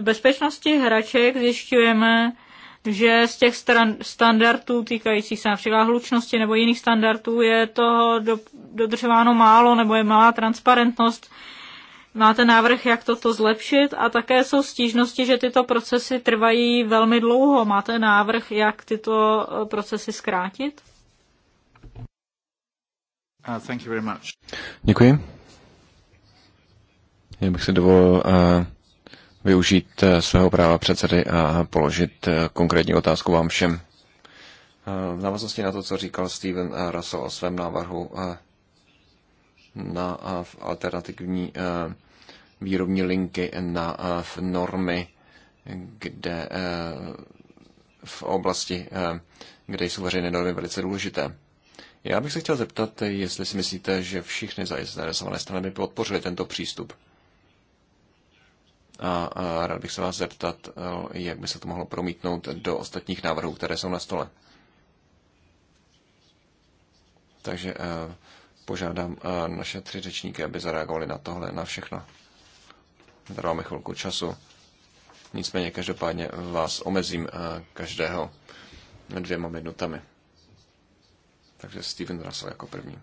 bezpečnosti hraček, zjišťujeme, že z těch stran, standardů týkajících se například hlučnosti nebo jiných standardů je toho do, dodržováno málo nebo je malá transparentnost. Máte návrh, jak toto zlepšit a také jsou stížnosti, že tyto procesy trvají velmi dlouho. Máte návrh, jak tyto eh, procesy zkrátit? Uh, thank you very much. Děkuji. Já bych si dovolil eh, využít eh, svého práva předsedy a položit eh, konkrétní otázku vám všem. V návaznosti na to, co říkal Steven Russell o svém návrhu na alternativní výrobní linky na normy, kde v oblasti, kde jsou veřejné normy velice důležité. Já bych se chtěl zeptat, jestli si myslíte, že všichni zainteresované strany by podpořili tento přístup a rád bych se vás zeptat, eh, jak by se to mohlo promítnout do ostatních návrhů, které jsou na stole. Takže eh, požádám eh, naše tři řečníky, aby zareagovali na tohle, na všechno. Trváme chvilku času. Nicméně každopádně vás omezím každého dvěma minutami. Takže Steven Russell jako první.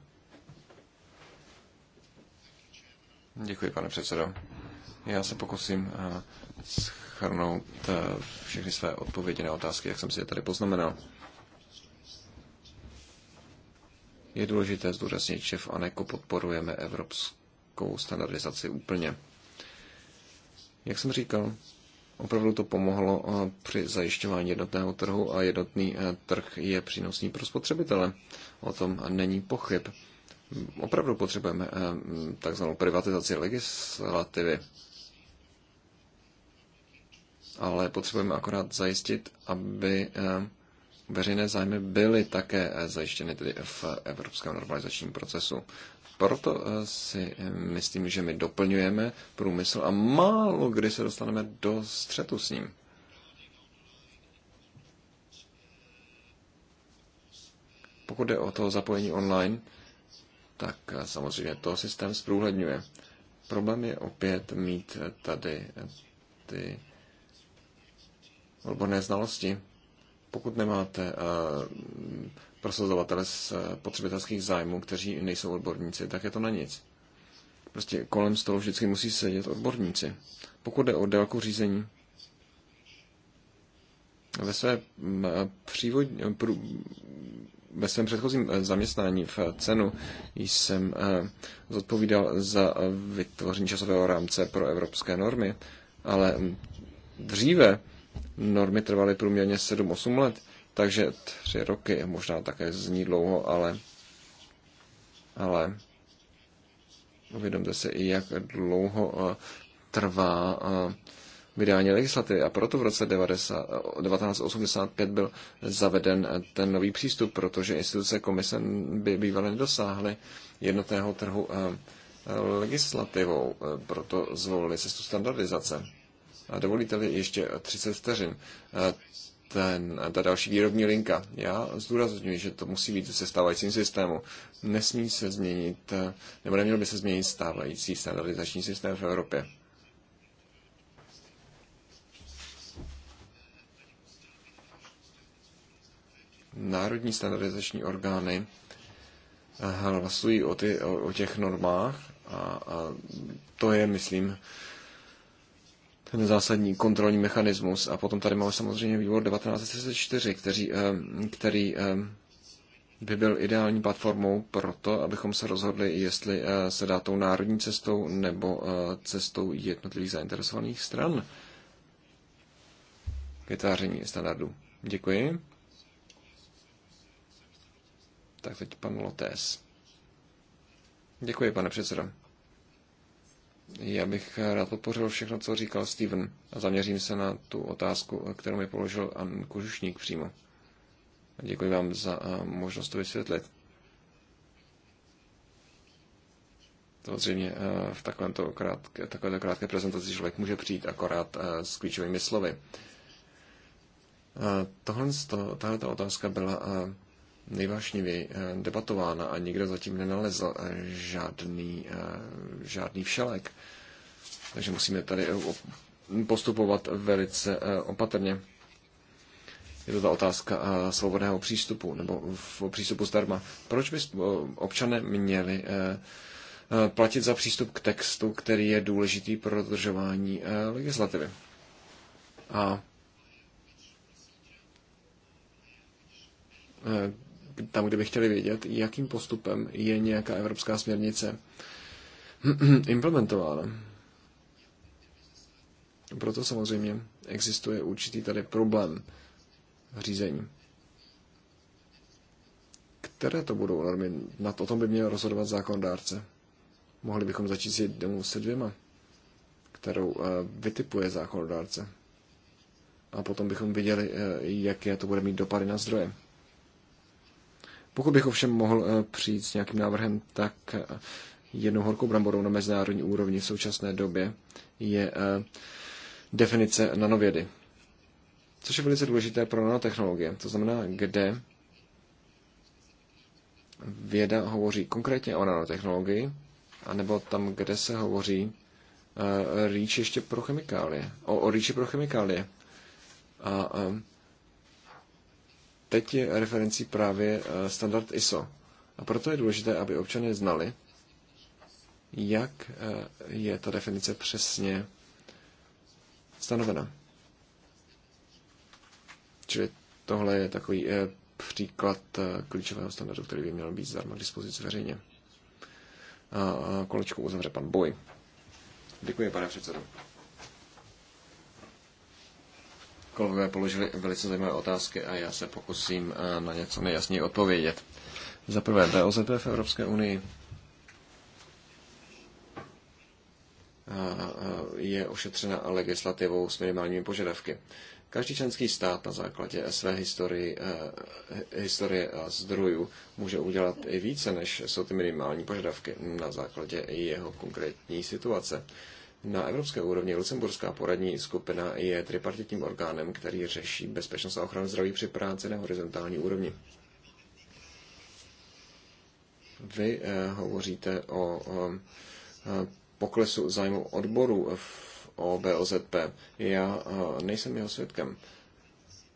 Děkuji, pane předsedo. Já se pokusím eh, schrnout eh, všechny své odpovědi na otázky, jak jsem si je tady poznamenal. Je důležité zdůraznit, že v ANECO podporujeme evropskou standardizaci úplně. Jak jsem říkal, opravdu to pomohlo eh, při zajišťování jednotného trhu a jednotný trh je přínosný pro spotřebitele. O tom není pochyb. Opravdu potřebujeme takzvanou privatizaci legislativy ale potřebujeme akorát zajistit, aby eh, veřejné zájmy byly také eh, zajištěny tedy v evropském normalizačním procesu. Proto eh, si myslím, že my doplňujeme průmysl a málo kdy se dostaneme do střetu s ním. Pokud jde o to zapojení online, tak samozřejmě to systém zprůhledňuje. Problém je opět mít tady ty odborné znalosti. Pokud nemáte eh, prosazovatele z eh, potřebitelských zájmů, kteří nejsou odborníci, tak je to na nic. Prostě kolem stolu vždycky musí sedět odborníci. Pokud jde o délku řízení, ve, své mm, eh, přívod, ve svém předchozím zaměstnání v cenu jsem zodpovídal za vytvoření časového rámce pro evropské normy, ale mm, dříve Normy trvaly průměrně 7-8 let, takže 3 roky možná také zní dlouho, ale, ale uvědomte se i, jak dlouho eh, trvá eh, vydání legislativy. A proto v roce 90, 1985 eh, byl zaveden ten nový přístup, protože instituce komise by bývaly nedosáhly jednotného trhu legislativou, proto zvolili cestu standardizace. Dovolíte-li ještě 30 vteřin, ten, ta další výrobní linka. Já zdůrazňuji, že to musí být se stávajícím systému. Nesmí se změnit, nebo neměl by se změnit stávající standardizační systém v Evropě. Národní standardizační orgány hlasují o, ty, o, o těch normách a, a to je, myslím, ten zásadní kontrolní mechanismus. A potom tady máme samozřejmě výbor 1934, eh, který, který eh, by byl ideální platformou pro to, abychom se rozhodli, jestli eh, se dá tou národní cestou nebo cestou jednotlivých zainteresovaných stran k vytváření standardů. Děkuji. Tak teď pan Lotés. Děkuji, pane předsedo. Já bych rád podpořil všechno, co říkal Steven a zaměřím se na tu otázku, kterou mi položil An Kužušník přímo. Děkuji vám za možnost to vysvětlit. Samozřejmě v takovémto krátké, takovéto krátké prezentaci člověk může přijít akorát s klíčovými slovy. Tohle, tahle ta otázka byla nejvážněji eh, debatována a nikdo zatím nenalezl eh, žádný, eh, žádný všelek. Takže musíme tady postupovat velice opatrně. Je to ta otázka svobodného přístupu nebo v přístupu zdarma. Proč by občané měli platit za přístup k textu, který je důležitý pro dodržování legislativy? A tam, kde by chtěli vědět, jakým postupem je nějaká evropská směrnice implementována. Proto samozřejmě existuje určitý tady problém v řízení. Které to budou normy? Na to, o tom by měl rozhodovat zákonodárce. Mohli bychom začít s jednou se dvěma, kterou eh, vytipuje zákonodárce. A potom bychom viděli, eh, jaké to bude mít dopady na zdroje. Pokud bych ovšem mohl eh, přijít s nějakým návrhem, tak eh, jednou horkou bramborou na mezinárodní úrovni v současné době je eh, definice nanovědy, což je velice důležité pro nanotechnologie. To znamená, kde věda hovoří konkrétně o nanotechnologii, anebo tam, kde se hovoří uh, rýč ještě pro chemikálie, o, o rýči pro chemikálie. A teď je referencí právě eh, standard ISO. A proto je důležité, aby občané znali, jak eh, je ta definice přesně stanovena. Čili tohle je takový eh, příklad klíčového standardu, který by měl být zdarma k dispozici veřejně. A kolečku uzavře pan Boj. Děkuji, pane předsedo. Kolegové položili velice zajímavé otázky a já se pokusím eh, na něco nejasněji odpovědět. Za prvé, BOZP v Evropské unii eh, je ošetřena legislativou s minimálními požadavky. Každý členský stát na základě své historii, eh, historie a zdrojů může udělat i více, než jsou ty minimální požadavky na základě jeho konkrétní situace. Na evropské úrovni Lucemburská poradní skupina je tripartitním orgánem, který řeší bezpečnost a ochranu zdraví při práci na horizontální úrovni. Vy eh, hovoříte o, o eh, poklesu zájmu odboru v, OBOZP. Já eh, nejsem jeho svědkem,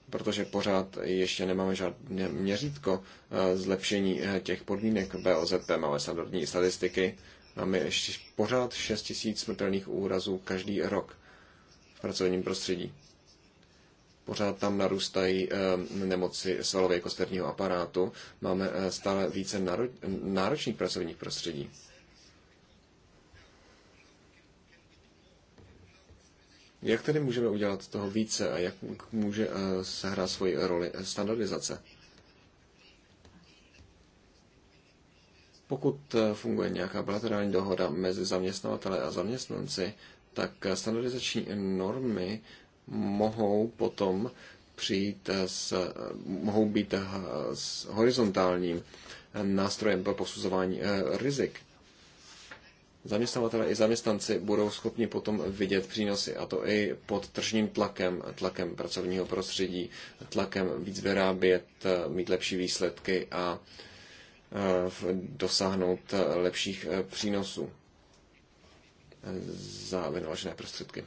protože pořád ještě nemáme žádné měřítko eh, zlepšení eh, těch podmínek BOZP. Máme standardní statistiky, Máme ještě pořád 6 tisíc smrtelných úrazů každý rok v pracovním prostředí. Pořád tam narůstají eh, nemoci svalové kosterního aparátu. Máme eh, stále více náročných pracovních prostředí. Jak tedy můžeme udělat toho více a jak může eh, sehrát svoji roli standardizace? Pokud eh, funguje nějaká bilaterální dohoda mezi zaměstnavateli a zaměstnanci, tak eh, standardizační normy mohou potom přijít eh, s, mohou být s horizontálním nástrojem pro posuzování rizik. Zaměstnavatele i zaměstnanci budou schopni potom vidět přínosy, a to i pod tržním tlakem, tlakem pracovního prostředí, tlakem víc vyrábět, mít lepší výsledky a dosáhnout eh, lepších eh, přínosů eh, za vynaložené prostředky.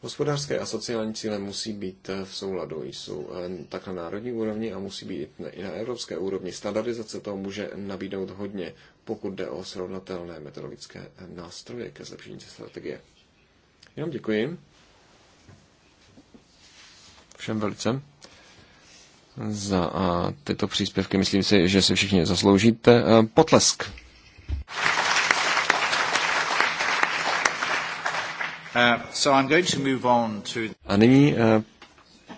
Hospodářské a sociální cíle musí být v souladu, jsou tak na národní úrovni a musí být i na evropské úrovni. Standardizace toho může nabídnout hodně, pokud jde o srovnatelné metodologické nástroje ke zlepšení strategie. Jenom děkuji. Všem velice za tyto příspěvky. Myslím si, že si všichni zasloužíte potlesk. Uh, a nyní uh,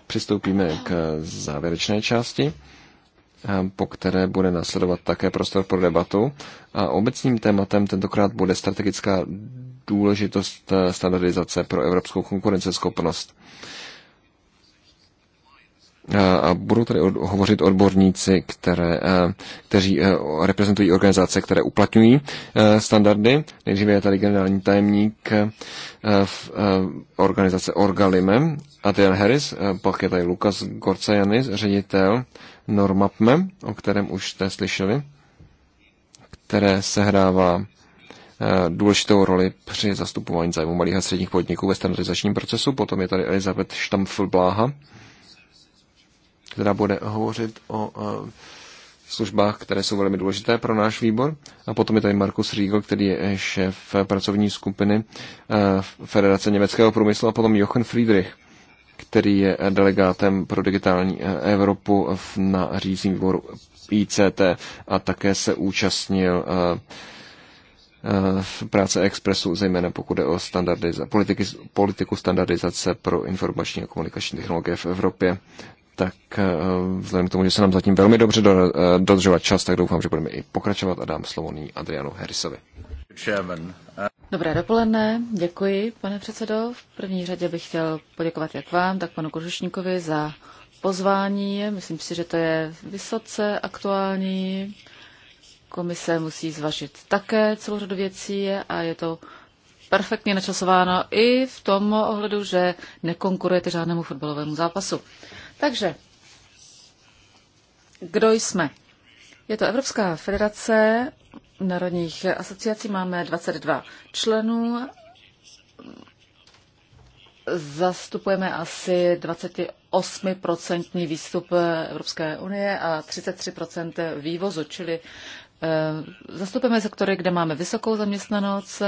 přistoupíme k závěrečné části, uh, po které bude následovat také prostor pro debatu. A obecným tématem tentokrát bude strategická důležitost standardizace pro evropskou konkurenceschopnost. Eh, a budou tady od, hovořit odborníci, které, eh, kteří eh, reprezentují organizace, které uplatňují standardy. Nejdříve je tady generální tajemník v organizace Orgalime, Adrian Harris, pak je tady Lukas Gorcajanis, ředitel Normapme, o kterém už jste slyšeli, které sehrává důležitou roli při zastupování zájmu malých a středních podniků ve standardizačním procesu. Potom je tady Elizabeth Štamfl-Bláha, která bude hovořit o službách, které jsou velmi důležité pro náš výbor. A potom je tady Markus Riegel, který je šéf pracovní skupiny eh, Federace německého průmyslu a potom Jochen Friedrich, který je delegátem pro digitální eh, Evropu na řízení výboru ICT a také se účastnil eh, v práce Expressu, zejména pokud je o standardiza- politiky, politiku standardizace pro informační a komunikační technologie v Evropě tak eh, vzhledem k tomu, že se nám zatím velmi dobře eh, dodržovat čas, tak doufám, že budeme i pokračovat a dám slovo nyní Adrianu Harrisovi. Eh. Dobré dopoledne, děkuji, pane předsedo. V první řadě bych chtěl poděkovat jak vám, tak panu Kožušníkovi za pozvání. Myslím si, že to je vysoce aktuální. Komise musí zvažit také celou řadu věcí a je to perfektně načasováno i v tom ohledu, že nekonkurujete žádnému fotbalovému zápasu. Takže, kdo jsme? Je to Evropská federace národních asociací, máme 22 členů, zastupujeme asi 28% výstup Evropské unie a 33% vývozu, čili eh, zastupujeme sektory, kde máme vysokou zaměstnanost,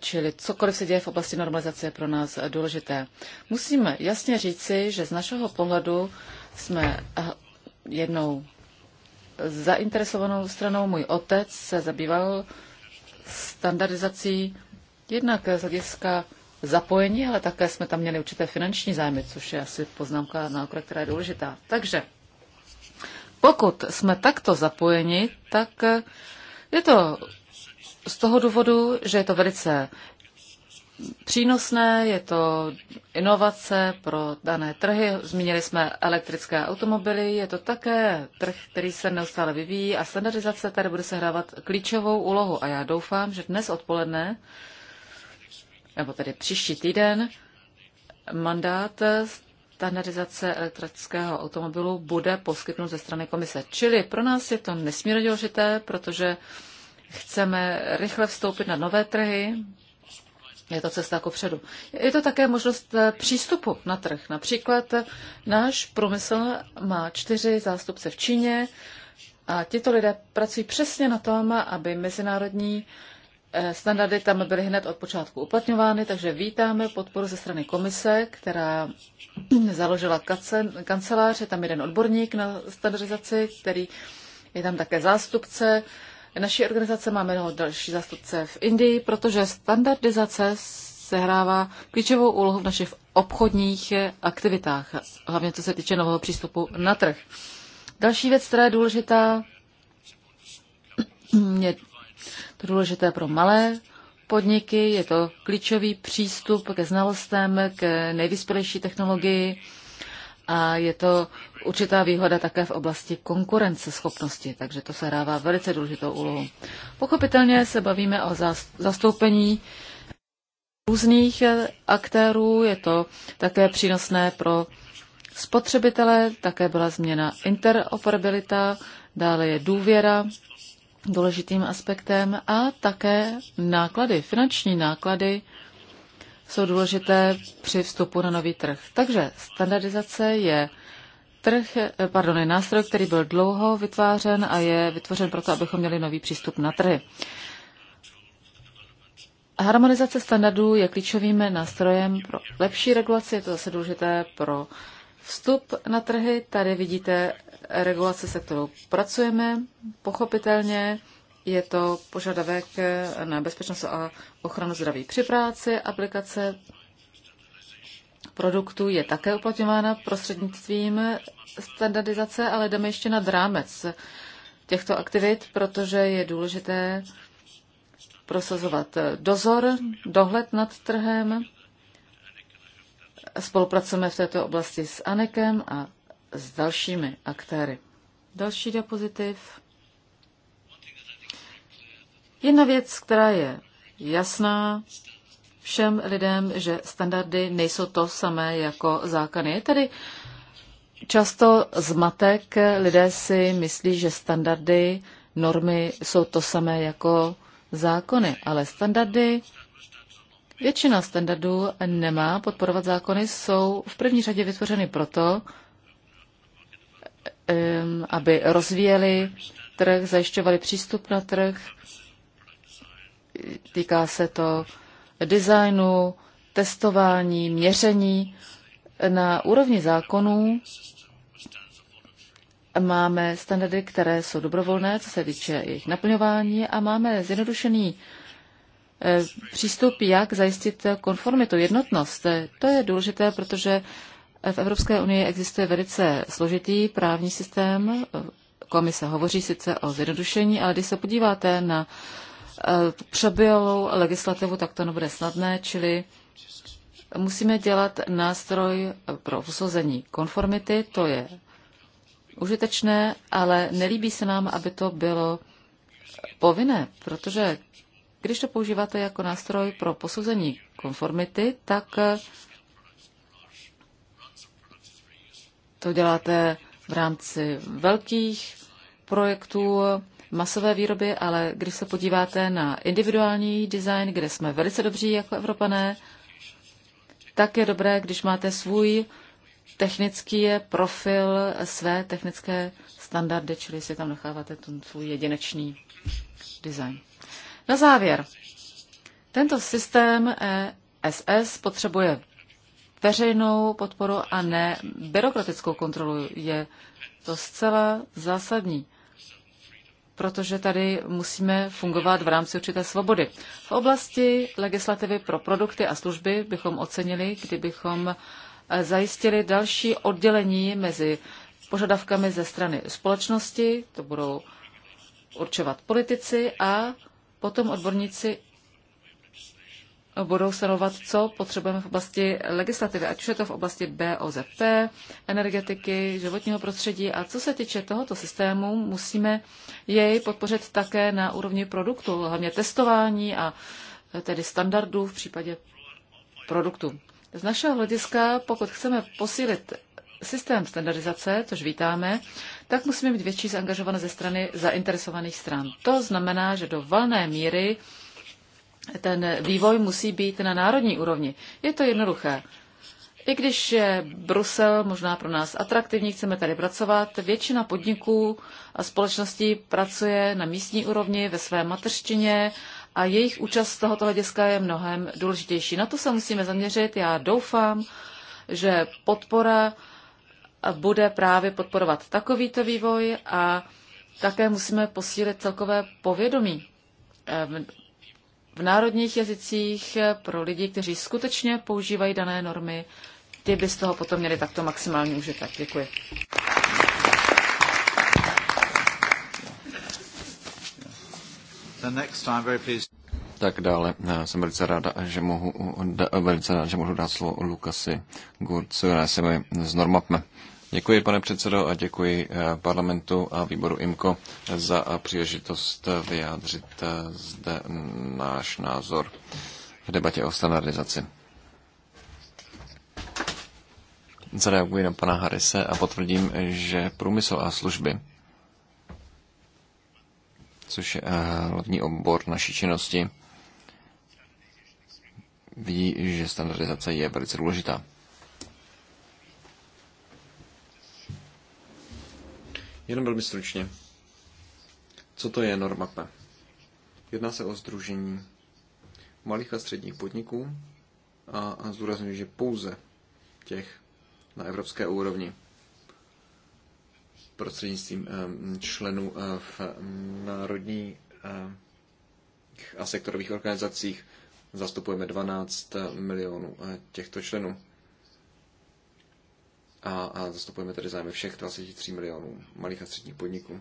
Čili cokoliv se děje v oblasti normalizace je pro nás důležité. Musíme jasně říci, že z našeho pohledu jsme eh, jednou zainteresovanou stranou. Můj otec se zabýval standardizací jednak z hlediska zapojení, ale také jsme tam měli určité finanční zájmy, což je asi poznámka na okra, která je důležitá. Takže pokud jsme takto zapojeni, tak eh, je to z toho důvodu, že je to velice přínosné, je to inovace pro dané trhy. Zmínili jsme elektrické automobily, je to také trh, který se neustále vyvíjí a standardizace tady bude sehrávat klíčovou úlohu. A já doufám, že dnes odpoledne, nebo tedy příští týden, mandát standardizace elektrického automobilu bude poskytnut ze strany komise. Čili pro nás je to nesmírně důležité, protože Chceme rychle vstoupit na nové trhy. Je to cesta jako předu. Je to také možnost eh, přístupu na trh. Například eh, náš průmysl má čtyři zástupce v Číně a tito lidé pracují přesně na tom, aby mezinárodní eh, standardy tam byly hned od počátku uplatňovány, takže vítáme podporu ze strany komise, která založila kancelář, je tam jeden odborník na standardizaci, který je tam také zástupce Naší organizace má mnoho další zastupce v Indii, protože standardizace sehrává klíčovou úlohu v našich obchodních aktivitách, hlavně co se týče nového přístupu na trh. Další věc, která je důležitá, je to důležité pro malé podniky, je to klíčový přístup ke znalostem, k nejvyspělejší technologii, a je to určitá výhoda také v oblasti konkurenceschopnosti, takže to se hrává velice důležitou úlohu. Pochopitelně se bavíme o zastoupení různých eh, aktérů, je to také přínosné pro spotřebitele, také byla změna interoperabilita, dále je důvěra důležitým aspektem a také náklady, finanční náklady jsou důležité při vstupu na nový trh. Takže standardizace je trh, eh, pardon, je nástroj, který byl dlouho vytvářen a je vytvořen proto, abychom měli nový přístup na trhy. Harmonizace standardů je klíčovým nástrojem pro lepší regulaci, je to zase důležité pro vstup na trhy. Tady vidíte regulace, se kterou pracujeme, pochopitelně je to požadavek na bezpečnost a ochranu zdraví při práci. Aplikace produktů je také uplatňována prostřednictvím standardizace, ale jdeme ještě nad rámec těchto aktivit, protože je důležité prosazovat dozor, dohled nad trhem. Spolupracujeme v této oblasti s Anekem a s dalšími aktéry. Další diapozitiv. Jedna věc, která je jasná všem lidem, že standardy nejsou to samé jako zákony. Je tedy často zmatek, lidé si myslí, že standardy, normy jsou to samé jako zákony, ale standardy, většina standardů nemá podporovat zákony, jsou v první řadě vytvořeny proto, aby rozvíjeli trh, zajišťovali přístup na trh, Týká se to designu, testování, měření. Na úrovni zákonů máme standardy, které jsou dobrovolné, co se týče jejich naplňování a máme zjednodušený eh, přístup, jak zajistit konformitu, jednotnost. To je důležité, protože v Evropské unii existuje velice složitý právní systém. Komise hovoří sice o zjednodušení, ale když se podíváte na Eh, přebylou legislativu, tak to nebude snadné, čili musíme dělat nástroj pro usouzení konformity, to je užitečné, ale nelíbí se nám, aby to bylo povinné, protože když to používáte jako nástroj pro posouzení konformity, tak eh, to děláte v rámci velkých projektů, masové výroby, ale když se podíváte na individuální design, kde jsme velice dobří jako Evropané, tak je dobré, když máte svůj technický profil, své technické standardy, čili si tam necháváte ten svůj jedinečný design. Na závěr, tento systém SS e potřebuje veřejnou podporu a ne byrokratickou kontrolu. Je to zcela zásadní protože tady musíme fungovat v rámci určité svobody. V oblasti legislativy pro produkty a služby bychom ocenili, kdybychom eh, zajistili další oddělení mezi požadavkami ze strany společnosti, to budou určovat politici a potom odborníci budou stanovat, co potřebujeme v oblasti legislativy, ať už je to v oblasti BOZP, energetiky, životního prostředí. A co se týče tohoto systému, musíme jej podpořit také na úrovni produktu, hlavně testování a e, tedy standardů v případě produktu. Z našeho hlediska, pokud chceme posílit systém standardizace, což vítáme, tak musíme být větší zaangažované ze strany zainteresovaných stran. To znamená, že do valné míry ten vývoj musí být na národní úrovni. Je to jednoduché. I když je Brusel možná pro nás atraktivní, chceme tady pracovat, většina podniků a společností pracuje na místní úrovni ve své mateřštině a jejich účast z tohoto hlediska je mnohem důležitější. Na to se musíme zaměřit. Já doufám, že podpora bude právě podporovat takovýto vývoj a také musíme posílit celkové povědomí eh, v národních jazycích pro lidi, kteří skutečně používají dané normy, ty by z toho potom měli takto maximální užitek. Děkuji. Tak dále jsem velice ráda, že mohu, da, velice rád, že mohu dát slovo Lukasi Gurcu, já jsem z Normapme. Děkuji, pane předsedo, a děkuji eh, parlamentu a výboru IMKO za eh, příležitost eh, vyjádřit zde náš názor v debatě o standardizaci. Zareaguji na pana Harise a potvrdím, že průmysl a služby, což je hlavní obor naší činnosti, vidí, že standardizace je velice důležitá. Jenom velmi stručně. Co to je Normape? Jedná se o združení malých a středních podniků a, a zdůraznuju, že pouze těch na evropské úrovni prostřednictvím členů eh, v národních eh, a sektorových organizacích zastupujeme 12 eh, milionů těchto členů a, a zastupujeme tedy zájmy všech 23 milionů malých a středních podniků.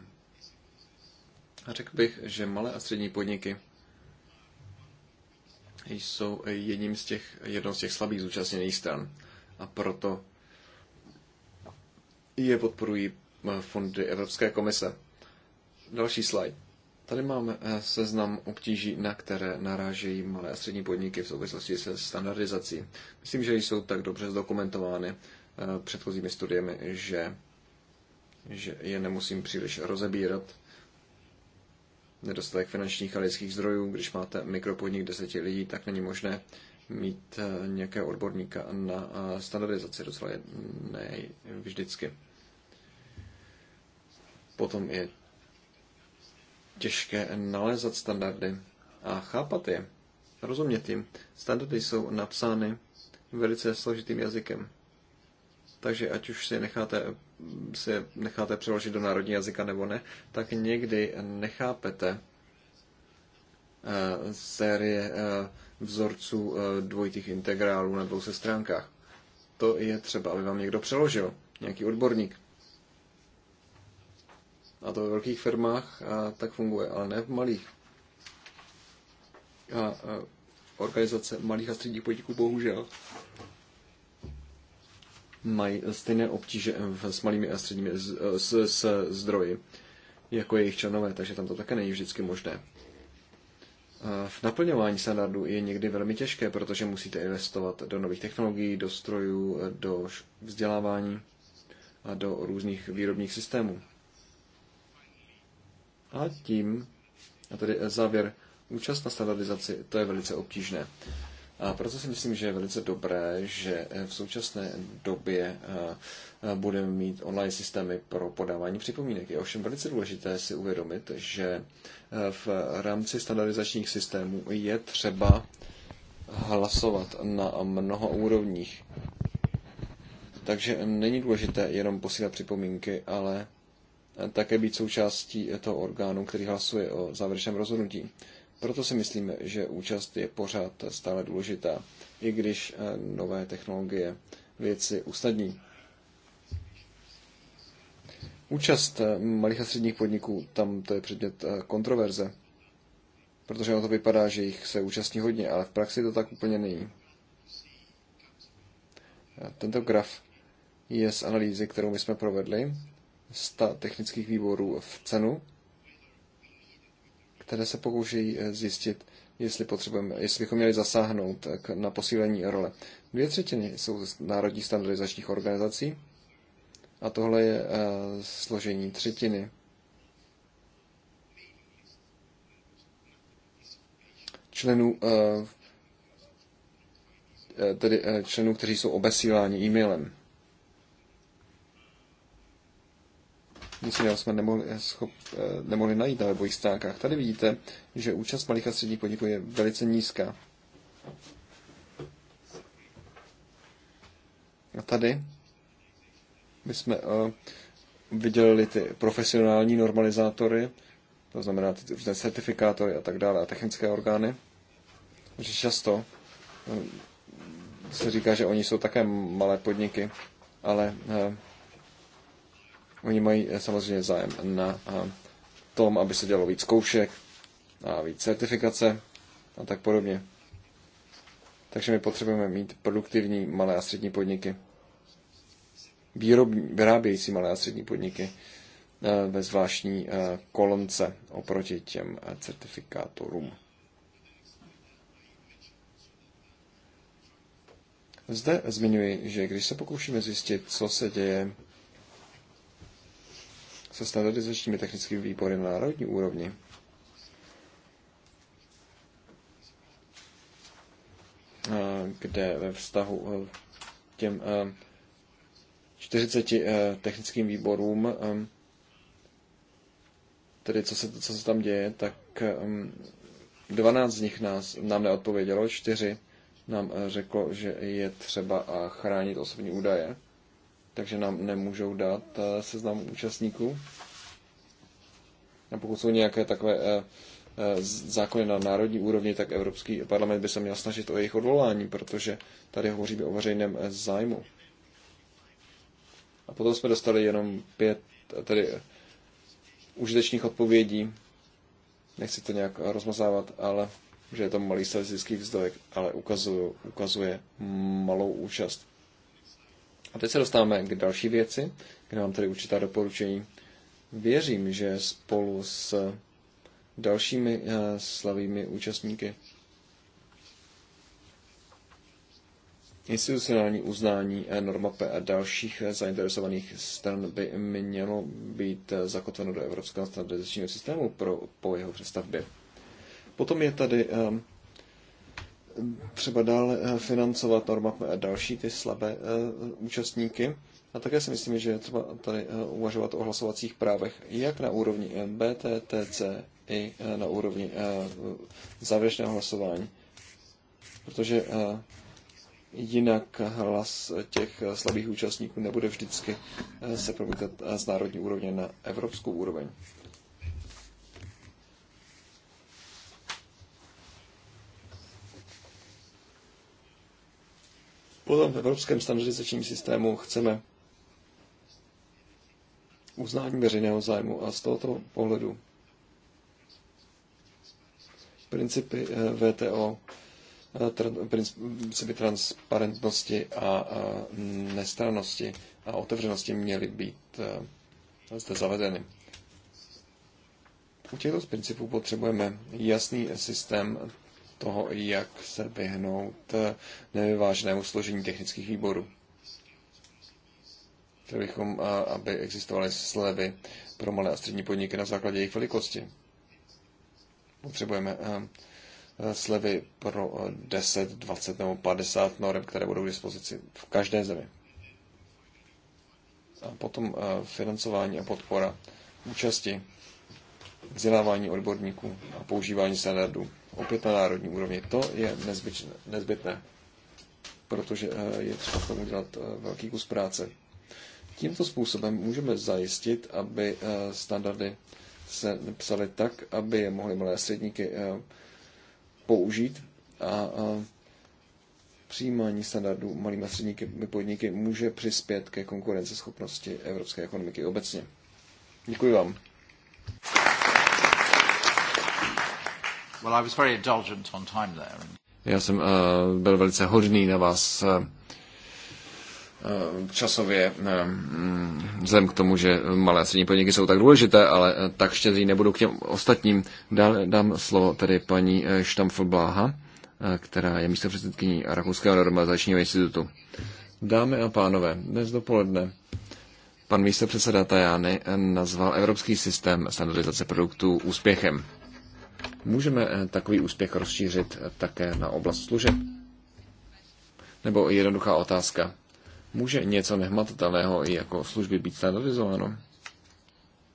A řekl bych, že malé a střední podniky jsou jedním z těch, jednou z těch slabých zúčastněných stran a proto je podporují eh, fondy Evropské komise. Další slide. Tady máme eh, seznam obtíží, na které narážejí malé a střední podniky v souvislosti se standardizací. Myslím, že jsou tak dobře zdokumentovány, Eh, předchozími studiemi, že, že je nemusím příliš rozebírat. Nedostatek finančních a lidských zdrojů, když máte mikropodnik deseti lidí, tak není možné mít eh, nějakého odborníka na eh, standardizaci docela je, ne vždycky. Potom je těžké nalézat standardy a chápat je, rozumět jim. Standardy jsou napsány velice složitým jazykem. Takže ať už si necháte, si necháte přeložit do národní jazyka nebo ne, tak někdy nechápete eh, série eh, vzorců eh, dvojitých integrálů na dvou stránkách. To je třeba, aby vám někdo přeložil, nějaký odborník. A to ve velkých firmách a tak funguje, ale ne v malých. A, a organizace malých a středních podniků bohužel mají stejné obtíže s malými a středními z, z, zdroji jako jejich členové, takže tam to také není vždycky možné. V naplňování standardů je někdy velmi těžké, protože musíte investovat do nových technologií, do strojů, do vzdělávání a do různých výrobních systémů. A tím, a tady závěr, účast na standardizaci, to je velice obtížné. A proto si myslím, že je velice dobré, že eh, v současné době eh, eh, budeme mít online systémy pro podávání připomínek. Je ovšem velice důležité si uvědomit, že v rámci standardizačních systémů je třeba hlasovat na mnoho úrovních. Takže není důležité jenom posílat připomínky, ale také být součástí toho orgánu, který hlasuje o závěrečném rozhodnutí. Proto si myslím, že účast je pořád stále důležitá, i když eh, nové technologie věci usnadní. Účast eh, malých a středních podniků, tam to je předmět eh, kontroverze, protože ono to vypadá, že jich se účastní hodně, ale v praxi to tak úplně není. Tento graf je z analýzy, kterou my jsme provedli, z technických výborů v cenu které se pokouší eh, zjistit, jestli, potřebujeme, jestli bychom měli zasáhnout eh, na posílení role. Dvě třetiny jsou z národních standardizačních organizací a tohle je eh, složení třetiny. členů, tedy členů, kteří jsou obesíláni e-mailem. Nic jiného jsme nemohli, eh, schop, eh, nemohli najít na webových stránkách. Tady vidíte, že účast malých a středních podniků je velice nízká. A tady my jsme uh, vydělili ty profesionální normalizátory, to znamená ty různé certifikátory a tak dále, a technické orgány. Že často se říká, že oni jsou také malé podniky, ale uh, Oni mají eh, samozřejmě zájem na eh, tom, aby se dělalo víc zkoušek a víc certifikace a tak podobně. Takže my potřebujeme mít produktivní malé a střední podniky. Výrobní, vyrábějící malé a střední podniky eh, ve zvláštní kolonce oproti těm certifikátorům. Zde zmiňuji, že když se pokoušíme zjistit, co se děje se standardizačními technickými výbory na národní úrovni. kde ve vztahu eh, těm 40 eh, eh, technickým výborům, tedy co se, co se tam děje, tak 12 z nich nás, nám neodpovědělo, 4 nám řeklo, že je třeba chránit osobní údaje takže nám nemůžou dát eh, seznam účastníků. A pokud jsou nějaké takové eh, eh, zákony na národní úrovni, tak Evropský parlament by se měl snažit o jejich odvolání, protože tady hovoříme o veřejném zájmu. A potom jsme dostali jenom pět tedy užitečných odpovědí. Nechci to nějak rozmazávat, ale že je to malý statistický vzdojek, ale ukazuje, ukazuje malou účast. A teď se dostáváme k další věci, kde mám tady určitá doporučení. Věřím, že spolu s dalšími eh, slavými účastníky institucionální uznání eh, Normape a dalších eh, zainteresovaných stran by mělo být zakotveno do Evropského standardizačního systému pro, po jeho přestavbě. Potom je tady um, třeba dále eh, financovat normatně a další ty slabé eh, účastníky. A také si myslím, že je třeba tady eh, uvažovat o hlasovacích právech jak na úrovni BTTC, i na úrovni závěrečného hlasování. Protože jinak hlas těch slabých účastníků nebude vždycky se promítat z národní úrovně na evropskou úroveň. Potom v evropském standardizačním systému chceme uznání veřejného zájmu a z tohoto pohledu principy eh, VTO, eh, principy transparentnosti a eh, nestrannosti a otevřenosti měly být zde zavedeny. U těchto principů potřebujeme jasný systém toho, jak se vyhnout eh, nevyváženému složení technických výborů. Chtěli bychom, eh, aby existovaly slevy pro malé a střední podniky na základě jejich velikosti. Potřebujeme eh, slevy pro 10, 20 nebo 50 norm, které budou k dispozici v každé zemi. A potom financování a podpora účasti vzdělávání odborníků a používání standardů opět na národní úrovni. To je nezbytné, nezbytné protože eh, je třeba k tomu dělat eh, velký kus práce. Tímto způsobem můžeme zajistit, aby eh, standardy se psaly tak, aby je mohly malé středníky použít a přijímání standardů malými středníky podniky může přispět ke konkurenceschopnosti evropské ekonomiky obecně. Děkuji vám. Well, I was very indulgent on time there. Já jsem uh, byl velice hodný na vás uh, časově, mm, vzhledem k tomu, že malé a střední podniky jsou tak důležité, ale tak štědrý nebudu k těm ostatním. Dál dám slovo tedy paní Štamfl-Bláha, která je místopředsedkyní Rakouského normalizačního institutu. Dámy a pánové, dnes dopoledne pan místopředseda Tajány nazval evropský systém standardizace produktů úspěchem. Můžeme eh, takový úspěch rozšířit eh, také na oblast služeb? Nebo jednoduchá otázka. Může něco nehmatatelného i jako služby být standardizováno?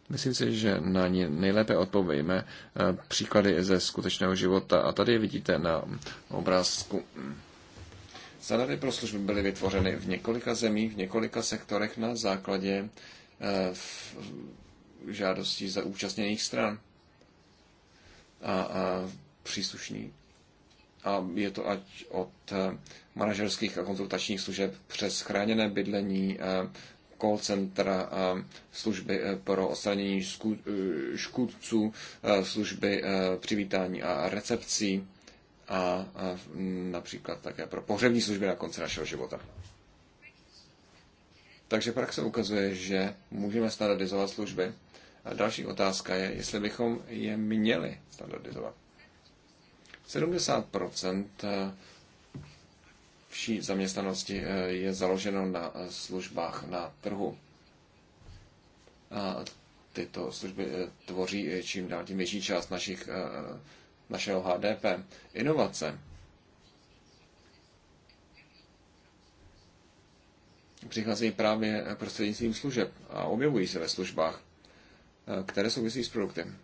Myslím si, že na ně nejlépe odpovíme eh, příklady ze skutečného života. A tady vidíte na obrázku. Standardy pro služby byly vytvořeny v několika zemích, v několika sektorech na základě v žádostí za účastněných stran a, a příslušní. A je to ať od eh, manažerských a konzultačních služeb přes chráněné bydlení, eh, call centra, eh, služby pro odstranění škůdců, služby přivítání a recepcí a například také pro pohřební služby na konci našeho života. Takže praxe ukazuje, že můžeme standardizovat služby, další otázka je, jestli bychom je měli standardizovat. 70% eh, vší zaměstnanosti eh, je založeno na eh, službách na trhu. A tyto služby tvoří čím dál tím větší část našich, našeho HDP. Inovace přicházejí právě prostřednictvím služeb a objevují se ve službách. Eh, které souvisí s produktem.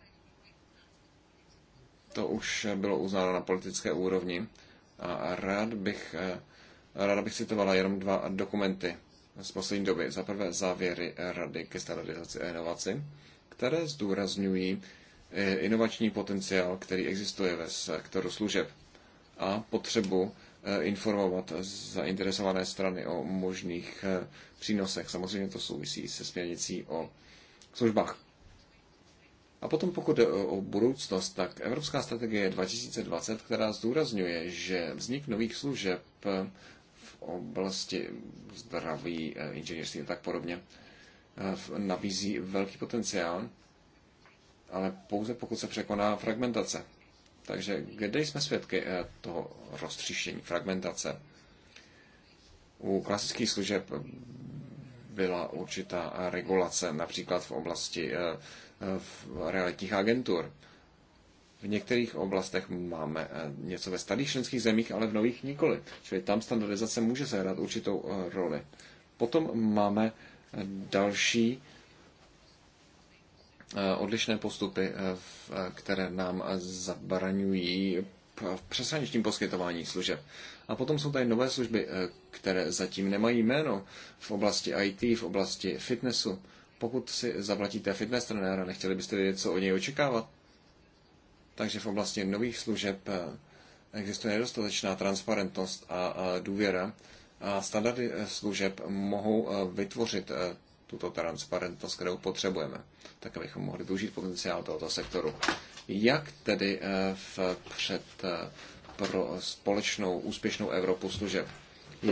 To už bylo uznáno na politické úrovni a rád bych, eh, ráda bych citovala jenom dva dokumenty z poslední doby. Za prvé závěry Rady ke standardizaci a inovaci, které zdůrazňují eh, inovační potenciál, který existuje ve sektoru služeb a potřebu informovat zainteresované strany o možných přínosech. Samozřejmě to souvisí se směrnicí o službách. A potom pokud jde o budoucnost, tak Evropská strategie 2020, která zdůrazňuje, že vznik nových služeb v oblasti zdraví, eh, inženýrství a tak podobně, eh, nabízí velký potenciál, ale pouze pokud se překoná fragmentace. Takže kde jsme svědky eh, toho roztříštění, fragmentace? U klasických služeb byla určitá regulace, například v oblasti v realitních agentur. V některých oblastech máme eh, něco ve starých členských zemích, ale v nových nikoli. Čili tam standardizace může sehrát určitou eh, roli. Potom máme eh, další odlišné postupy, které nám zabraňují v přeshraničním poskytování služeb. A potom jsou tady nové služby, které zatím nemají jméno v oblasti IT, v oblasti fitnessu, pokud si zaplatíte fitness trenéra, nechtěli byste vědět, co od něj očekávat. Takže v oblasti nových služeb eh, existuje nedostatečná transparentnost a důvěra a standardy eh, služeb mohou eh, vytvořit tuto transparentnost, kterou potřebujeme, tak abychom mohli využít potenciál tohoto sektoru. Jak tedy v před pro společnou úspěšnou Evropu služeb?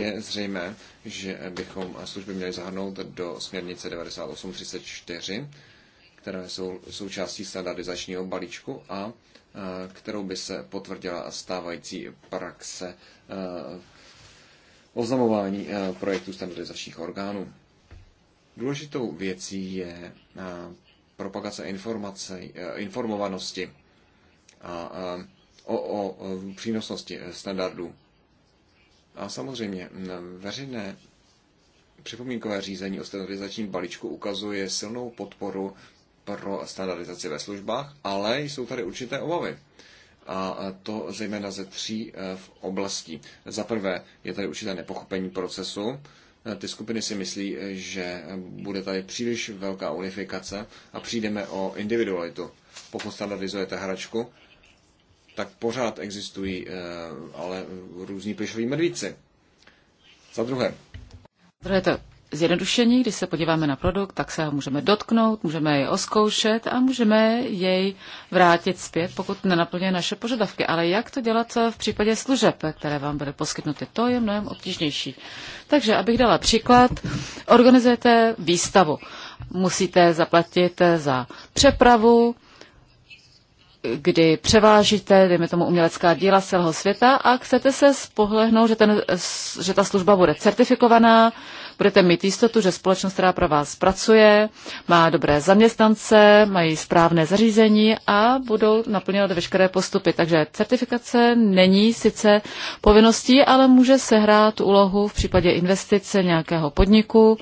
je zřejmé, že bychom služby měli zahrnout do směrnice 9834, které jsou součástí standardizačního balíčku a kterou by se potvrdila stávající praxe oznamování projektů standardizačních orgánů. Důležitou věcí je propagace informace, informovanosti a, a o, o přínosnosti standardů a samozřejmě veřejné připomínkové řízení o standardizačním balíčku ukazuje silnou podporu pro standardizaci ve službách, ale jsou tady určité obavy. A to zejména ze tří e, v oblastí. Za prvé je tady určité nepochopení procesu. E, ty skupiny si myslí, e, že bude tady příliš velká unifikace a přijdeme o individualitu. Pokud standardizujete hračku, tak pořád existují eh, ale různí plišoví medvíci. Za druhé. Druhé to zjednodušení, když se podíváme na produkt, tak se ho můžeme dotknout, můžeme jej oskoušet a můžeme jej vrátit zpět, pokud nenaplňuje naše požadavky. Ale jak to dělat v případě služeb, které vám byly poskytnuty, to je mnohem obtížnější. Takže, abych dala příklad, organizujete výstavu. Musíte zaplatit za přepravu, kdy převážíte, dejme tomu, umělecká díla z celého světa a chcete se spohlehnout, že, ten, že ta služba bude certifikovaná, budete mít jistotu, že společnost, která pro vás pracuje, má dobré zaměstnance, mají správné zařízení a budou naplňovat veškeré postupy. Takže certifikace není sice povinností, ale může sehrát úlohu v případě investice nějakého podniku,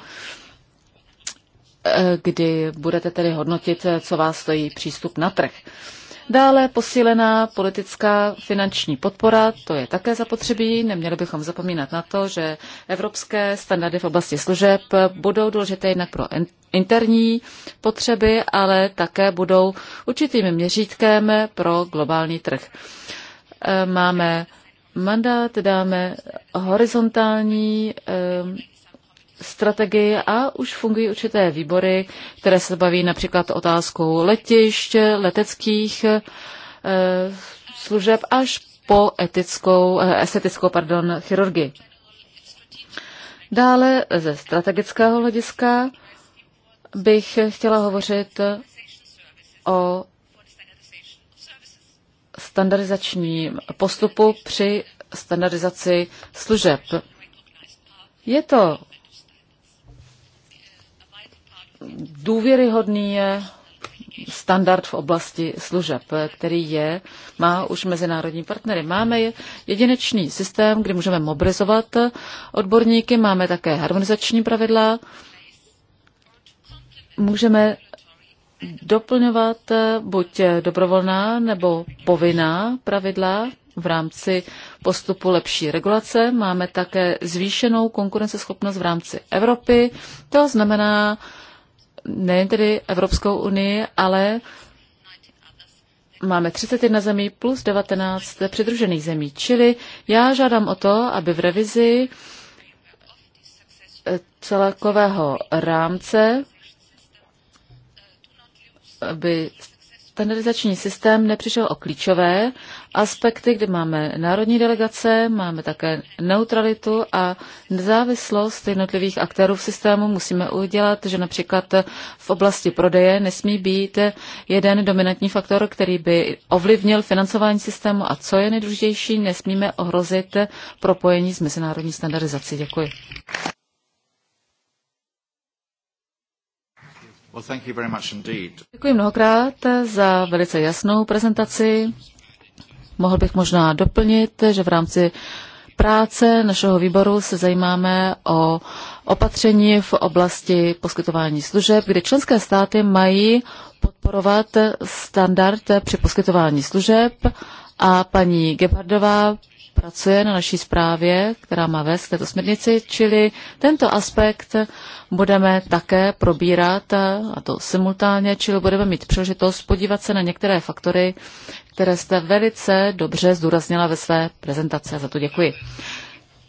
eh, kdy budete tedy hodnotit, eh, co vás stojí přístup na trh. Dále posílená politická finanční podpora, to je také zapotřebí. Neměli bychom zapomínat na to, že evropské standardy v oblasti služeb budou důležité jednak pro interní potřeby, ale také budou určitým měřítkem pro globální trh. Eh, máme mandát, dáme horizontální eh, strategii a už fungují určité výbory, které se baví například otázkou letišť, leteckých eh, služeb až po etickou, eh, estetickou pardon, chirurgii. Dále ze strategického hlediska bych chtěla hovořit o standardizačním postupu při standardizaci služeb. Je to důvěryhodný je standard v oblasti služeb, který je, má už mezinárodní partnery. Máme jedinečný systém, kdy můžeme mobilizovat odborníky, máme také harmonizační pravidla, můžeme doplňovat buď dobrovolná nebo povinná pravidla v rámci postupu lepší regulace. Máme také zvýšenou konkurenceschopnost v rámci Evropy. To znamená, nejen tedy Evropskou unii, ale máme 31 zemí plus 19 přidružených zemí. Čili já žádám o to, aby v revizi eh, celkového rámce by standardizační systém nepřišel o klíčové aspekty, kde máme národní delegace, máme také neutralitu a nezávislost jednotlivých aktérů v systému. Musíme udělat, že například v oblasti prodeje nesmí být jeden dominantní faktor, který by ovlivnil financování systému a co je nejdůležitější, nesmíme ohrozit propojení s mezinárodní standardizací. Děkuji. Děkuji mnohokrát za velice jasnou prezentaci. Mohl bych možná doplnit, že v rámci práce našeho výboru se zajímáme o opatření v oblasti poskytování služeb, kde členské státy mají podporovat standard při poskytování služeb a paní Gebhardová pracuje na naší zprávě, která má vést k této směrnici, čili tento aspekt budeme také probírat, a to simultánně, čili budeme mít příležitost podívat se na některé faktory, které jste velice dobře zdůraznila ve své prezentaci. Za to děkuji.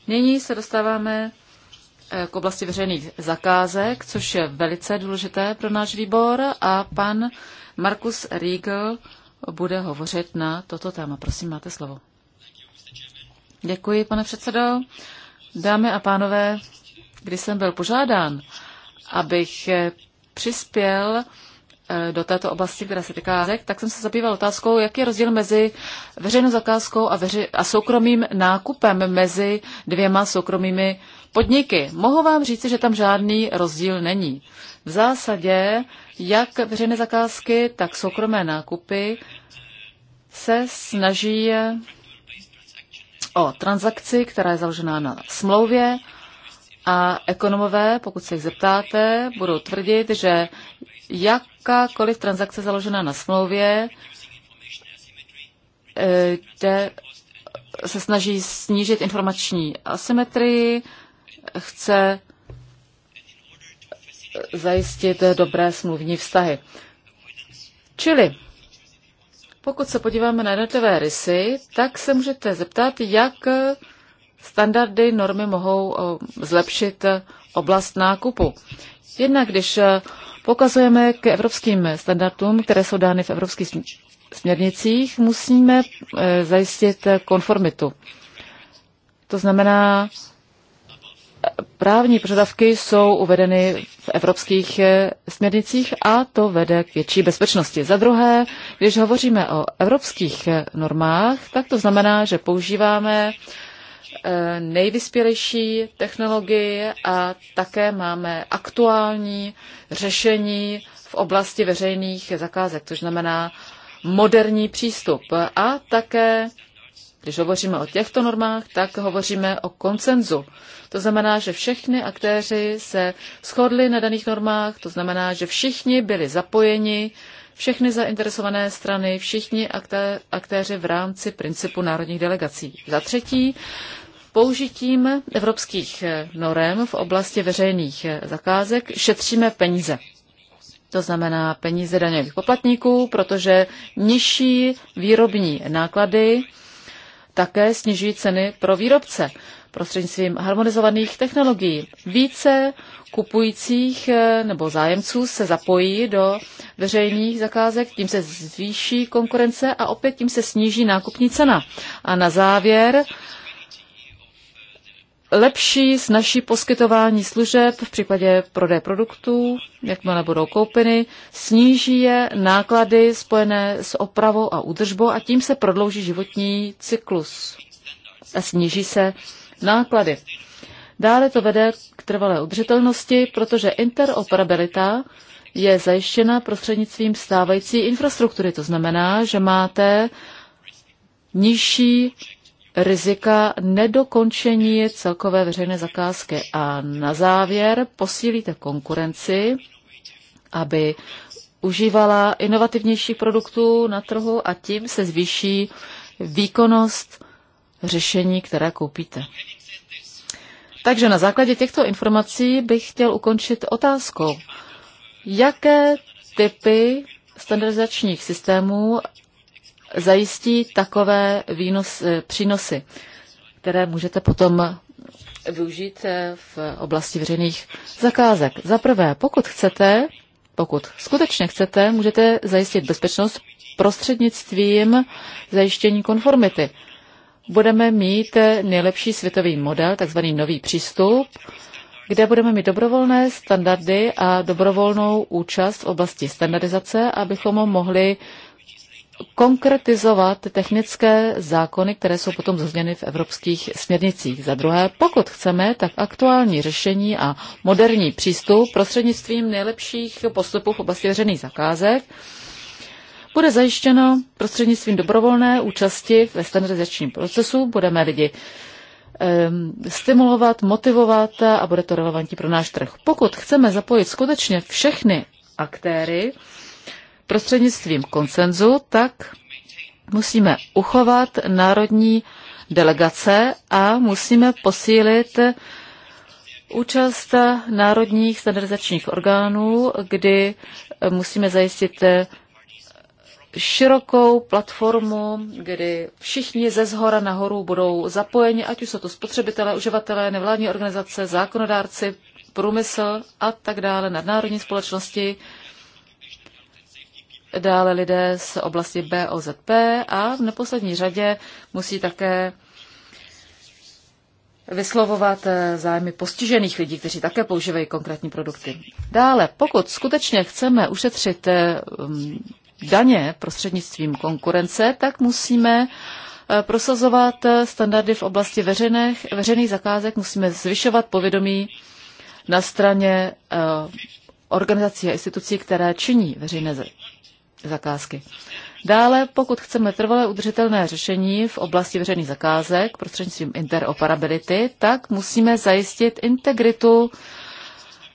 Nyní se dostáváme e, k oblasti veřejných zakázek, což je velice důležité pro náš výbor a pan Markus Riegel bude hovořit na toto téma. Prosím, máte slovo. Děkuji, pane předsedo. Dámy a pánové, když jsem byl požádán, abych přispěl eh, do této oblasti, která se týká řek, tak jsem se zabýval otázkou, jaký je rozdíl mezi veřejnou zakázkou a, veři- a soukromým nákupem mezi dvěma soukromými podniky. Mohu vám říct, že tam žádný rozdíl není. V zásadě jak veřejné zakázky, tak soukromé nákupy se snaží o transakci, která je založená na smlouvě a ekonomové, pokud se jich zeptáte, budou tvrdit, že jakákoliv transakce založená na smlouvě eh, jde, se snaží snížit informační asymetrii, chce zajistit dobré smluvní vztahy. Čili pokud se podíváme na jednotlivé rysy, tak se můžete zeptat, jak standardy, normy mohou eh, zlepšit eh, oblast nákupu. Jednak když eh, pokazujeme k evropským standardům, které jsou dány v evropských směrnicích, musíme zajistit konformitu. To znamená, právní požadavky jsou uvedeny v evropských eh, směrnicích a to vede k větší bezpečnosti. Za druhé, když hovoříme o evropských eh, normách, tak to znamená, že používáme eh, nejvyspělejší technologii a také máme aktuální řešení v oblasti veřejných zakázek, což znamená moderní přístup a také když hovoříme o těchto normách, tak hovoříme o koncenzu. To znamená, že všichni aktéři se shodli na daných normách, to znamená, že všichni byli zapojeni, všechny zainteresované strany, všichni akté- aktéři v rámci principu národních delegací. Za třetí, použitím evropských norem v oblasti veřejných zakázek šetříme peníze. To znamená peníze daňových poplatníků, protože nižší výrobní náklady také snižují ceny pro výrobce prostřednictvím harmonizovaných technologií. Více kupujících eh, nebo zájemců se zapojí do veřejných zakázek, tím se zvýší konkurence a opět tím se sníží nákupní cena. A na závěr lepší, snažší poskytování služeb v případě prodeje produktů, jakmile budou koupeny, sníží je náklady spojené s opravou a údržbou a tím se prodlouží životní cyklus a sníží se náklady. Dále to vede k trvalé udržitelnosti, protože interoperabilita je zajištěna prostřednictvím stávající infrastruktury. To znamená, že máte nižší rizika nedokončení celkové veřejné zakázky. A na závěr posílíte konkurenci, aby užívala inovativnějších produktů na trhu a tím se zvýší výkonnost řešení, které koupíte. Takže na základě těchto informací bych chtěl ukončit otázkou, jaké typy standardizačních systémů zajistí takové výnos, eh, přínosy, které můžete potom využít eh, v oblasti veřejných zakázek. Za prvé, pokud chcete, pokud skutečně chcete, můžete zajistit bezpečnost prostřednictvím zajištění konformity. Budeme mít eh, nejlepší světový model, takzvaný nový přístup, kde budeme mít dobrovolné standardy a dobrovolnou účast v oblasti standardizace, abychom mohli konkretizovat technické zákony, které jsou potom zazněny v evropských směrnicích. Za druhé, pokud chceme, tak aktuální řešení a moderní přístup prostřednictvím nejlepších postupů v oblasti veřejných zakázek bude zajištěno prostřednictvím dobrovolné účasti ve standardizačním procesu. Budeme lidi stimulovat, motivovat a bude to relevantní pro náš trh. Pokud chceme zapojit skutečně všechny aktéry, prostřednictvím konsenzu, tak musíme uchovat národní delegace a musíme posílit účast národních standardizačních orgánů, kdy musíme zajistit širokou platformu, kdy všichni ze zhora nahoru budou zapojeni, ať už jsou to spotřebitelé, uživatelé, nevládní organizace, zákonodárci, průmysl a tak dále, nadnárodní společnosti, dále lidé z oblasti BOZP a v neposlední řadě musí také vyslovovat eh, zájmy postižených lidí, kteří také používají konkrétní produkty. Dále, pokud skutečně chceme ušetřit eh, mm, daně prostřednictvím konkurence, tak musíme eh, prosazovat standardy v oblasti veřejných, veřejných zakázek, musíme zvyšovat povědomí na straně organizací a institucí, které činí veřejné zakázky. Dále, pokud chceme trvalé udržitelné řešení v oblasti veřejných zakázek prostřednictvím interoperability, tak musíme zajistit integritu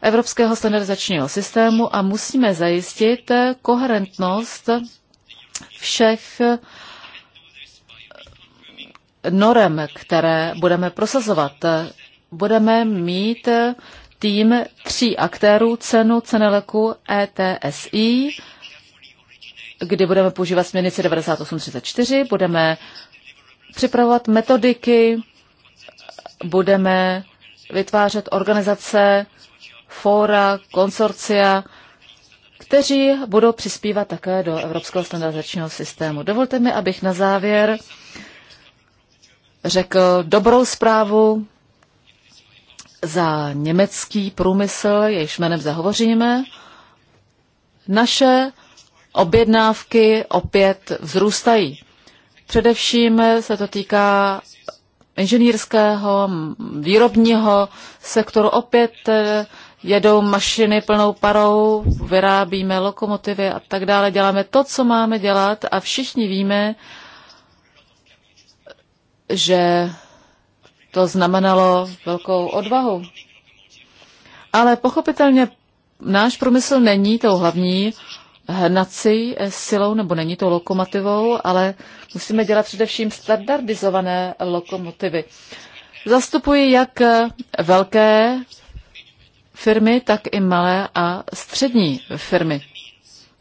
evropského standardizačního systému a musíme zajistit koherentnost všech norem, které budeme prosazovat. Budeme mít tým tří aktérů cenu Ceneleku ETSI, kdy budeme používat směrnici 9834, budeme připravovat metodiky, budeme vytvářet organizace, fóra, konsorcia, kteří budou přispívat také do Evropského standardizačního systému. Dovolte mi, abych na závěr řekl dobrou zprávu za německý průmysl, jejíž jménem zahovoříme. Naše objednávky opět vzrůstají. Především se to týká inženýrského, výrobního sektoru. Opět eh, jedou mašiny plnou parou, vyrábíme lokomotivy a tak dále. Děláme to, co máme dělat a všichni víme, že to znamenalo velkou odvahu. Ale pochopitelně náš průmysl není tou hlavní hnací eh, silou, nebo není to lokomotivou, ale musíme dělat především standardizované lokomotivy. Zastupuji jak eh, velké firmy, tak i malé a střední firmy.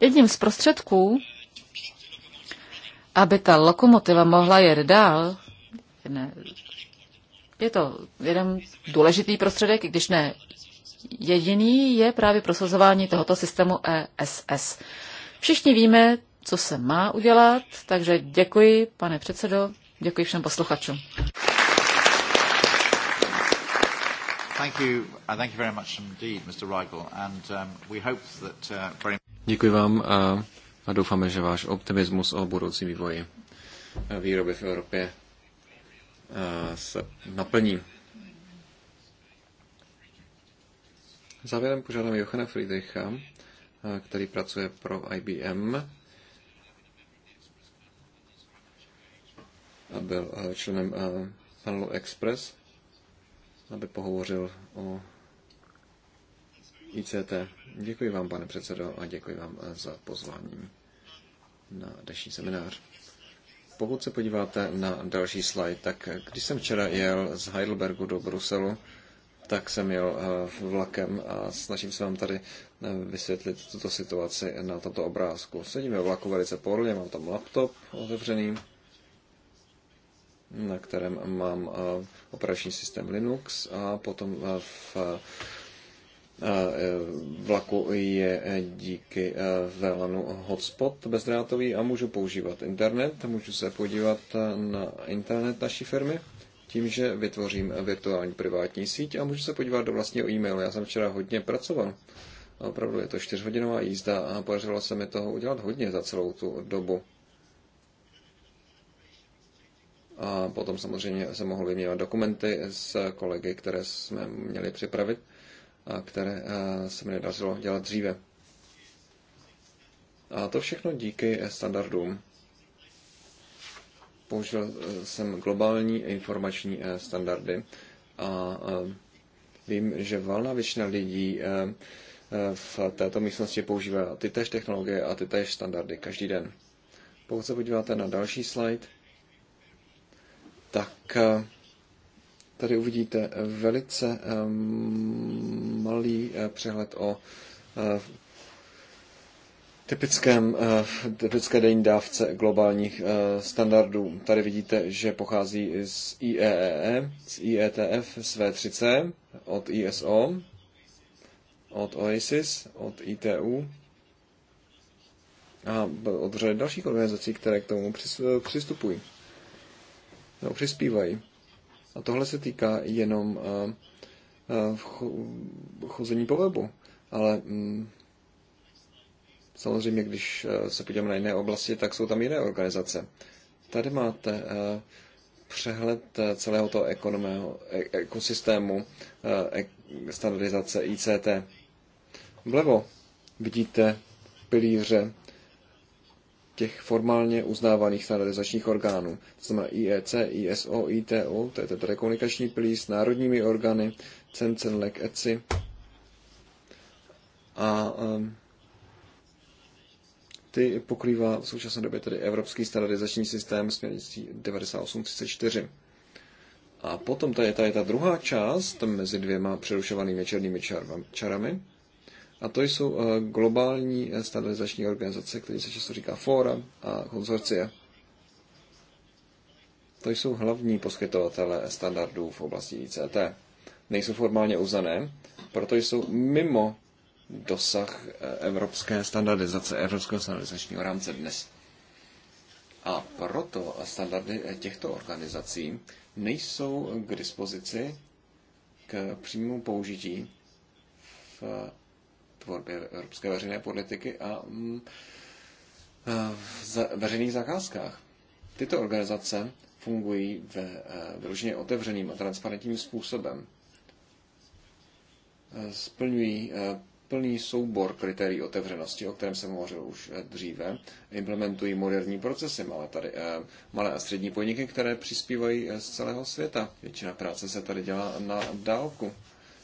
Jedním z prostředků, aby ta lokomotiva mohla jet dál, je to jeden důležitý prostředek, i když ne jediný je právě prosazování tohoto systému ESS. Všichni víme, co se má udělat, takže děkuji, pane předsedo, děkuji všem posluchačům. Uh, um, uh, děkuji vám a, a doufáme, že váš optimismus o budoucí vývoji e, výroby v Evropě e, se naplní. Závěrem požádám Johana Friedricha, eh, který pracuje pro IBM, a byl eh, členem eh, panelu Express, aby pohovořil o ICT. Děkuji vám, pane předsedo, a děkuji vám za pozvání na dnešní seminář. Pokud se podíváte na další slide, tak když jsem včera jel z Heidelbergu do Bruselu, tak jsem jel eh, vlakem a snažím se vám tady eh, vysvětlit tuto situaci na tomto obrázku. Sedím ve vlaku velice pohodlně, mám tam laptop otevřený, na kterém mám eh, operační systém Linux a potom v vlaku je díky VLANu hotspot bezdrátový a můžu používat internet. Můžu se podívat na internet naší firmy tím, že vytvořím virtuální privátní síť a můžu se podívat do vlastního e-mailu. Já jsem včera hodně pracoval. A opravdu je to čtyřhodinová jízda a podařilo se mi toho udělat hodně za celou tu dobu. A potom samozřejmě se mohl vyměňovat dokumenty s kolegy, které jsme měli připravit a které eh, se mi nedařilo dělat dříve. A to všechno díky standardům použil jsem eh, globální informační eh, standardy a eh, vím, že valná většina lidí v této místnosti používá ty též technologie a ty též standardy každý den. Pokud se podíváte na další slide, tak tady uvidíte velice malý přehled o typickém, eh, typické denní dávce globálních eh, standardů. Tady vidíte, že pochází z IEEE, e e, z IETF, z V3C, od ISO, od OASIS, od ITU a od řady dalších organizací, které k tomu eh, přistupují nebo přispívají. A tohle se týká jenom chození po webu, ale mm, Samozřejmě, když eh, se podíváme na jiné oblasti, tak jsou tam jiné organizace. Tady máte eh, přehled eh, celého toho e, ekosystému standardizace ICT. Vlevo vidíte pilíře těch formálně uznávaných standardizačních orgánů. To znamená IEC, ISO, ITU, to je ten telekomunikační pilíř s národními orgány, CEN, CENLEC, e ECI. A um, ty pokrývá v současné době tedy Evropský standardizační systém směrnicí 9834. A potom tady je ta, je ta druhá část mezi dvěma přerušovanými černými čarami. A to jsou eh, globální standardizační organizace, které se často říká fóra a konzorcie. To jsou hlavní poskytovatele standardů v oblasti ICT. Nejsou formálně uznané, proto jsou mimo dosah eh, evropské standardizace, evropského standardizačního rámce dnes. A proto standardy eh, těchto organizací nejsou k dispozici k přímému použití v eh, tvorbě evropské veřejné politiky a mm, v veřejných zakázkách. Tyto organizace fungují ve vyloženě otevřeným a transparentním způsobem. Splňují plný soubor kritérií otevřenosti, o kterém jsem hovořil už eh, dříve, implementují moderní procesy. malé tady eh, malé a střední podniky, které přispívají eh, z celého světa. Většina práce se tady dělá na dálku.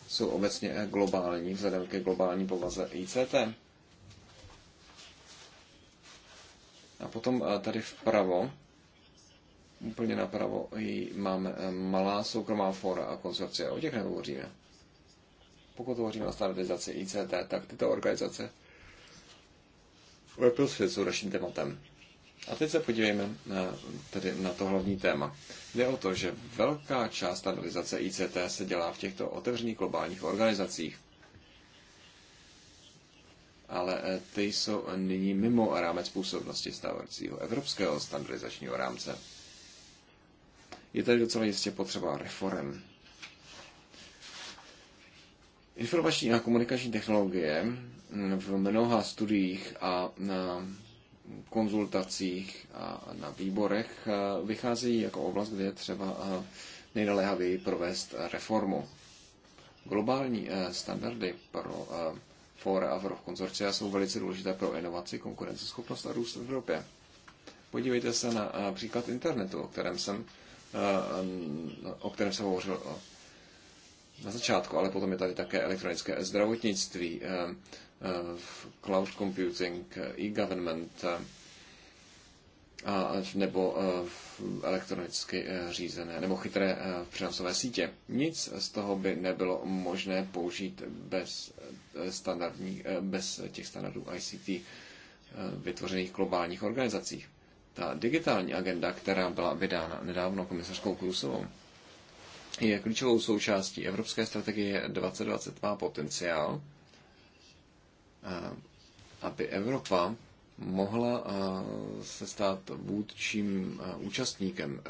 Jsou obecně globální, vzhledem ke globální povaze ICT. A potom tady vpravo, úplně napravo, máme malá soukromá fora a konsorcia. O těch nehovoříme pokud hovoříme o standardizaci ICT, tak tyto organizace vlepil svět s tématem. A teď se podívejme na, eh, tedy na to hlavní téma. Jde o to, že velká část standardizace ICT se dělá v těchto otevřených globálních organizacích. Ale eh, ty jsou nyní mimo rámec působnosti stávajícího evropského standardizačního rámce. Je tady docela jistě potřeba reform Informační a komunikační technologie v mnoha studiích a na konzultacích a na výborech eh, vycházejí jako oblast, kde je třeba eh, nejnaléhavěji provést reformu. Globální eh, standardy pro fóra a pro konzorcia jsou velice důležité pro inovaci, konkurenceschopnost a růst v Evropě. Podívejte se na příklad internetu, o kterém jsem, o kterém jsem hovořil na začátku, ale potom je tady také elektronické zdravotnictví, eh, eh, cloud computing, e-government eh, a, nebo elektronicky řízené nebo chytré přenosové sítě. Nic z toho by nebylo možné použít bez, standardní, bez těch standardů ICT vytvořených globálních organizacích. Ta digitální agenda, která byla vydána nedávno komisařkou Krusovou, je klíčovou součástí Evropské strategie 2020 má potenciál, eh, aby Evropa mohla eh, se stát vůdčím eh, účastníkem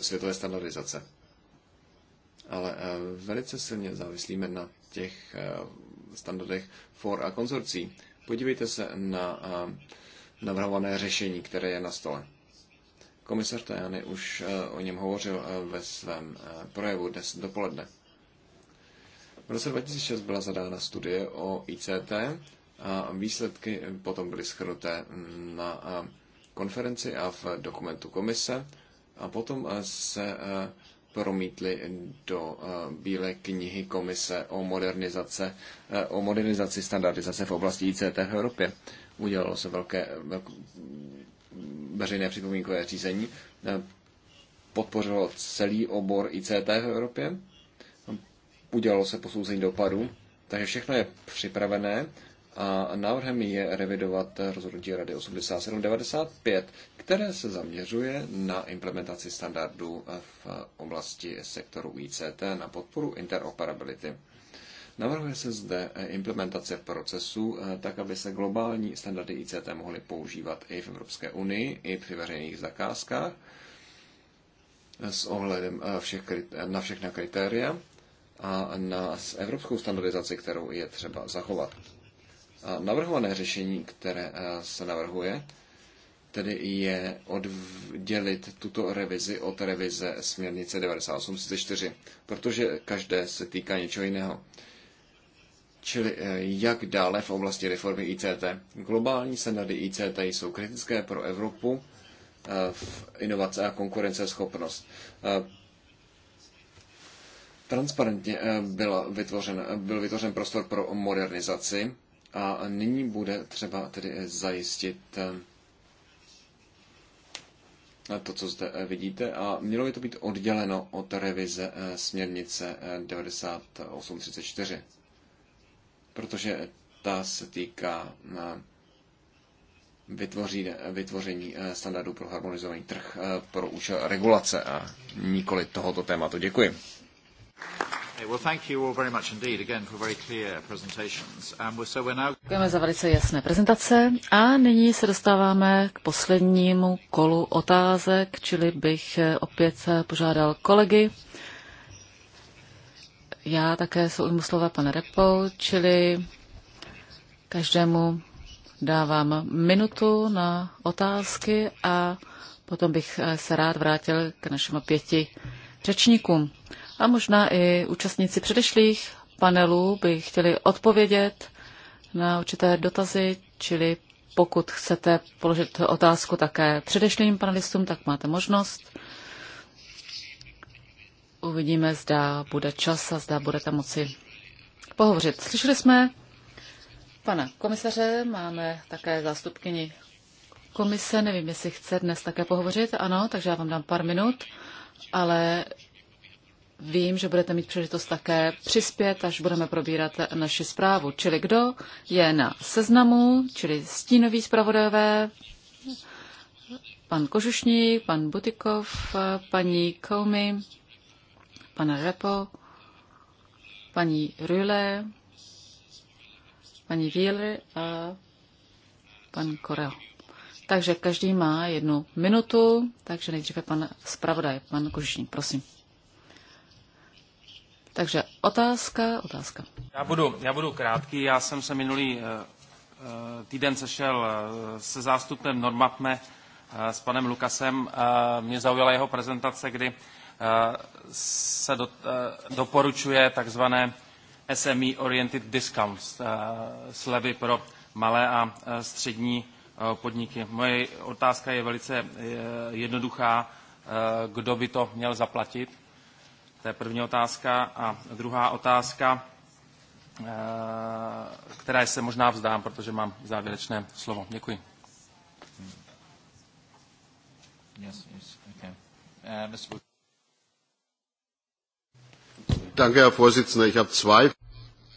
světové standardizace. Ale velice silně závislíme na těch standardech for a konzorcí. Podívejte se na navrhované řešení, které je na stole. Komisar Tajany už eh, o něm hovořil eh, ve svém eh, projevu dnes dopoledne. V roce 2006 byla zadána studie o ICT a výsledky potom byly schrnuté na konferenci a v dokumentu komise a potom se promítly do Bílé knihy komise o, modernizace, o modernizaci standardizace v oblasti ICT v Evropě. Udělalo se velké, velk, veřejné připomínkové řízení eh, podpořilo celý obor ICT v Evropě. Udělalo se posouzení dopadu, takže všechno je připravené a návrhem je revidovat rozhodnutí Rady 8795, které se zaměřuje na implementaci standardů v oblasti sektoru ICT na podporu interoperability. Navrhuje se zde eh, implementace procesů eh, tak, aby se globální standardy ICT mohly používat i v Evropské unii, i při veřejných zakázkách eh, s ohledem všech, na všechna kritéria a na evropskou standardizaci, kterou je třeba zachovat. A navrhované řešení, které se navrhuje, tedy je oddělit tuto revizi od revize směrnice 9834, protože každé se týká něčeho jiného. Čili eh, jak dále v oblasti reformy ICT. Globální standardy ICT jsou kritické pro Evropu eh, v inovace a konkurenceschopnost. Eh, transparentně byla vytvořen, byl vytvořen prostor pro modernizaci a nyní bude třeba tedy zajistit to, co zde vidíte, a mělo by to být odděleno od revize směrnice 9834 protože ta se týká eh, vytvoří, vytvoření eh, standardů pro harmonizovaný trh eh, pro účel regulace a nikoli tohoto tématu. Děkuji. Um, Děkujeme za velice jasné prezentace a nyní se dostáváme k poslednímu kolu otázek, čili bych opět požádal kolegy, já také se ujmu slova pana Repo, čili každému dávám minutu na otázky a potom bych eh, se rád vrátil k našemu pěti řečníkům. A možná i účastníci předešlých panelů by chtěli odpovědět na určité dotazy, čili pokud chcete položit otázku také předešlým panelistům, tak máte možnost. Uvidíme, zda bude čas a zda budete moci pohovořit. Slyšeli jsme pana komisaře, máme také zástupkyni komise, nevím, jestli chce dnes také pohovořit, ano, takže já vám dám pár minut, ale vím, že budete mít příležitost také přispět, až budeme probírat naši zprávu. Čili kdo je na seznamu, čili stínoví zpravodajové, pan Kožušník, pan Butikov, paní Koumy, pana Repo, paní Rüle, paní Víly a pan Koreo. Takže každý má jednu minutu, takže nejdříve pan zpravodaj, pan Kožišník, prosím. Takže otázka, otázka. Já budu, já budu krátký, já jsem se minulý eh, eh, týden sešel eh, se zástupem Normatme s panem Lukasem. Mě zaujala jeho prezentace, kdy se do, eh, doporučuje takzvané SME Oriented Discounts, eh, slevy pro malé a eh, střední podniky. Moje otázka je velice jednoduchá. Kdo by to měl zaplatit? To je první otázka. A druhá otázka, která se možná vzdám, protože mám závěrečné slovo. Děkuji. Hmm. Yes, yes, okay. uh, Danke, Herr Vorsitzender. Ich habe zwei.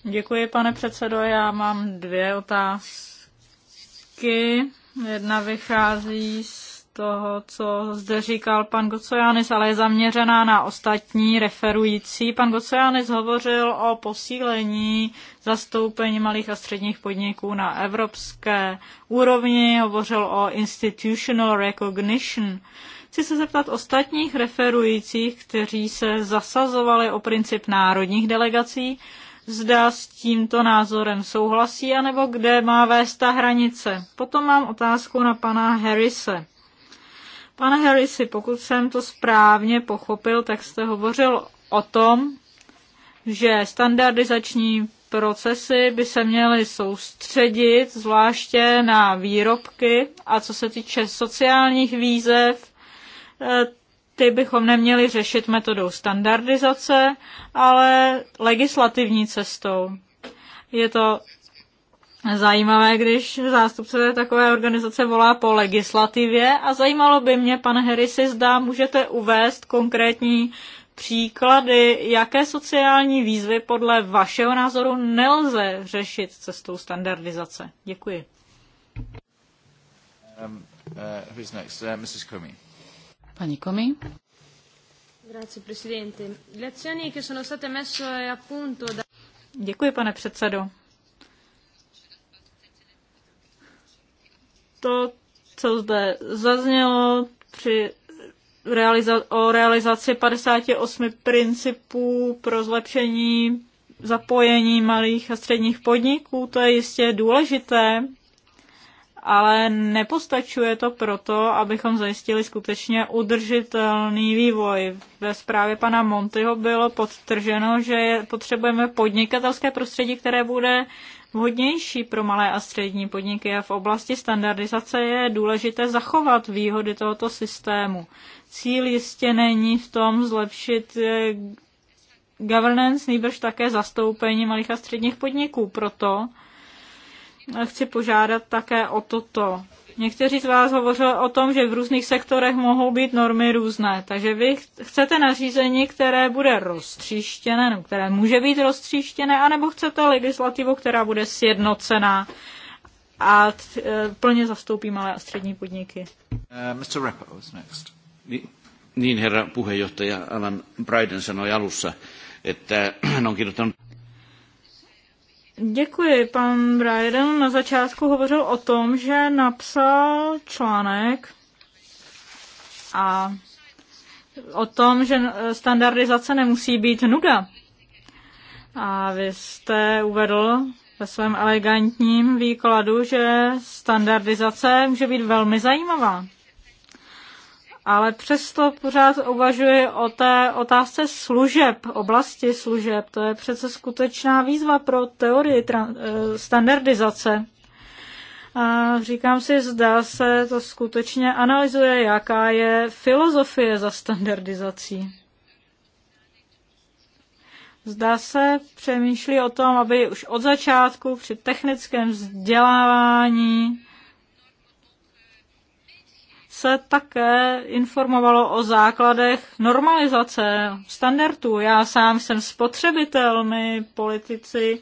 Děkuji, pane předsedo. Já mám dvě otázky. Jedna vychází z toho, co zde říkal pan Gocojanis, ale je zaměřená na ostatní referující. Pan Gocojanis hovořil o posílení zastoupení malých a středních podniků na evropské úrovni, hovořil o institutional recognition. Uh, Chci se zeptat ostatních referujících, kteří se zasazovali o princip národních delegací, zda s tímto názorem souhlasí, anebo kde má vést ta hranice. Potom mám otázku na pana Harrise. Pane Harrisi, pokud jsem to správně pochopil, tak jste hovořil o tom, že standardizační procesy by se měly soustředit zvláště na výrobky a co se týče sociálních výzev, Eh, ty bychom neměli řešit metodou standardizace, ale legislativní cestou. Je to zajímavé, když zástupce takové organizace volá po legislativě a zajímalo by mě, pane Harrisy, zda můžete uvést konkrétní příklady, jaké sociální výzvy podle vašeho názoru nelze řešit cestou standardizace. Děkuji. Um, uh, who's next? Uh, Mrs. Comey. Paní Komi. Děkuji, pane předsedo. To, co zde zaznělo při realiza- o realizaci 58 principů pro zlepšení zapojení malých a středních podniků, to je jistě důležité ale nepostačuje to proto, abychom zajistili skutečně udržitelný vývoj. Ve zprávě pana Montyho bylo podtrženo, že potřebujeme podnikatelské prostředí, které bude vhodnější pro malé a střední podniky a v oblasti standardizace je důležité zachovat výhody tohoto systému. Cíl jistě není v tom zlepšit eh, governance, nejbrž také zastoupení malých a středních podniků. Proto chci požádat také o toto. Někteří z vás hovořili o tom, že v různých sektorech mohou být normy různé, takže vy chcete nařízení, které bude roztříštěné, nebo které může být roztříštěné, anebo chcete legislativu, která bude sjednocená a e, plně zastoupí malé a střední podniky. Uh, Mr. Repo is next. Niin herra puheenjohtaja Alan Bryden sanoi alussa, että hän on kirjoittanut Děkuji. Pan Bryden na začátku hovořil o tom, že napsal článek a o tom, že standardizace nemusí být nuda. A vy jste uvedl ve svém elegantním výkladu, že standardizace může být velmi zajímavá ale přesto pořád uvažuji o té otázce služeb, oblasti služeb. To je přece skutečná výzva pro teorii eh, standardizace. A říkám si, zdá se, to skutečně analyzuje, jaká je filozofie za standardizací. Zdá se, přemýšlí o tom, aby už od začátku při technickém vzdělávání se také informovalo o základech normalizace standardů. Já sám jsem spotřebitel, my politici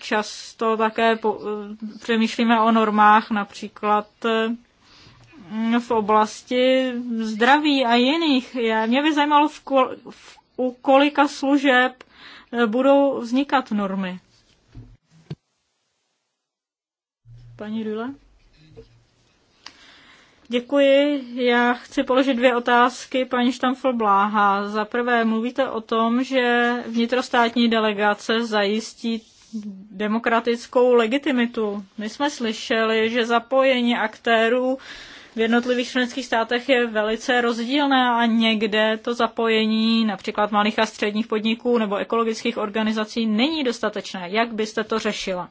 často také po, eh, přemýšlíme o normách, například eh, v oblasti zdraví a jiných. Je, mě by zajímalo, v kol, v, u kolika služeb eh, budou vznikat normy. Paní Rüle? Děkuji. Já chci položit dvě otázky paní Štamfl Bláha. Za prvé, mluvíte o tom, že vnitrostátní delegace zajistí demokratickou legitimitu. My jsme slyšeli, že zapojení aktérů v jednotlivých členských státech je velice rozdílné a někde to zapojení například malých a středních podniků nebo ekologických organizací není dostatečné. Jak byste to řešila?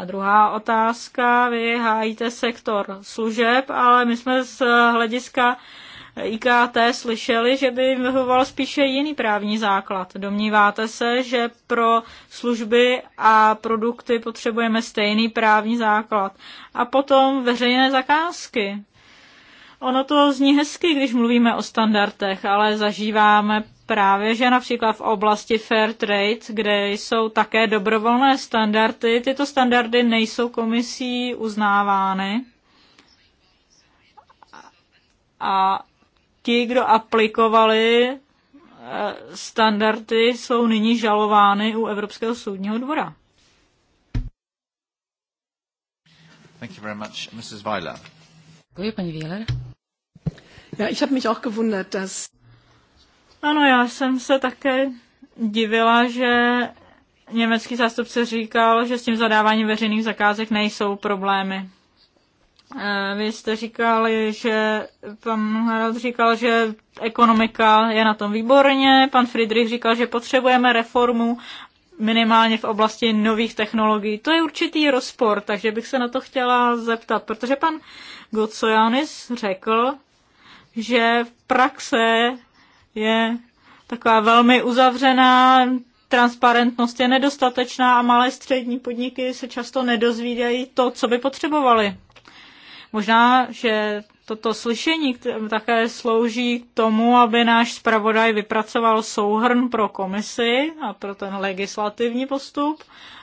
A druhá otázka, vy hájíte sektor služeb, ale my jsme z hlediska IKT slyšeli, že by vyhovoval spíše jiný právní základ. Domníváte se, že pro služby a produkty potřebujeme stejný právní základ. A potom veřejné zakázky. Ono to zní hezky, když mluvíme o standardech, ale zažíváme právě, že například v oblasti fair trade, kde jsou také dobrovolné standardy, tyto standardy nejsou komisí uznávány. A ti, kdo aplikovali eh, standardy, jsou nyní žalovány u Evropského soudního dvora. Thank you very much, Mrs. Weiler. Děkuji, paní Wheeler. Ja, ich habe mich auch gewundert, dass... Ano, já jsem se také divila, že německý zástupce říkal, že s tím zadáváním veřejných zakázek nejsou problémy. E, vy jste říkali, že pan Harald říkal, že ekonomika je na tom výborně, pan Friedrich říkal, že potřebujeme reformu minimálně v oblasti nových technologií. To je určitý rozpor, takže bych se na to chtěla zeptat, protože pan Gocojanis řekl, že v praxe je taková velmi uzavřená, transparentnost je nedostatečná a malé střední podniky se často nedozvídají to, co by potřebovali. Možná, že toto slyšení také slouží k tomu, aby náš zpravodaj vypracoval souhrn pro komisi a pro ten legislativní postup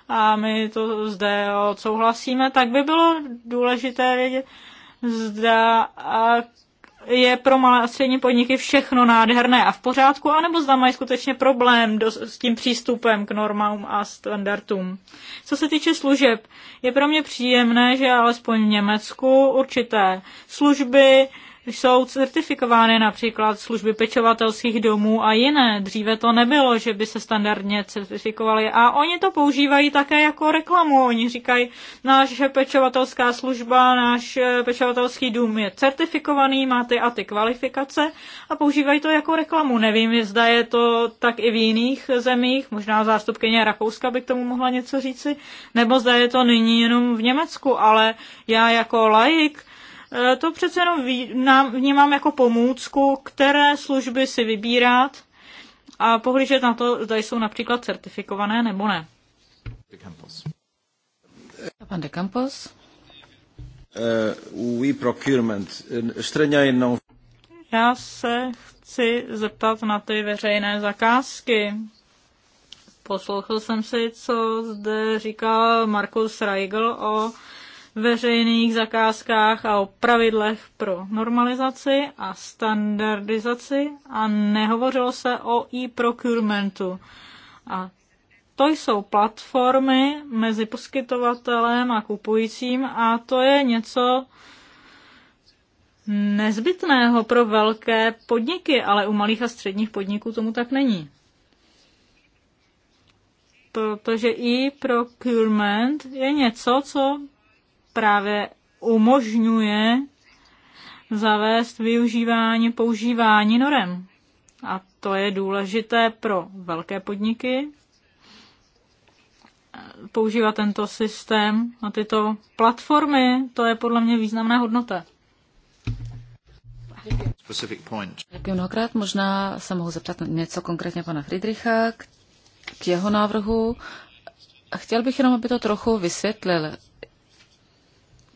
a my to zde odsouhlasíme, tak by bylo důležité vědět, zda a je pro malé a střední podniky všechno nádherné a v pořádku, anebo zda mají skutečně problém do, s tím přístupem k normám a standardům. Co se týče služeb, je pro mě příjemné, že alespoň v Německu určité služby, jsou certifikovány například služby pečovatelských domů a jiné. Dříve to nebylo, že by se standardně certifikovali, A oni to používají také jako reklamu. Oni říkají, náš pečovatelská služba, náš eh, pečovatelský dům je certifikovaný, má ty a ty kvalifikace a používají to jako reklamu. Nevím, zda je to tak i v jiných zemích, možná zástupkyně Rakouska by k tomu mohla něco říci, nebo zda je to nyní jenom v Německu, ale já jako laik Eh, to přece jenom vnímám jako pomůcku, které služby si vybírat a pohlížet na to, zda jsou například certifikované nebo ne. De Campos. Pan de Campos. Uh, procurement eh, Já se chci zeptat na ty veřejné zakázky. Poslouchal jsem si, co zde říkal Markus Reigl o veřejných zakázkách a o pravidlech pro normalizaci a standardizaci a nehovořilo se o e-procurementu. A to jsou platformy mezi poskytovatelem a kupujícím a to je něco nezbytného pro velké podniky, ale u malých a středních podniků tomu tak není protože i procurement je něco, co právě umožňuje zavést využívání, používání norem. A to je důležité pro velké podniky používat tento systém a tyto platformy, to je podle mě významná hodnota. Děkuji mnohokrát. Možná se mohu zeptat něco konkrétně pana Friedricha k jeho návrhu. Chtěl bych jenom, aby to trochu vysvětlil.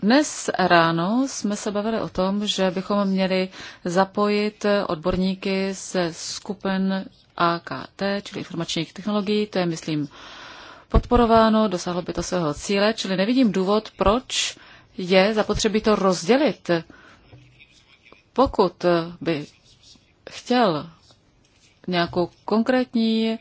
Dnes ráno jsme se bavili o tom, že bychom měli zapojit odborníky ze skupin AKT, čili informačních technologií. To je, myslím, podporováno, dosáhlo by to svého cíle, čili nevidím důvod, proč je zapotřebí to rozdělit. Pokud by chtěl nějakou konkrétní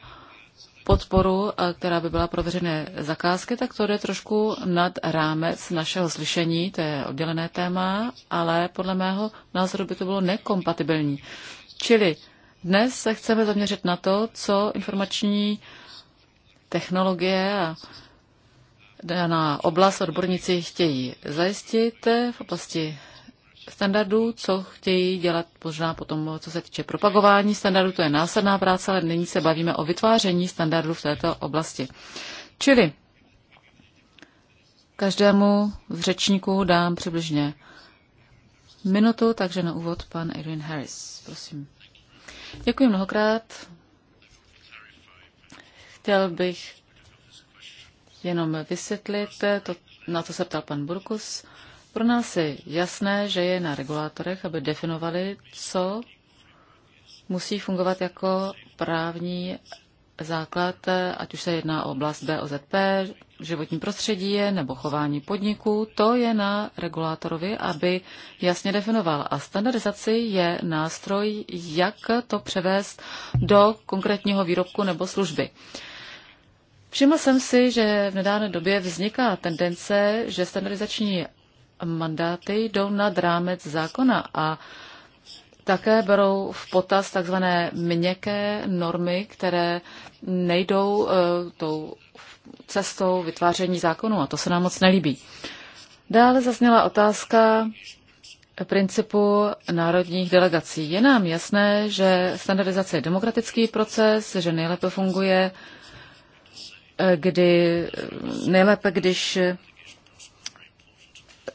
podporu, eh, která by byla pro veřejné zakázky, tak to jde trošku nad rámec našeho slyšení, to je oddělené téma, ale podle mého názoru by to bylo nekompatibilní. Čili dnes se chceme zaměřit na to, co informační technologie a daná oblast odborníci chtějí zajistit v oblasti standardů, co chtějí dělat možná potom, co se týče propagování standardů, to je následná práce, ale nyní se bavíme o vytváření standardů v této oblasti. Čili každému z řečníků dám přibližně minutu, takže na úvod pan Edwin Harris, prosím. Děkuji mnohokrát. Chtěl bych jenom vysvětlit to, na co se ptal pan Burkus. Pro nás je jasné, že je na regulátorech, aby definovali, co musí fungovat jako právní základ, ať už se jedná o oblast BOZP, životní prostředí je, nebo chování podniků, to je na regulátorovi, aby jasně definoval. A standardizaci je nástroj, jak to převést do konkrétního výrobku nebo služby. Všiml jsem si, že v nedávné době vzniká tendence, že standardizační mandáty jdou nad rámec zákona a také berou v potaz takzvané měkké normy, které nejdou eh, tou cestou vytváření zákonu a to se nám moc nelíbí. Dále zazněla otázka principu národních delegací. Je nám jasné, že standardizace je demokratický proces, že nejlépe funguje, eh, kdy eh, nejlépe, když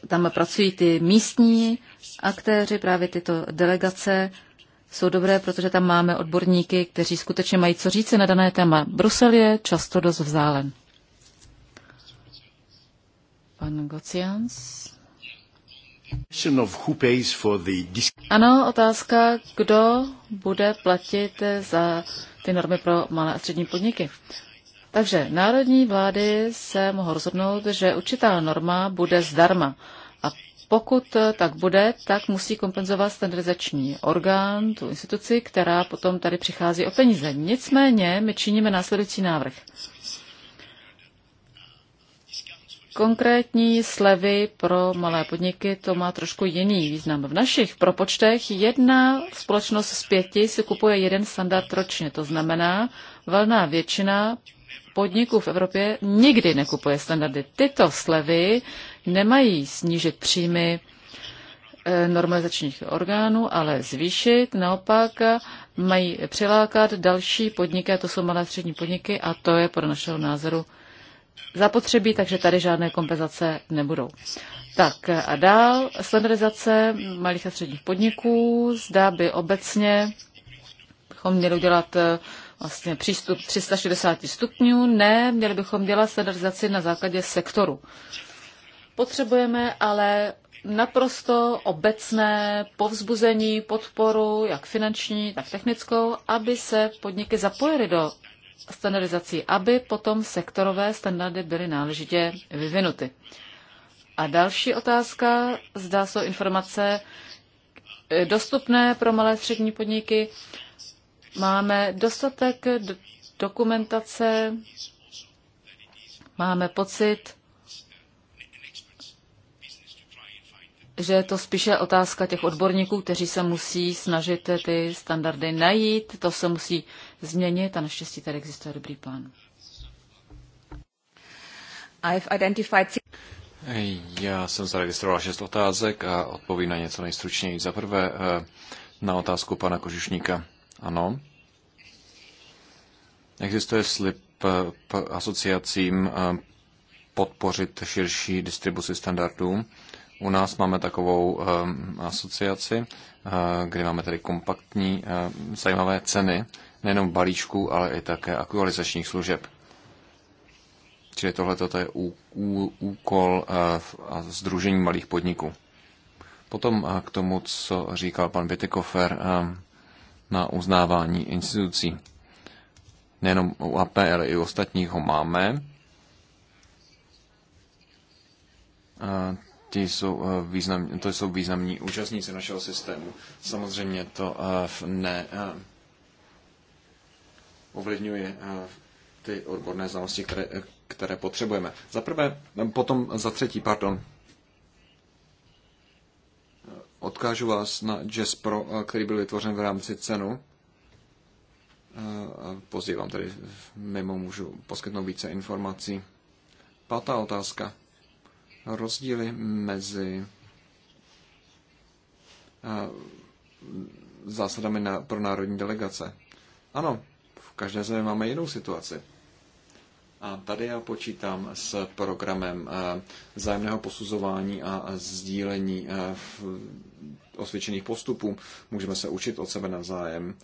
tam pracují ty místní aktéři, právě tyto delegace jsou dobré, protože tam máme odborníky, kteří skutečně mají co říci na dané téma. Brusel je často dost vzálen. Pan Gocians. Ano, otázka, kdo bude platit za ty normy pro malé a střední podniky. Takže národní vlády se mohou rozhodnout, že určitá norma bude zdarma. A pokud tak bude, tak musí kompenzovat standardizační orgán, tu instituci, která potom tady přichází o peníze. Nicméně my činíme následující návrh. Konkrétní slevy pro malé podniky, to má trošku jiný význam. V našich propočtech jedna společnost z pěti si kupuje jeden standard ročně. To znamená, valná většina podniků v Evropě nikdy nekupuje standardy. Tyto slevy nemají snížit příjmy eh, normalizačních orgánů, ale zvýšit. Naopak eh, mají přilákat další podniky, a to jsou malé střední podniky, a to je podle našeho názoru zapotřebí, takže tady žádné kompenzace nebudou. Tak eh, a dál standardizace malých a středních podniků. Zdá by obecně bychom měli udělat vlastně přístup 360 stupňů. Ne, měli bychom dělat standardizaci na základě sektoru. Potřebujeme ale naprosto obecné povzbuzení, podporu, jak finanční, tak technickou, aby se podniky zapojily do standardizací, aby potom sektorové standardy byly náležitě vyvinuty. A další otázka, zdá jsou informace dostupné pro malé střední podniky. Máme dostatek dokumentace, máme pocit, že je to spíše otázka těch odborníků, kteří se musí snažit ty standardy najít, to se musí změnit a naštěstí tady existuje dobrý plán. Já jsem zaregistroval šest otázek a odpovím na něco nejstručněji. Za prvé eh, na otázku pana Kožišníka. Ano. Existuje slib eh, asociacím eh, podpořit širší distribuci standardů. U nás máme takovou eh, asociaci, kde máme tedy kompaktní zajímavé ceny, nejenom balíčků, ale i také aktualizačních služeb. Čili tohle to je úkol uh, Združení malých podniků. Potom k tomu, co říkal pan Bitikofer, na uznávání institucí. Nejenom u AP, ale i u ostatních ho máme. A ty jsou eh, význam, to jsou významní účastníci našeho systému. Samozřejmě to eh, ne eh, ovlivňuje ty odborné znalosti, které, které potřebujeme. Za prvé, potom za třetí, pardon, Odkážu vás na Jazz Pro, eh, který byl vytvořen v rámci cenu. Eh, pozývám tady mimo můžu poskytnout více informací. Pátá otázka. Rozdíly mezi eh, zásadami pro národní delegace. Ano, v každé zemi máme jinou situaci. A tady já počítám s programem eh, zájemného posuzování a sdílení eh, osvědčených postupů. Můžeme se učit od sebe navzájem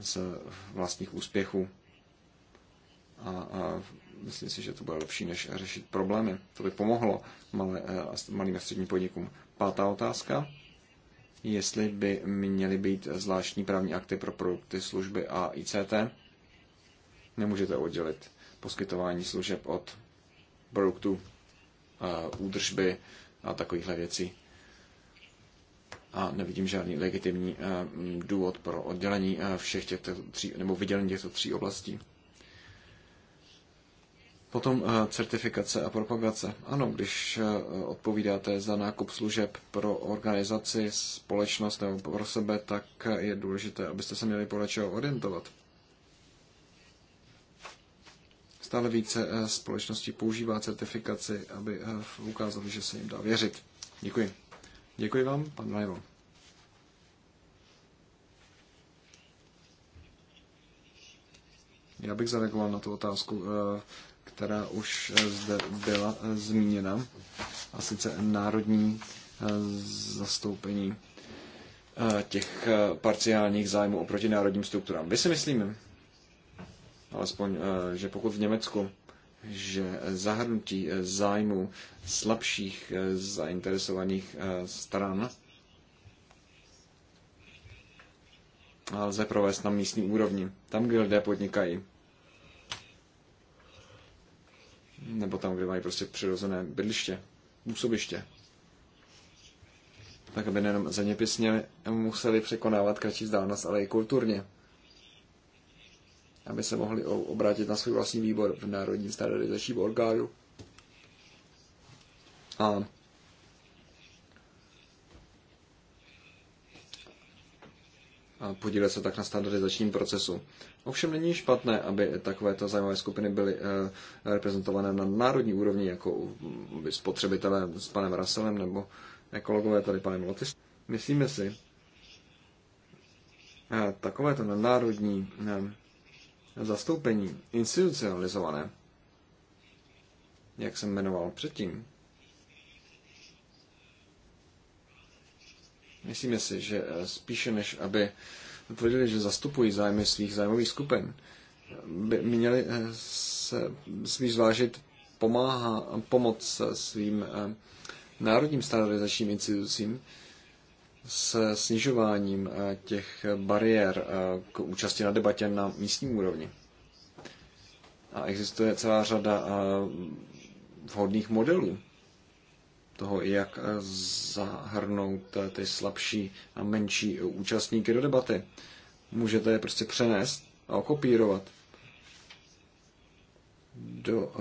z vlastních úspěchů. A, a myslím si, že to bude lepší, než řešit problémy. To by pomohlo malé, eh, malým a středním podnikům. Pátá otázka. Jestli by měly být zvláštní právní akty pro produkty, služby a ICT? Nemůžete oddělit poskytování služeb od produktů, eh, údržby a takovýchhle věcí. A nevidím žádný legitimní eh, důvod pro oddělení eh, všech těchto tří, nebo vydělení těchto tří oblastí. Potom certifikace a propagace. Ano, když odpovídáte za nákup služeb pro organizaci, společnost nebo pro sebe, tak je důležité, abyste se měli podle čeho orientovat. Stále více eh, společností používá certifikaci, aby eh, ukázali, že se jim dá věřit. Děkuji. Děkuji vám, pan Rajvo. Já bych zareagoval na tu otázku, eh, která už zde byla zmíněna, a sice národní zastoupení těch parciálních zájmů oproti národním strukturám. My si myslíme, alespoň, eh, že pokud v Německu, že zahrnutí eh, zájmu slabších eh, zainteresovaných stran lze provést na místní úrovni, tam, kde lidé podnikají. Nebo tam, kde mají prostě přirozené bydliště, působiště. Tak, aby nejenom zeměpisně museli překonávat kratší vzdálenost, ale i kulturně aby se mohli obrátit na svůj vlastní výbor v Národním standardizačním orgánu. A a podílet se tak na standardizačním procesu. Ovšem není špatné, aby takovéto zajímavé skupiny byly eh, reprezentované na národní úrovni, jako spotřebitelé s panem Raselem nebo ekologové tady panem Lotis. Myslíme si, eh, takovéto národní eh, zastoupení institucionalizované, jak jsem jmenoval předtím, Myslíme si, že eh, spíše než aby tvrdili, že zastupují zájmy svých zájmových skupin, by měli eh, se eh, svým zvážit pomáhá, pomoc svým národním standardizačním institucím, s snižováním eh, těch bariér eh, k účasti na debatě na místním úrovni. A existuje celá řada eh, vhodných modelů toho, jak zahrnout ty slabší a menší účastníky do debaty. Můžete je prostě přenést a okopírovat do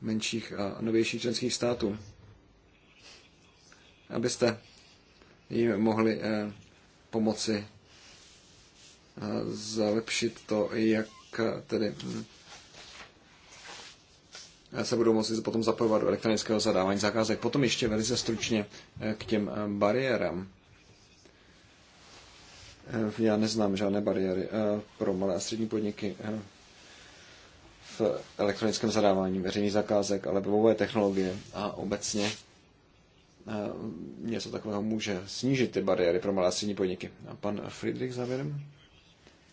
menších a novějších členských států abyste jim mohli eh, pomoci eh, zlepšit to, jak eh, tedy hm, se budou moci potom zapojovat do elektronického zadávání zakázek. Potom ještě velice stručně k těm bariérám. Já neznám žádné bariéry pro malé a střední podniky v elektronickém zadávání veřejných zakázek, ale webové technologie a obecně Eh, něco takového může snížit ty bariéry pro malé a střední podniky. A pan Friedrich závěrem?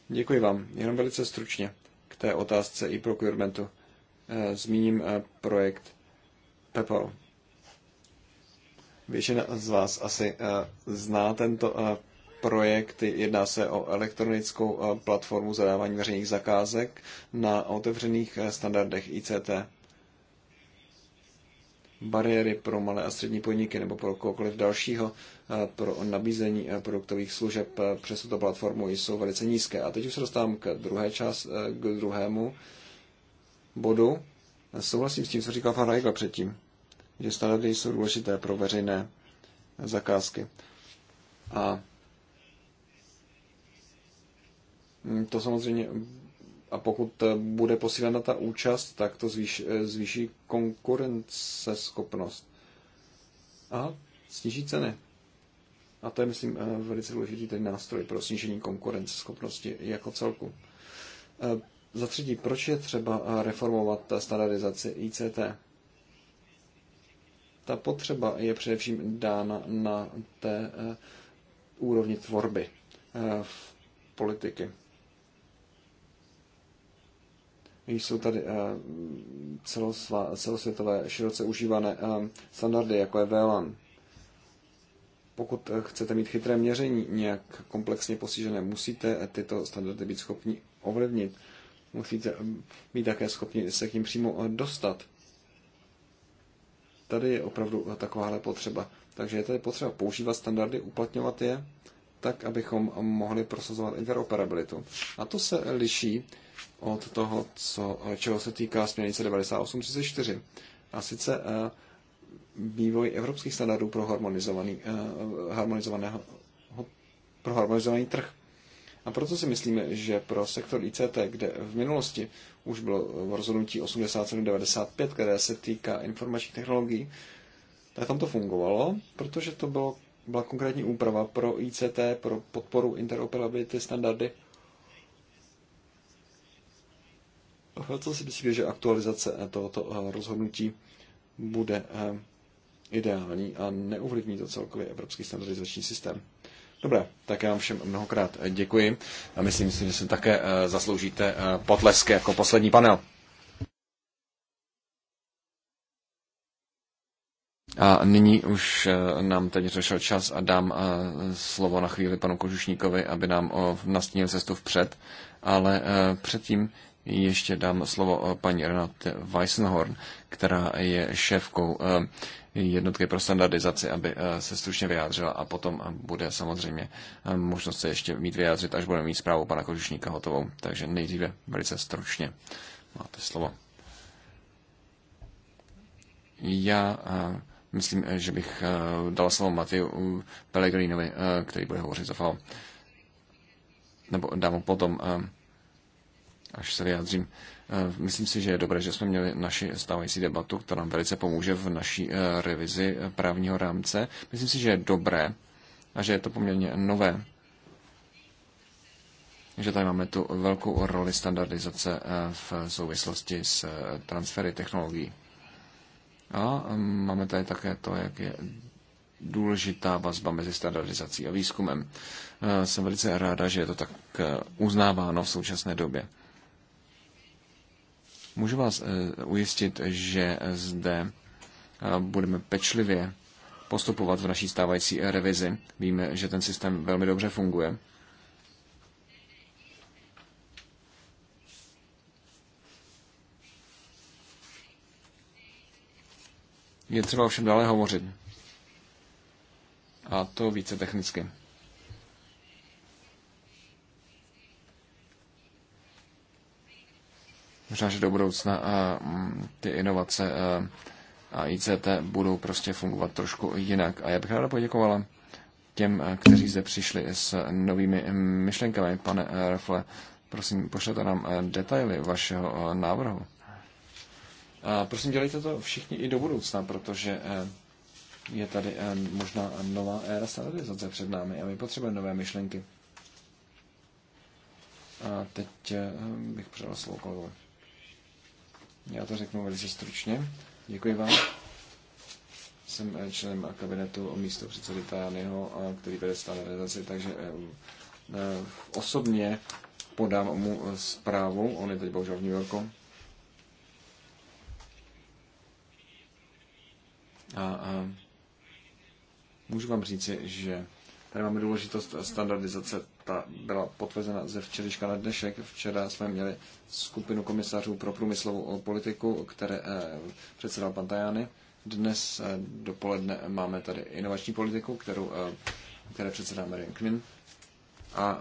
Děkuji vám. Jenom velice stručně k té otázce i procurementu. Eh, zmíním eh, projekt PEPAL. Většina z vás asi zná tento projekt. Jedná se o elektronickou platformu zadávání veřejných zakázek na otevřených standardech ICT bariéry pro malé a střední podniky nebo pro kohokoliv dalšího eh, pro nabízení eh, produktových služeb eh, přes tuto platformu jsou velice nízké. A teď už se dostávám k, druhé čas, k druhému bodu. Souhlasím s tím, co říkal pan Reigl předtím, že standardy jsou důležité pro veřejné zakázky. A to samozřejmě a pokud eh, bude posílena ta účast, tak to zvýš, eh, zvýší konkurenceschopnost a sníží ceny. A to je, myslím, eh, velice důležitý ten nástroj pro snížení konkurenceschopnosti jako celku. Za třetí, proč je třeba reformovat standardizaci ICT? Ta potřeba je především dána na té úrovni tvorby v politiky. Jsou tady eh, celosvětové široce užívané eh, standardy, jako je VLAN. Pokud eh, chcete mít chytré měření nějak komplexně postižené, musíte tyto standardy být schopni ovlivnit. Musíte být také schopni se k ním přímo dostat tady je opravdu takováhle potřeba. Takže je tady potřeba používat standardy, uplatňovat je tak abychom mohli prosazovat interoperabilitu. A to se liší od toho, co, čeho se týká směrnice 9834. A sice eh, vývoj evropských standardů pro, harmonizovaný, eh, harmonizovaného, pro harmonizovaný trh. A proto si myslíme, že pro sektor ICT, kde v minulosti už bylo v rozhodnutí 8795, které se týká informačních technologií, tak tam to fungovalo, protože to bylo byla konkrétní úprava pro ICT, pro podporu interoperability standardy. Co si myslíte, že aktualizace eh, tohoto eh, rozhodnutí bude eh, ideální a neuvlivní to celkově evropský standardizační systém? Dobré, tak já vám všem mnohokrát děkuji a myslím si, že se také zasloužíte potlesky jako poslední panel. A nyní už eh, nám teď řešel čas a dám eh, slovo na chvíli panu Kožušníkovi, aby nám eh, nastínil cestu vpřed, ale předtím ještě dám slovo paní Renate Weissenhorn, která je šéfkou jednotky pro standardizaci, aby se stručně vyjádřila a potom bude samozřejmě možnost se ještě mít vyjádřit, až budeme mít zprávu pana Kožušníka hotovou. Takže nejdříve velice stručně máte slovo. Já Myslím, eh, že bych eh, dal slovo Matiu Pelegrinovi, eh, který bude hovořit za FAO. Nebo dám ho potom, až se vyjádřím. Myslím si, že je dobré, že jsme měli naši stávající debatu, která nám velice pomůže v naší revizi právního rámce. Myslím si, že je dobré a že je to poměrně nové, že tady máme tu velkou roli standardizace v souvislosti s transfery technologií. A ehm, máme tady také to, jak je důležitá vazba mezi standardizací a výzkumem. Eh, jsem velice ráda, že je to tak eh, uznáváno v současné době. Můžu vás eh, ujistit, že zde budeme pečlivě postupovat v naší stávající revizi. Víme, že ten systém velmi dobře funguje Je třeba ovšem dále hovořit. A to více technicky. Možná, že do budoucna a, mm, ty inovace a, a ICT budou prostě fungovat trošku jinak. A já bych ráda poděkovala těm, kteří zde přišli s novými myšlenkami. Pane Refle, prosím, pošlete nám detaily vašeho návrhu. A prosím, dělejte to všichni i do budoucna, protože eh, je tady eh, možná nová éra stabilizace před námi a my potřebujeme nové myšlenky. A teď eh, bych předal slovo kolegovi. Já to řeknu velice stručně. Děkuji vám. Jsem členem kabinetu o místo předsedy Tajanyho, který vede stabilizaci, takže osobně podám mu zprávu. On je teď bohužel v New Yorku A, a můžu vám říci, že tady máme důležitost standardizace. Ta byla potvrzena ze včerejška na dnešek. Včera jsme měli skupinu komisařů pro průmyslovou politiku, které eh, předsedal pan Tajany. Dnes eh, dopoledne máme tady inovační politiku, kterou, eh, které předsedá Marian Kvin. A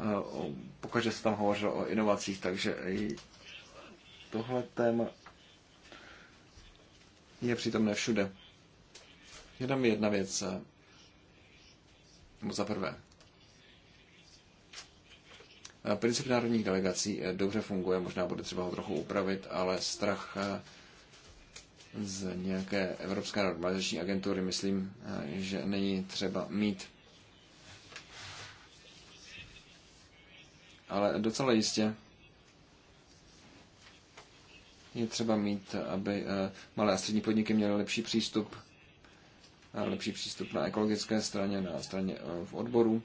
pokaždé se tam hovořilo o inovacích, takže tohle téma je přítomné všude. Jenom jedna věc. Eh, za prvé. Eh, princip národních delegací eh, dobře funguje, možná bude třeba ho trochu upravit, ale strach z nějaké Evropské normalizační agentury, myslím, že není třeba mít. Ale docela jistě je třeba mít, aby malé a střední podniky měly lepší přístup lepší přístup na ekologické straně, na straně eh, v odboru.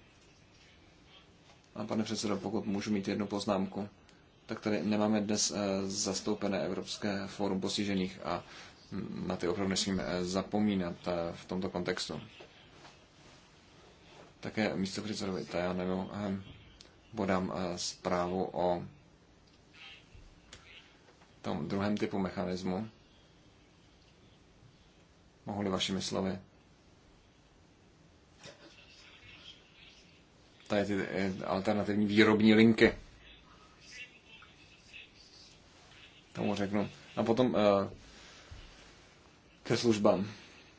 A pane předsedo, pokud můžu mít jednu poznámku, tak tady nemáme dnes eh, zastoupené Evropské fórum postižených a mm, na ty opravdu nesmíme eh, zapomínat v tomto kontextu. Také místo předsedovi Tajanemu podám zprávu o tom druhém typu mechanismu. Mohli vašimi slovy tady ty eh, alternativní výrobní linky. Tomu řeknu. A potom eh, ke službám.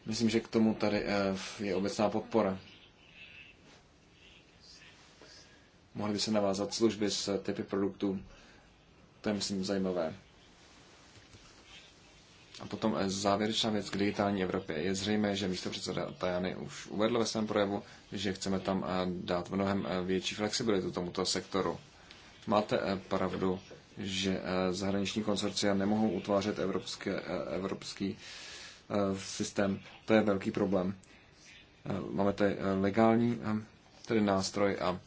Myslím, že k tomu tady eh, je obecná podpora. Mohli by se navázat služby s typy produktů. To je, myslím, zajímavé. A potom eh, závěrečná věc k digitální Evropě. Je zřejmé, že místo předseda Tajany už uvedl ve svém projevu, že chceme tam eh, dát mnohem eh, větší flexibilitu tomuto sektoru. Máte pravdu, že zahraniční konsorcia nemohou utvářet evropské, evropský systém. To je velký problém. Máme tady legální tedy nástroj a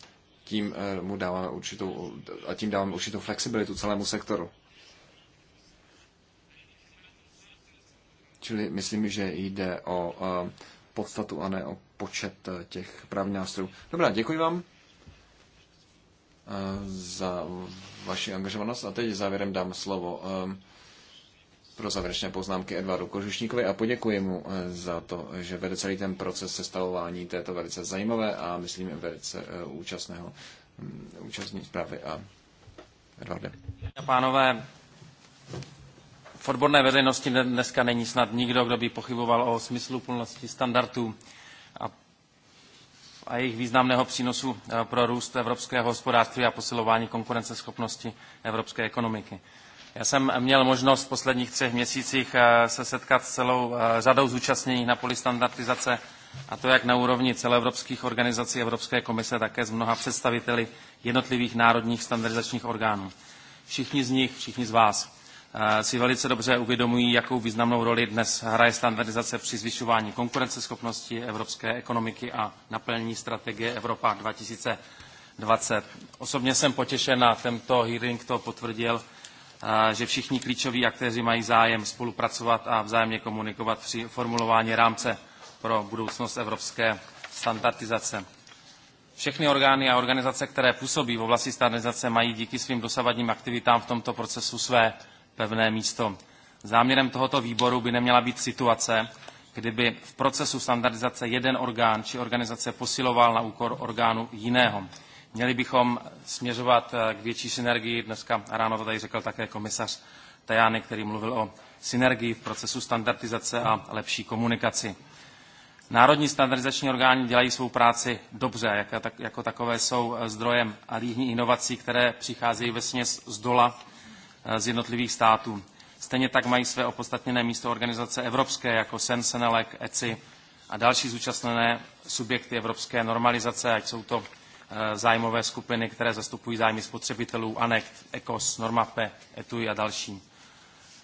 tím mu dáváme určitou, a tím dáváme určitou flexibilitu celému sektoru. Čili myslím, že jde o eh, podstatu a ne o počet eh, těch právních nástrojů. Dobrá, děkuji vám eh, za vaši angažovanost a teď závěrem dám slovo pro závěrečné poznámky Edvardu Kožušníkovi a poděkuji mu za to, že vede celý ten proces sestavování této velice zajímavé a myslím velice účastného mm, účastní zprávy a Edvarde. Pánové, v odborné veřejnosti dneska není snad nikdo, kdo by pochyboval o smyslu plnosti standardů a, a jejich významného přínosu eh, pro růst evropského hospodářství a posilování konkurenceschopnosti evropské ekonomiky. Já jsem měl možnost v posledních třech měsících eh, se setkat s celou eh, řadou zúčastnění na poli standardizace, a to jak na úrovni celoevropských organizací Evropské komise, také z mnoha představiteli jednotlivých národních standardizačních orgánů. Všichni z nich, všichni z vás Eh, si velice dobře uvědomují, jakou významnou roli dnes hraje standardizace při zvyšování konkurenceschopnosti evropské ekonomiky a naplnění strategie Evropa 2020. Osobně jsem potěšen a tento hearing to potvrdil, eh, že všichni klíčoví aktéři mají zájem spolupracovat a vzájemně komunikovat při formulování rámce pro budoucnost evropské standardizace. Všechny orgány a organizace, které působí v oblasti standardizace, mají díky svým dosavadním aktivitám v tomto procesu své pevné místo. Záměrem tohoto výboru by neměla být situace, kdyby v procesu standardizace jeden orgán či organizace posiloval na úkor orgánu jiného. Měli bychom směřovat eh, k větší synergii. Dneska ráno to tady řekl také komisař Tajány, který mluvil o synergii v procesu standardizace a lepší komunikaci. Národní standardizační orgány dělají svou práci dobře, jako takové jsou eh, zdrojem a líhní inovací, které přicházejí ve směs z dola Eh, z jednotlivých států. Stejně tak mají své opodstatněné místo organizace evropské, jako SEN, Senelec, ECI a další zúčastněné subjekty evropské normalizace, ať jsou to eh, zájmové skupiny, které zastupují zájmy spotřebitelů, ANECT, ECOS, NORMAPE, ETUI a další.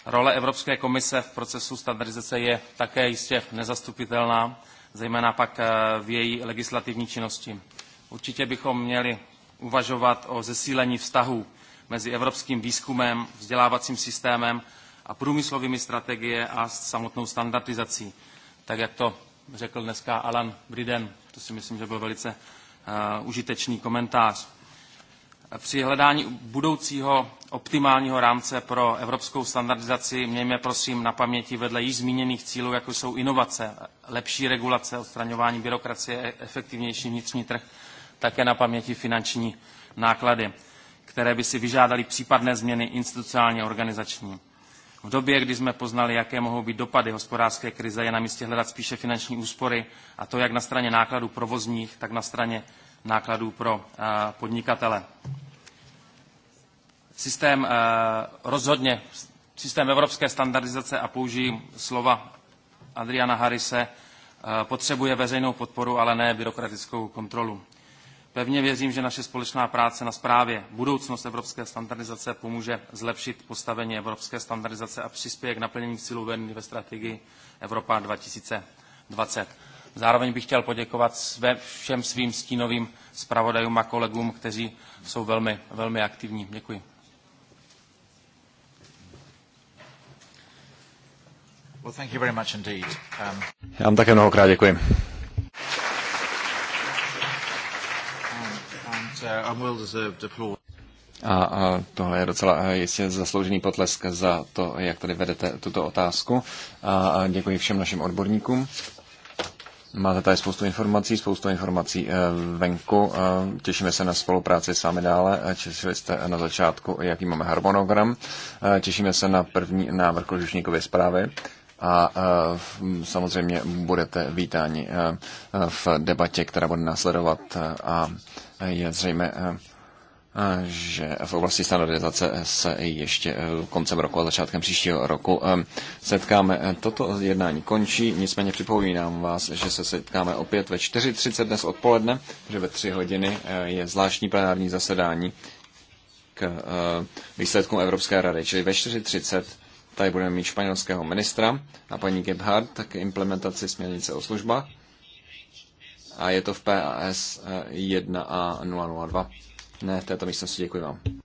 Role Evropské komise v procesu standardizace je také jistě nezastupitelná, zejména pak eh, v její legislativní činnosti. Určitě bychom měli uvažovat o zesílení vztahů mezi evropským výzkumem, vzdělávacím systémem a průmyslovými strategie a samotnou standardizací. Tak jak to řekl dneska Alan Briden, to si myslím, že byl velice uh, užitečný komentář. Při hledání budoucího optimálního rámce pro evropskou standardizaci mějme prosím na paměti vedle již zmíněných cílů, jako jsou inovace, lepší regulace, odstraňování byrokracie, efektivnější vnitřní trh, také na paměti finanční náklady které by si vyžádaly případné změny institucionálně organizační. V době, kdy jsme poznali, jaké mohou být dopady hospodářské krize, je na místě hledat spíše finanční úspory, a to jak na straně nákladů provozních, tak na straně nákladů pro eh, podnikatele. Systém eh, rozhodně, systém evropské standardizace a použijí slova Adriana Harise, eh, potřebuje veřejnou podporu, ale ne byrokratickou kontrolu. Pevně věřím, že naše společná práce na zprávě budoucnost evropské standardizace pomůže zlepšit postavení evropské standardizace a přispěje k naplnění cílů uvedených ve strategii Evropa 2020. Zároveň bych chtěl poděkovat své, všem svým stínovým zpravodajům a kolegům, kteří jsou velmi, velmi aktivní. Děkuji. Well, thank you very much indeed. Um... Já vám také mnohokrát děkuji. Uh, a, tohle je docela eh, jistě zasloužený potlesk za to, jak tady vedete tuto otázku. A, děkuji všem našim odborníkům. Máte tady spoustu informací, spoustu informací eh, venku. Těšíme se na spolupráci s vámi dále. Češili jste na začátku, jaký máme harmonogram. Těšíme se na první návrh Kožušníkovy zprávy a samozřejmě budete vítáni eh, v debatě, která bude následovat a je zřejmé, eh, eh, že v oblasti standardizace se ještě eh, koncem roku a začátkem příštího roku setkáme. Toto jednání končí, nicméně připomínám vás, že se setkáme opět ve 4.30 dnes odpoledne, protože ve 3 hodiny je zvláštní plenární zasedání k výsledkům Evropské rady, čili ve 4.30 Tady budeme mít španělského ministra a paní Gebhardt k implementaci směrnice o službách a je to v PAS 1A002. E ne, v této místnosti děkuji vám.